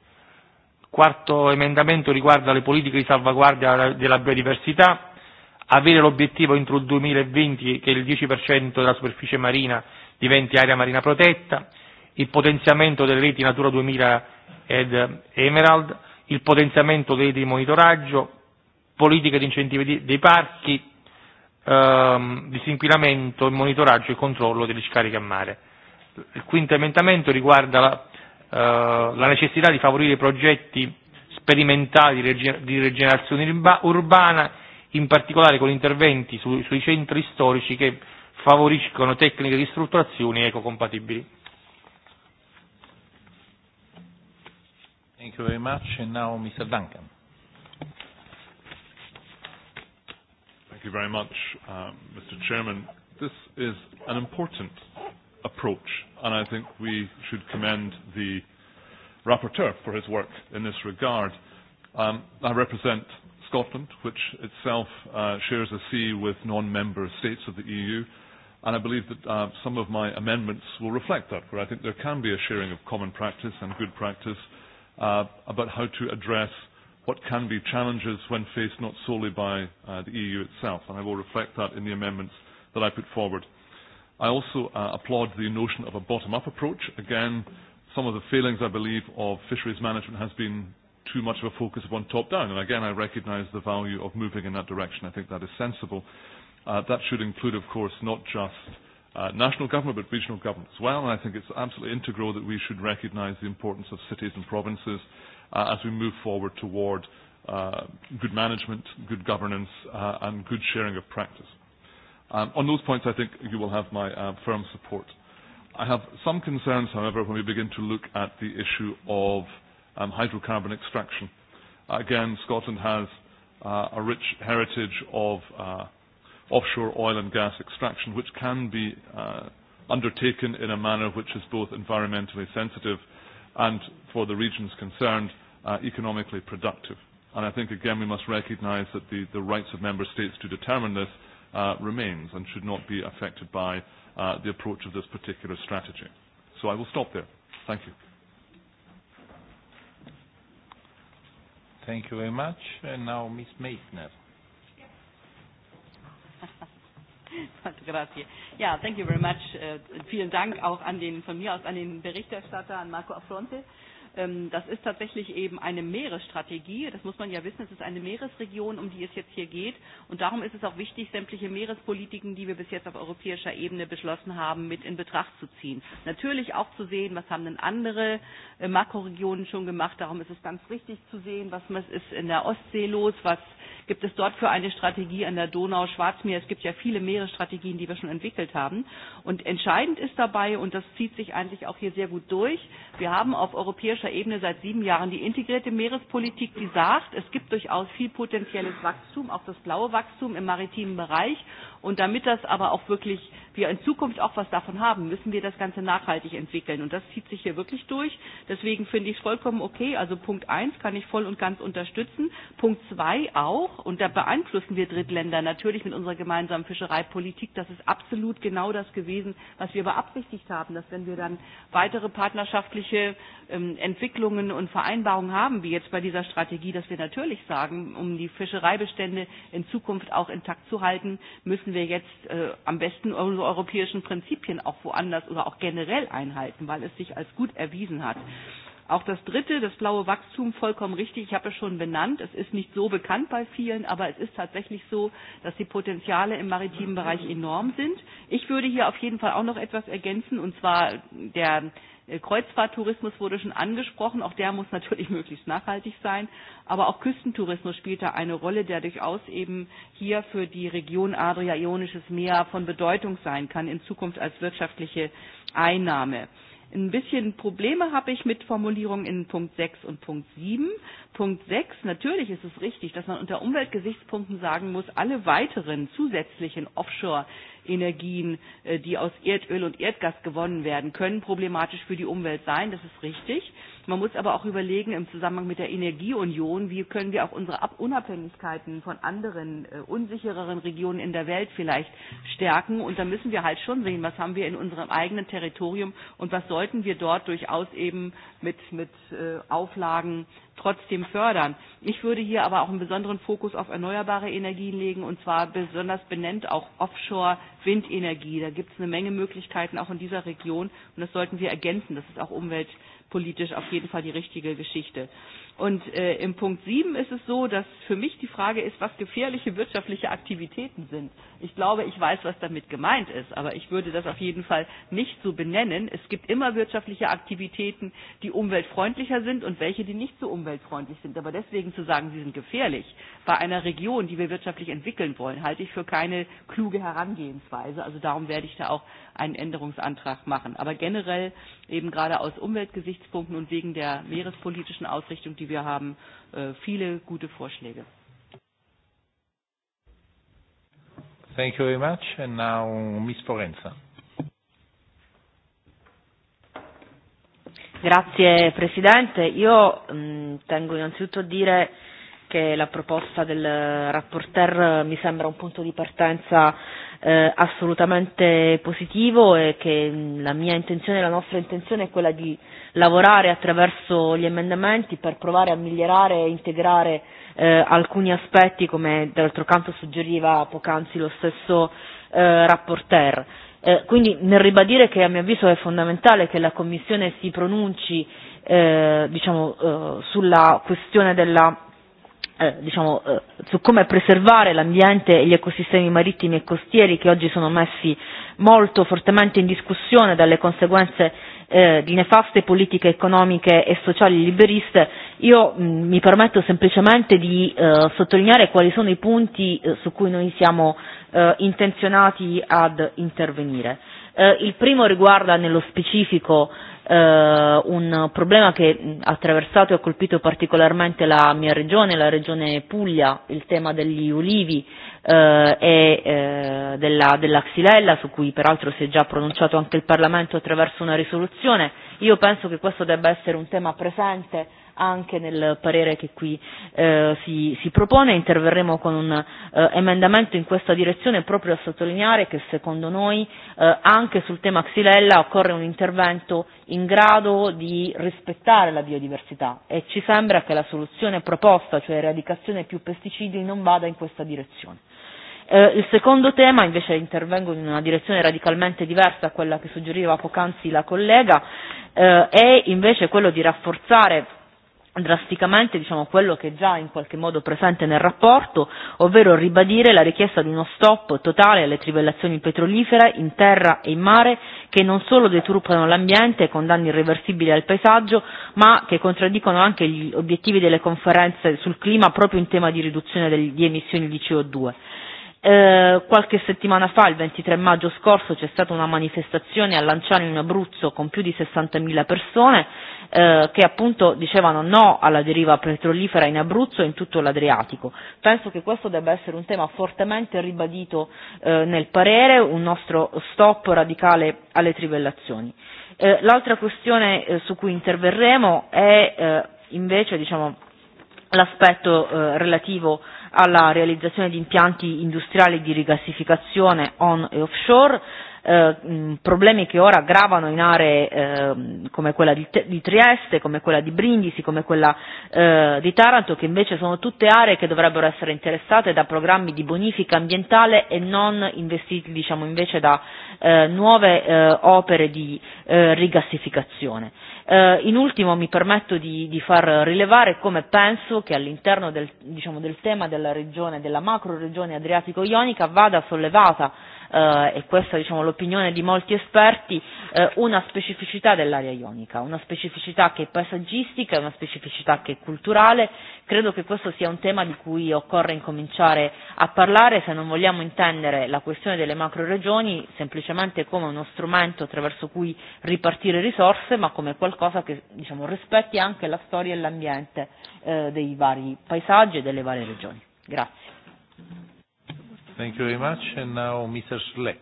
[SPEAKER 29] Quarto emendamento riguarda le politiche di salvaguardia della biodiversità, avere l'obiettivo entro il 2020 che il 10% della superficie marina diventi area marina protetta, il potenziamento delle reti Natura 2000 ed Emerald, il potenziamento dei reti di monitoraggio, politiche di incentivi dei parchi, ehm, disinquinamento, il monitoraggio e controllo delle scariche a mare. Il quinto emendamento riguarda la, la necessità di favorire progetti sperimentali di rigenerazione urbana, in particolare con interventi sui centri storici che favoriscono tecniche di strutturazione ecocompatibili.
[SPEAKER 2] Thank you very much. And now Mr.
[SPEAKER 5] Duncan. Thank you very much, uh, Mr. Chairman. This is an important approach, and I think we should commend the rapporteur for his work in this regard. Um, I represent Scotland, which itself uh, shares a sea with non-member states of the EU And I believe that some of my amendments will reflect that, where I think there can be a sharing of common practice and good practice about how to address what can be challenges when faced not solely by the EU itself. And I will reflect that in the amendments that I put forward. I also applaud the notion of a bottom-up approach. Again, some of the failings, I believe, of fisheries management has been too much of a focus upon top-down. And again, I recognise the value of moving in that direction. I think that is sensible. Uh That should include, of course, not just uh national government, but regional government as well. And I think it's absolutely integral that we should recognise the importance of cities and provinces as we move forward toward uh good management, good governance, and good sharing of practice. Um On those points, I think you will have my firm support. I have some concerns, however, when we begin to look at the issue of um hydrocarbon extraction. Again, Scotland has a rich heritage of uh offshore oil and gas extraction, which can be undertaken in a manner which is both environmentally sensitive and, for the regions concerned, economically productive. And I think, again, we must recognize that the, the rights of member states to determine this remains and should not be affected by the approach of this particular strategy. So I will stop there. Thank you.
[SPEAKER 2] Thank you very much. And now Ms. Meissner.
[SPEAKER 36] Ja, thank you very much. Vielen Dank auch an den, von mir aus an den Berichterstatter, an Marco Affronte. Das ist tatsächlich eben eine Meeresstrategie. Das muss man ja wissen. Es ist eine Meeresregion, um die es jetzt hier geht. Und darum ist es auch wichtig, sämtliche Meerespolitiken, die wir bis jetzt auf europäischer Ebene beschlossen haben, mit in Betracht zu ziehen. Natürlich auch zu sehen, was haben denn andere Makroregionen schon gemacht. Darum ist es ganz wichtig zu sehen, was ist in der Ostsee los, was Gibt es dort für eine Strategie an der Donau, Schwarzmeer? Es gibt ja viele Meeresstrategien, die wir schon entwickelt haben. Und entscheidend ist dabei, und das zieht sich eigentlich auch hier sehr gut durch, wir haben auf europäischer Ebene seit sieben Jahren die integrierte Meerespolitik, die sagt, es gibt durchaus viel potenzielles Wachstum, auch das blaue Wachstum im maritimen Bereich. Und damit das aber auch wirklich wir in Zukunft auch was davon haben, müssen wir das Ganze nachhaltig entwickeln. Und das zieht sich hier wirklich durch. Deswegen finde ich es vollkommen okay. Also Punkt eins kann ich voll und ganz unterstützen. Punkt zwei auch. Und da beeinflussen wir Drittländer natürlich mit unserer gemeinsamen Fischereipolitik. Das ist absolut genau das gewesen, was wir beabsichtigt haben, dass wenn wir dann weitere partnerschaftliche Entwicklungen und Vereinbarungen haben, wie jetzt bei dieser Strategie, dass wir natürlich sagen, um die Fischereibestände in Zukunft auch intakt zu halten, müssen wir jetzt am besten europäischen Prinzipien auch woanders oder auch generell einhalten, weil es sich als gut erwiesen hat. Auch das dritte, das blaue Wachstum, vollkommen richtig. Ich habe es schon benannt. Es ist nicht so bekannt bei vielen, aber es ist tatsächlich so, dass die Potenziale im maritimen Bereich enorm sind. Ich würde hier auf jeden Fall auch noch etwas ergänzen, und zwar der Kreuzfahrttourismus wurde schon angesprochen, auch der muss natürlich möglichst nachhaltig sein, aber auch Küstentourismus spielt da eine Rolle, der durchaus eben hier für die Region Adria-Ionisches Meer von Bedeutung sein kann in Zukunft als wirtschaftliche Einnahme. Ein bisschen Probleme habe ich mit Formulierungen in Punkt 6 und Punkt 7. Punkt 6, natürlich ist es richtig, dass man unter Umweltgesichtspunkten sagen muss, alle weiteren zusätzlichen Offshore Energien, die aus Erdöl und Erdgas gewonnen werden, können problematisch für die Umwelt sein, das ist richtig. Man muss aber auch überlegen im Zusammenhang mit der Energieunion, wie können wir auch unsere Unabhängigkeiten von anderen unsichereren Regionen in der Welt vielleicht stärken und da müssen wir halt schon sehen, was haben wir in unserem eigenen Territorium und was sollten wir dort durchaus eben mit mit Auflagen trotzdem fördern. Ich würde hier aber auch einen besonderen Fokus auf erneuerbare Energien legen und zwar besonders benennt auch Offshore-Windenergie. Da gibt es eine Menge Möglichkeiten auch in dieser Region und das sollten wir ergänzen. Das ist auch umweltpolitisch auf jeden Fall die richtige Geschichte. Und im Punkt 7 ist es so, dass für mich die Frage ist, was gefährliche wirtschaftliche Aktivitäten sind. Ich glaube, ich weiß, was damit gemeint ist, aber ich würde das auf jeden Fall nicht so benennen. Es gibt immer wirtschaftliche Aktivitäten, die umweltfreundlicher sind und welche, die nicht so umweltfreundlich sind. Aber deswegen zu sagen, sie sind gefährlich bei einer Region, die wir wirtschaftlich entwickeln wollen, halte ich für keine kluge Herangehensweise. Also darum werde ich da auch einen Änderungsantrag machen. Aber generell eben gerade aus Umweltgesichtspunkten und wegen der meerespolitischen Ausrichtung, die wir haben, viele gute Vorschläge.
[SPEAKER 2] Thank you very much. And now Ms. Forenza.
[SPEAKER 37] Grazie Presidente. Io tengo innanzitutto a dire che la proposta del rapporteur mi sembra un punto di partenza assolutamente positivo e che la mia intenzione, la nostra intenzione è quella di lavorare attraverso gli emendamenti per provare a migliorare e integrare alcuni aspetti come d'altro canto suggeriva poc'anzi lo stesso rapporteur. Quindi nel ribadire che a mio avviso è fondamentale che la Commissione si pronunci diciamo sulla questione della diciamo su come preservare l'ambiente e gli ecosistemi marittimi e costieri che oggi sono messi molto fortemente in discussione dalle conseguenze di nefaste politiche economiche e sociali liberiste, io mi permetto semplicemente di sottolineare quali sono i punti su cui noi siamo intenzionati ad intervenire. Il primo riguarda nello specifico un problema che ha attraversato e ha colpito particolarmente la mia regione, la regione Puglia, il tema degli ulivi e della della xylella su cui peraltro si è già pronunciato anche il Parlamento attraverso una risoluzione Io penso che questo debba essere un tema presente anche nel parere che qui si si propone interverremo con un emendamento in questa direzione proprio a sottolineare che secondo noi anche sul tema xylella occorre un intervento in grado di rispettare la biodiversità e ci sembra che la soluzione proposta cioè eradicazione più pesticidi non vada in questa direzione. Il secondo tema, invece intervengo in una direzione radicalmente diversa da quella che suggeriva poc'anzi la collega, è invece quello di rafforzare drasticamente diciamo quello che è già in qualche modo presente nel rapporto, ovvero ribadire la richiesta di uno stop totale alle trivellazioni petrolifere in terra e in mare che non solo deturpano l'ambiente con danni irreversibili al paesaggio, ma che contraddicono anche gli obiettivi delle conferenze sul clima proprio in tema di riduzione di emissioni di CO2. Qualche settimana fa, il 23 maggio scorso, c'è stata una manifestazione a Lanciano in Abruzzo con più di 60.000 persone che appunto dicevano no alla deriva petrolifera in Abruzzo e in tutto l'Adriatico. Penso che questo debba essere un tema fortemente ribadito nel parere, un nostro stop radicale alle trivellazioni. L'altra questione su cui interverremo è invece, diciamo, l'aspetto relativo alla realizzazione di impianti industriali di rigassificazione on e offshore, problemi che ora gravano in aree come quella di Trieste, come quella di Brindisi, come quella di Taranto, che invece sono tutte aree che dovrebbero essere interessate da programmi di bonifica ambientale e non investiti diciamo invece da nuove opere di rigassificazione. In ultimo mi permetto di far rilevare come penso che all'interno del tema della regione, della macro regione adriatico-ionica vada sollevata e questa diciamo l'opinione di molti esperti una specificità dell'area ionica, una specificità che è paesaggistica, una specificità che è culturale. Credo che questo sia un tema di cui occorre incominciare a parlare se non vogliamo intendere la questione delle macroregioni semplicemente come uno strumento attraverso cui ripartire risorse, ma come qualcosa che diciamo rispetti anche la storia e l'ambiente dei vari paesaggi e delle varie regioni. Grazie.
[SPEAKER 2] Thank you very much. And now
[SPEAKER 38] Mr. Schleck.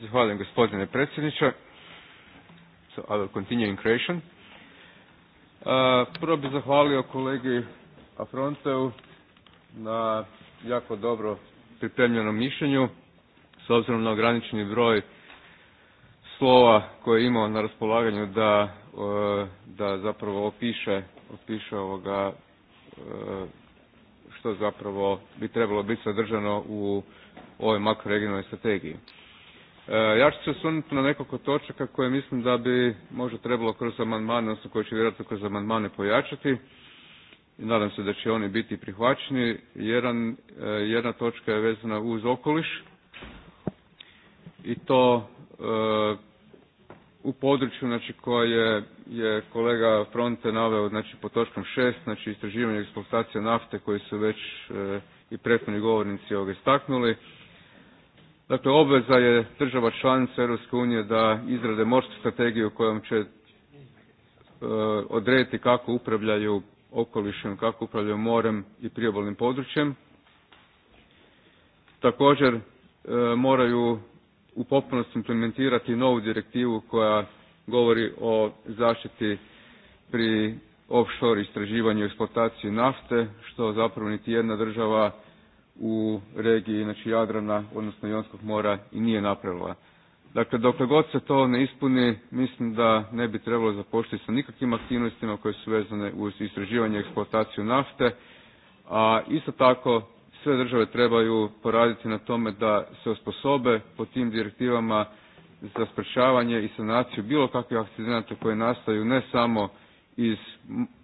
[SPEAKER 38] Zahvaljujem gospodine predsjedniče. So I will continue in Prvo bih zahvalio kolegi Afronteu na jako dobro pripremljenom mišljenju s obzirom na ograničeni broj slova koje je imao na raspolaganju da, da zapravo opiše opiše ovoga što zapravo bi trebalo biti sadržano u ovoj makroregionalnoj strategiji. Ja ću se osvrnuti na nekoliko točaka koje mislim da bi možda trebalo kroz amandmane, odnosno koje će vjerojatno kroz amandmane pojačati i nadam se da će oni biti prihvaćeni. Jedan, jedna točka je vezana uz okoliš i to u području znači, koje je kolega Fronte naveo znači, po točkom šest, znači istraživanje i eksploatacija nafte koji su već i prethodni govornici ovdje istaknuli. Dakle, obveza je država članica Europske unije da izrade morsku strategiju kojom će odrediti kako upravljaju okolišem, kako upravljaju morem i priobalnim područjem. Također, moraju u potpunosti implementirati novu direktivu koja govori o zaštiti pri offshore istraživanju i eksploataciji nafte, što zapravo niti jedna država u regiji znači Jadrana, odnosno Jonskog mora i nije napravila. Dakle, dokle god se to ne ispuni, mislim da ne bi trebalo započeti sa nikakvim aktivnostima koje su vezane uz istraživanje i eksploataciju nafte, a isto tako sve države trebaju poraditi na tome da se osposobe po tim direktivama za sprečavanje i sanaciju bilo kakvih akcidenata koje nastaju ne samo iz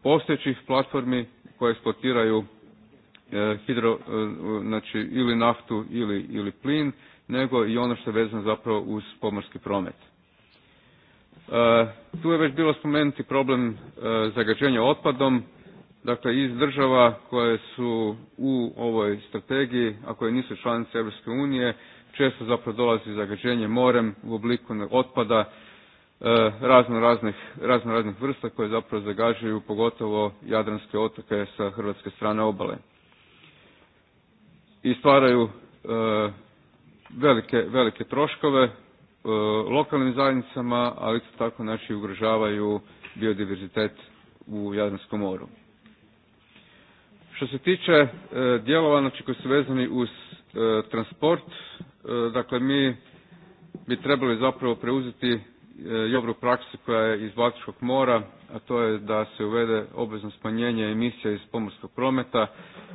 [SPEAKER 38] postojećih platformi koje eksploatiraju hidro, znači ili naftu ili, ili plin, nego i ono što je vezano zapravo uz pomorski promet. tu je već bilo spomenuti problem zagađenja otpadom. Dakle, iz država koje su u ovoj strategiji, a koje nisu članice Europske unije, često zapravo dolazi zagađenje morem u obliku otpada razno raznih, razno raznih vrsta koje zapravo zagađaju pogotovo jadranske otoke sa hrvatske strane obale. I stvaraju velike, velike troškove lokalnim zajednicama, ali isto tako znači ugrožavaju biodiverzitet u Jadranskom moru. Što se tiče dijelova znači, koji su vezani uz transport, dakle mi bi trebali zapravo preuzeti dobru praksu koja je iz Baltičkog mora, a to je da se uvede obvezno smanjenje emisija iz pomorskog prometa,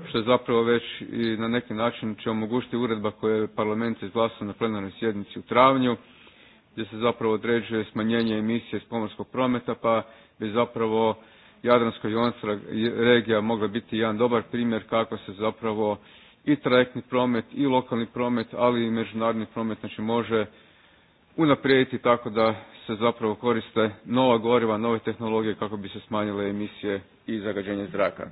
[SPEAKER 38] što je zapravo već i na neki način će omogućiti uredba koju je parlament izglasao na plenarnoj sjednici u travnju, gdje se zapravo određuje smanjenje emisije iz pomorskog prometa, pa bi zapravo Jadransko-jonska regija mogla biti jedan dobar primjer kako se zapravo i trajektni promet i lokalni promet, ali i međunarodni promet znači može unaprijediti tako da se zapravo koriste nova goriva, nove tehnologije kako bi se smanjile emisije i zagađenje zraka.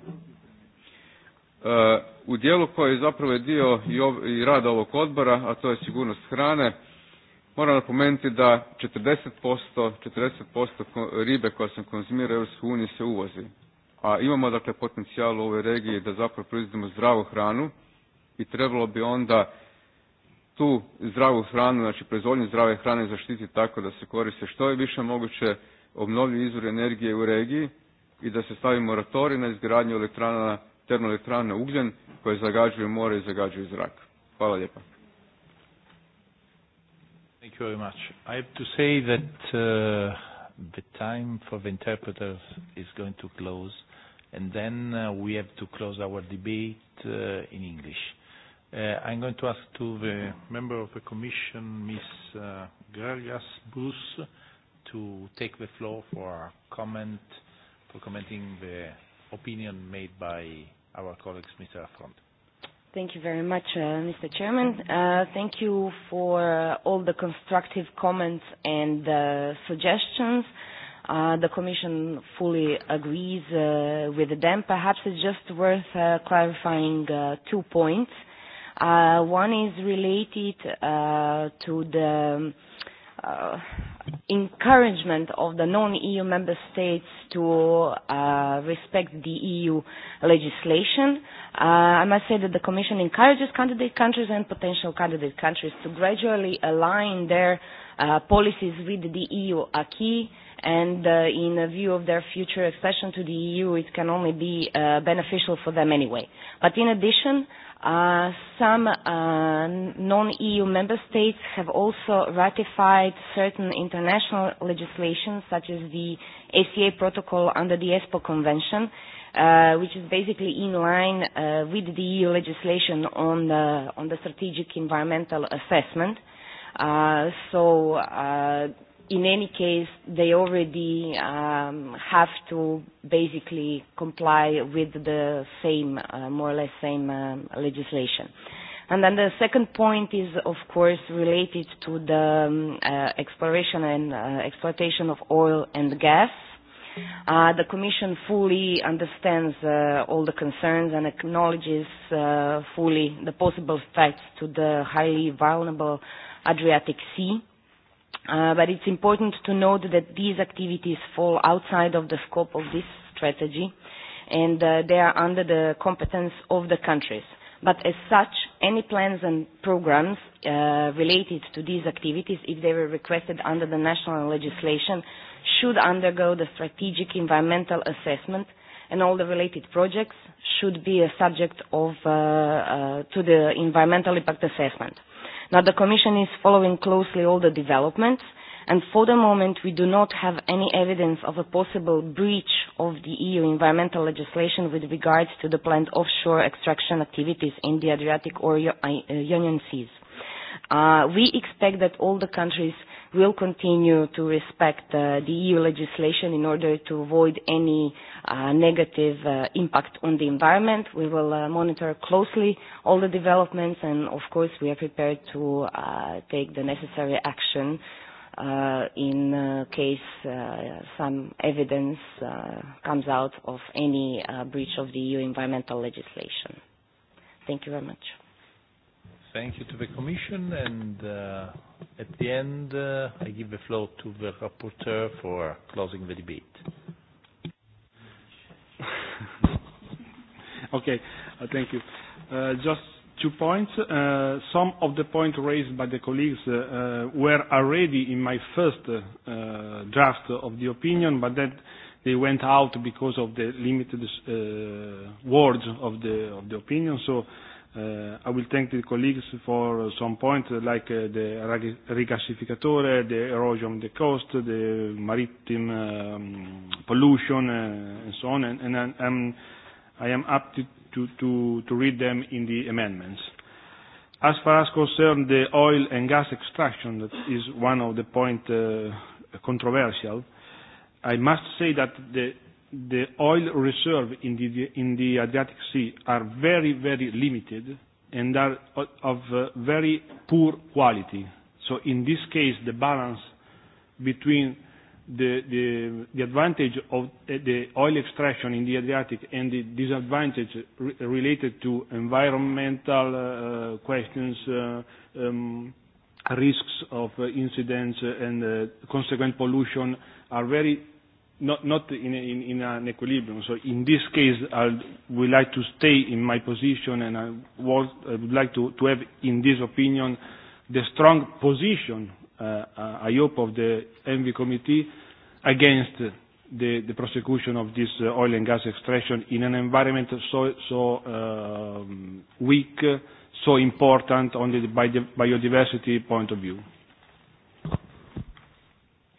[SPEAKER 38] U dijelu koji je zapravo dio i rada ovog odbora, a to je sigurnost hrane, Moram napomenuti da 40%, 40% ribe koja se konzumira u EU se uvozi. A imamo dakle potencijal u ovoj regiji da zapravo proizvodimo zdravu hranu i trebalo bi onda tu zdravu hranu, znači proizvodnju zdrave hrane zaštiti tako da se koriste što je više moguće obnovljivi izvori energije u regiji i da se stavi moratorij na izgradnju elektrana, termoelektrana ugljen koje zagađuju more i zagađuju zrak. Hvala lijepa. Thank you
[SPEAKER 2] very much. I have to say that the time for the interpreters is going to close, and then we have to close our debate in English. I'm going to ask to the member of the Commission, Ms. Gargas Bruce, to take the floor for a comment, for commenting the opinion made by our colleagues, Mr. Affronte.
[SPEAKER 39] Thank you very much, Mr. Chairman. Thank you for all the constructive comments and suggestions. The Commission fully agrees with them. Perhaps it's just worth clarifying two points. One is related to the encouragement of the non-EU member states to respect the EU legislation. I must say that the Commission encourages candidate countries and potential candidate countries to gradually align their policies with the EU acquis and in view of their future accession to the EU it can only be beneficial for them anyway. But in addition some non-EU member states have also ratified certain international legislation such as the ACA protocol under the ESPO convention which is basically in line with the EU legislation on the on the strategic environmental assessment. So in any case, they already have to basically comply with the same, more or less same legislation. And then the second point is, of course, related to the exploration and exploitation of oil and gas. The Commission fully understands all the concerns and acknowledges fully the possible threats to the highly vulnerable Adriatic Sea. But it's important to note that these activities fall outside of the scope of this strategy and they are under the competence of the countries. But as such, any plans and programs related to these activities, if they were requested under the national legislation, should undergo the strategic environmental assessment and all the related projects should be a subject of to the environmental impact assessment. Now the Commission is following closely all the developments and for the moment we do not have any evidence of a possible breach of the EU environmental legislation with regards to the planned offshore extraction activities in the Adriatic or Union Seas. We expect that all the countries will continue to respect the EU legislation in order to avoid any negative impact on the environment. We will monitor closely all the developments and of course we are prepared to take the necessary action in case some evidence comes out of any breach of the EU environmental legislation. Thank you very much
[SPEAKER 2] thank you to the Commission. And at the end, I give the floor to the rapporteur for closing the debate.
[SPEAKER 9] okay, thank you. just two points. some of the points raised by the colleagues were already in my first draft of the opinion, but that they went out because of the limited words of the of the opinion. So I will thank the colleagues for some points like the regasificatore, the erosion of the coast, the maritime pollution, and so on. And I am up to to to read them in the amendments. As far as concerns the oil and gas extraction, that is one of the points controversial. I must say that the the oil reserve in the, in the Adriatic Sea are very, very limited and are of very poor quality. So in this case, the balance between the, the, the advantage of the oil extraction in the Adriatic and the disadvantage related to environmental questions, risks of incidents and consequent pollution are very not not in in in an equilibrium. So in this case, I would like to stay in my position, and I would like to to have in this opinion the strong position, I hope, of the ENVI committee against the the prosecution of this oil and gas extraction in an environment so so weak, so important only by the biodiversity point of view.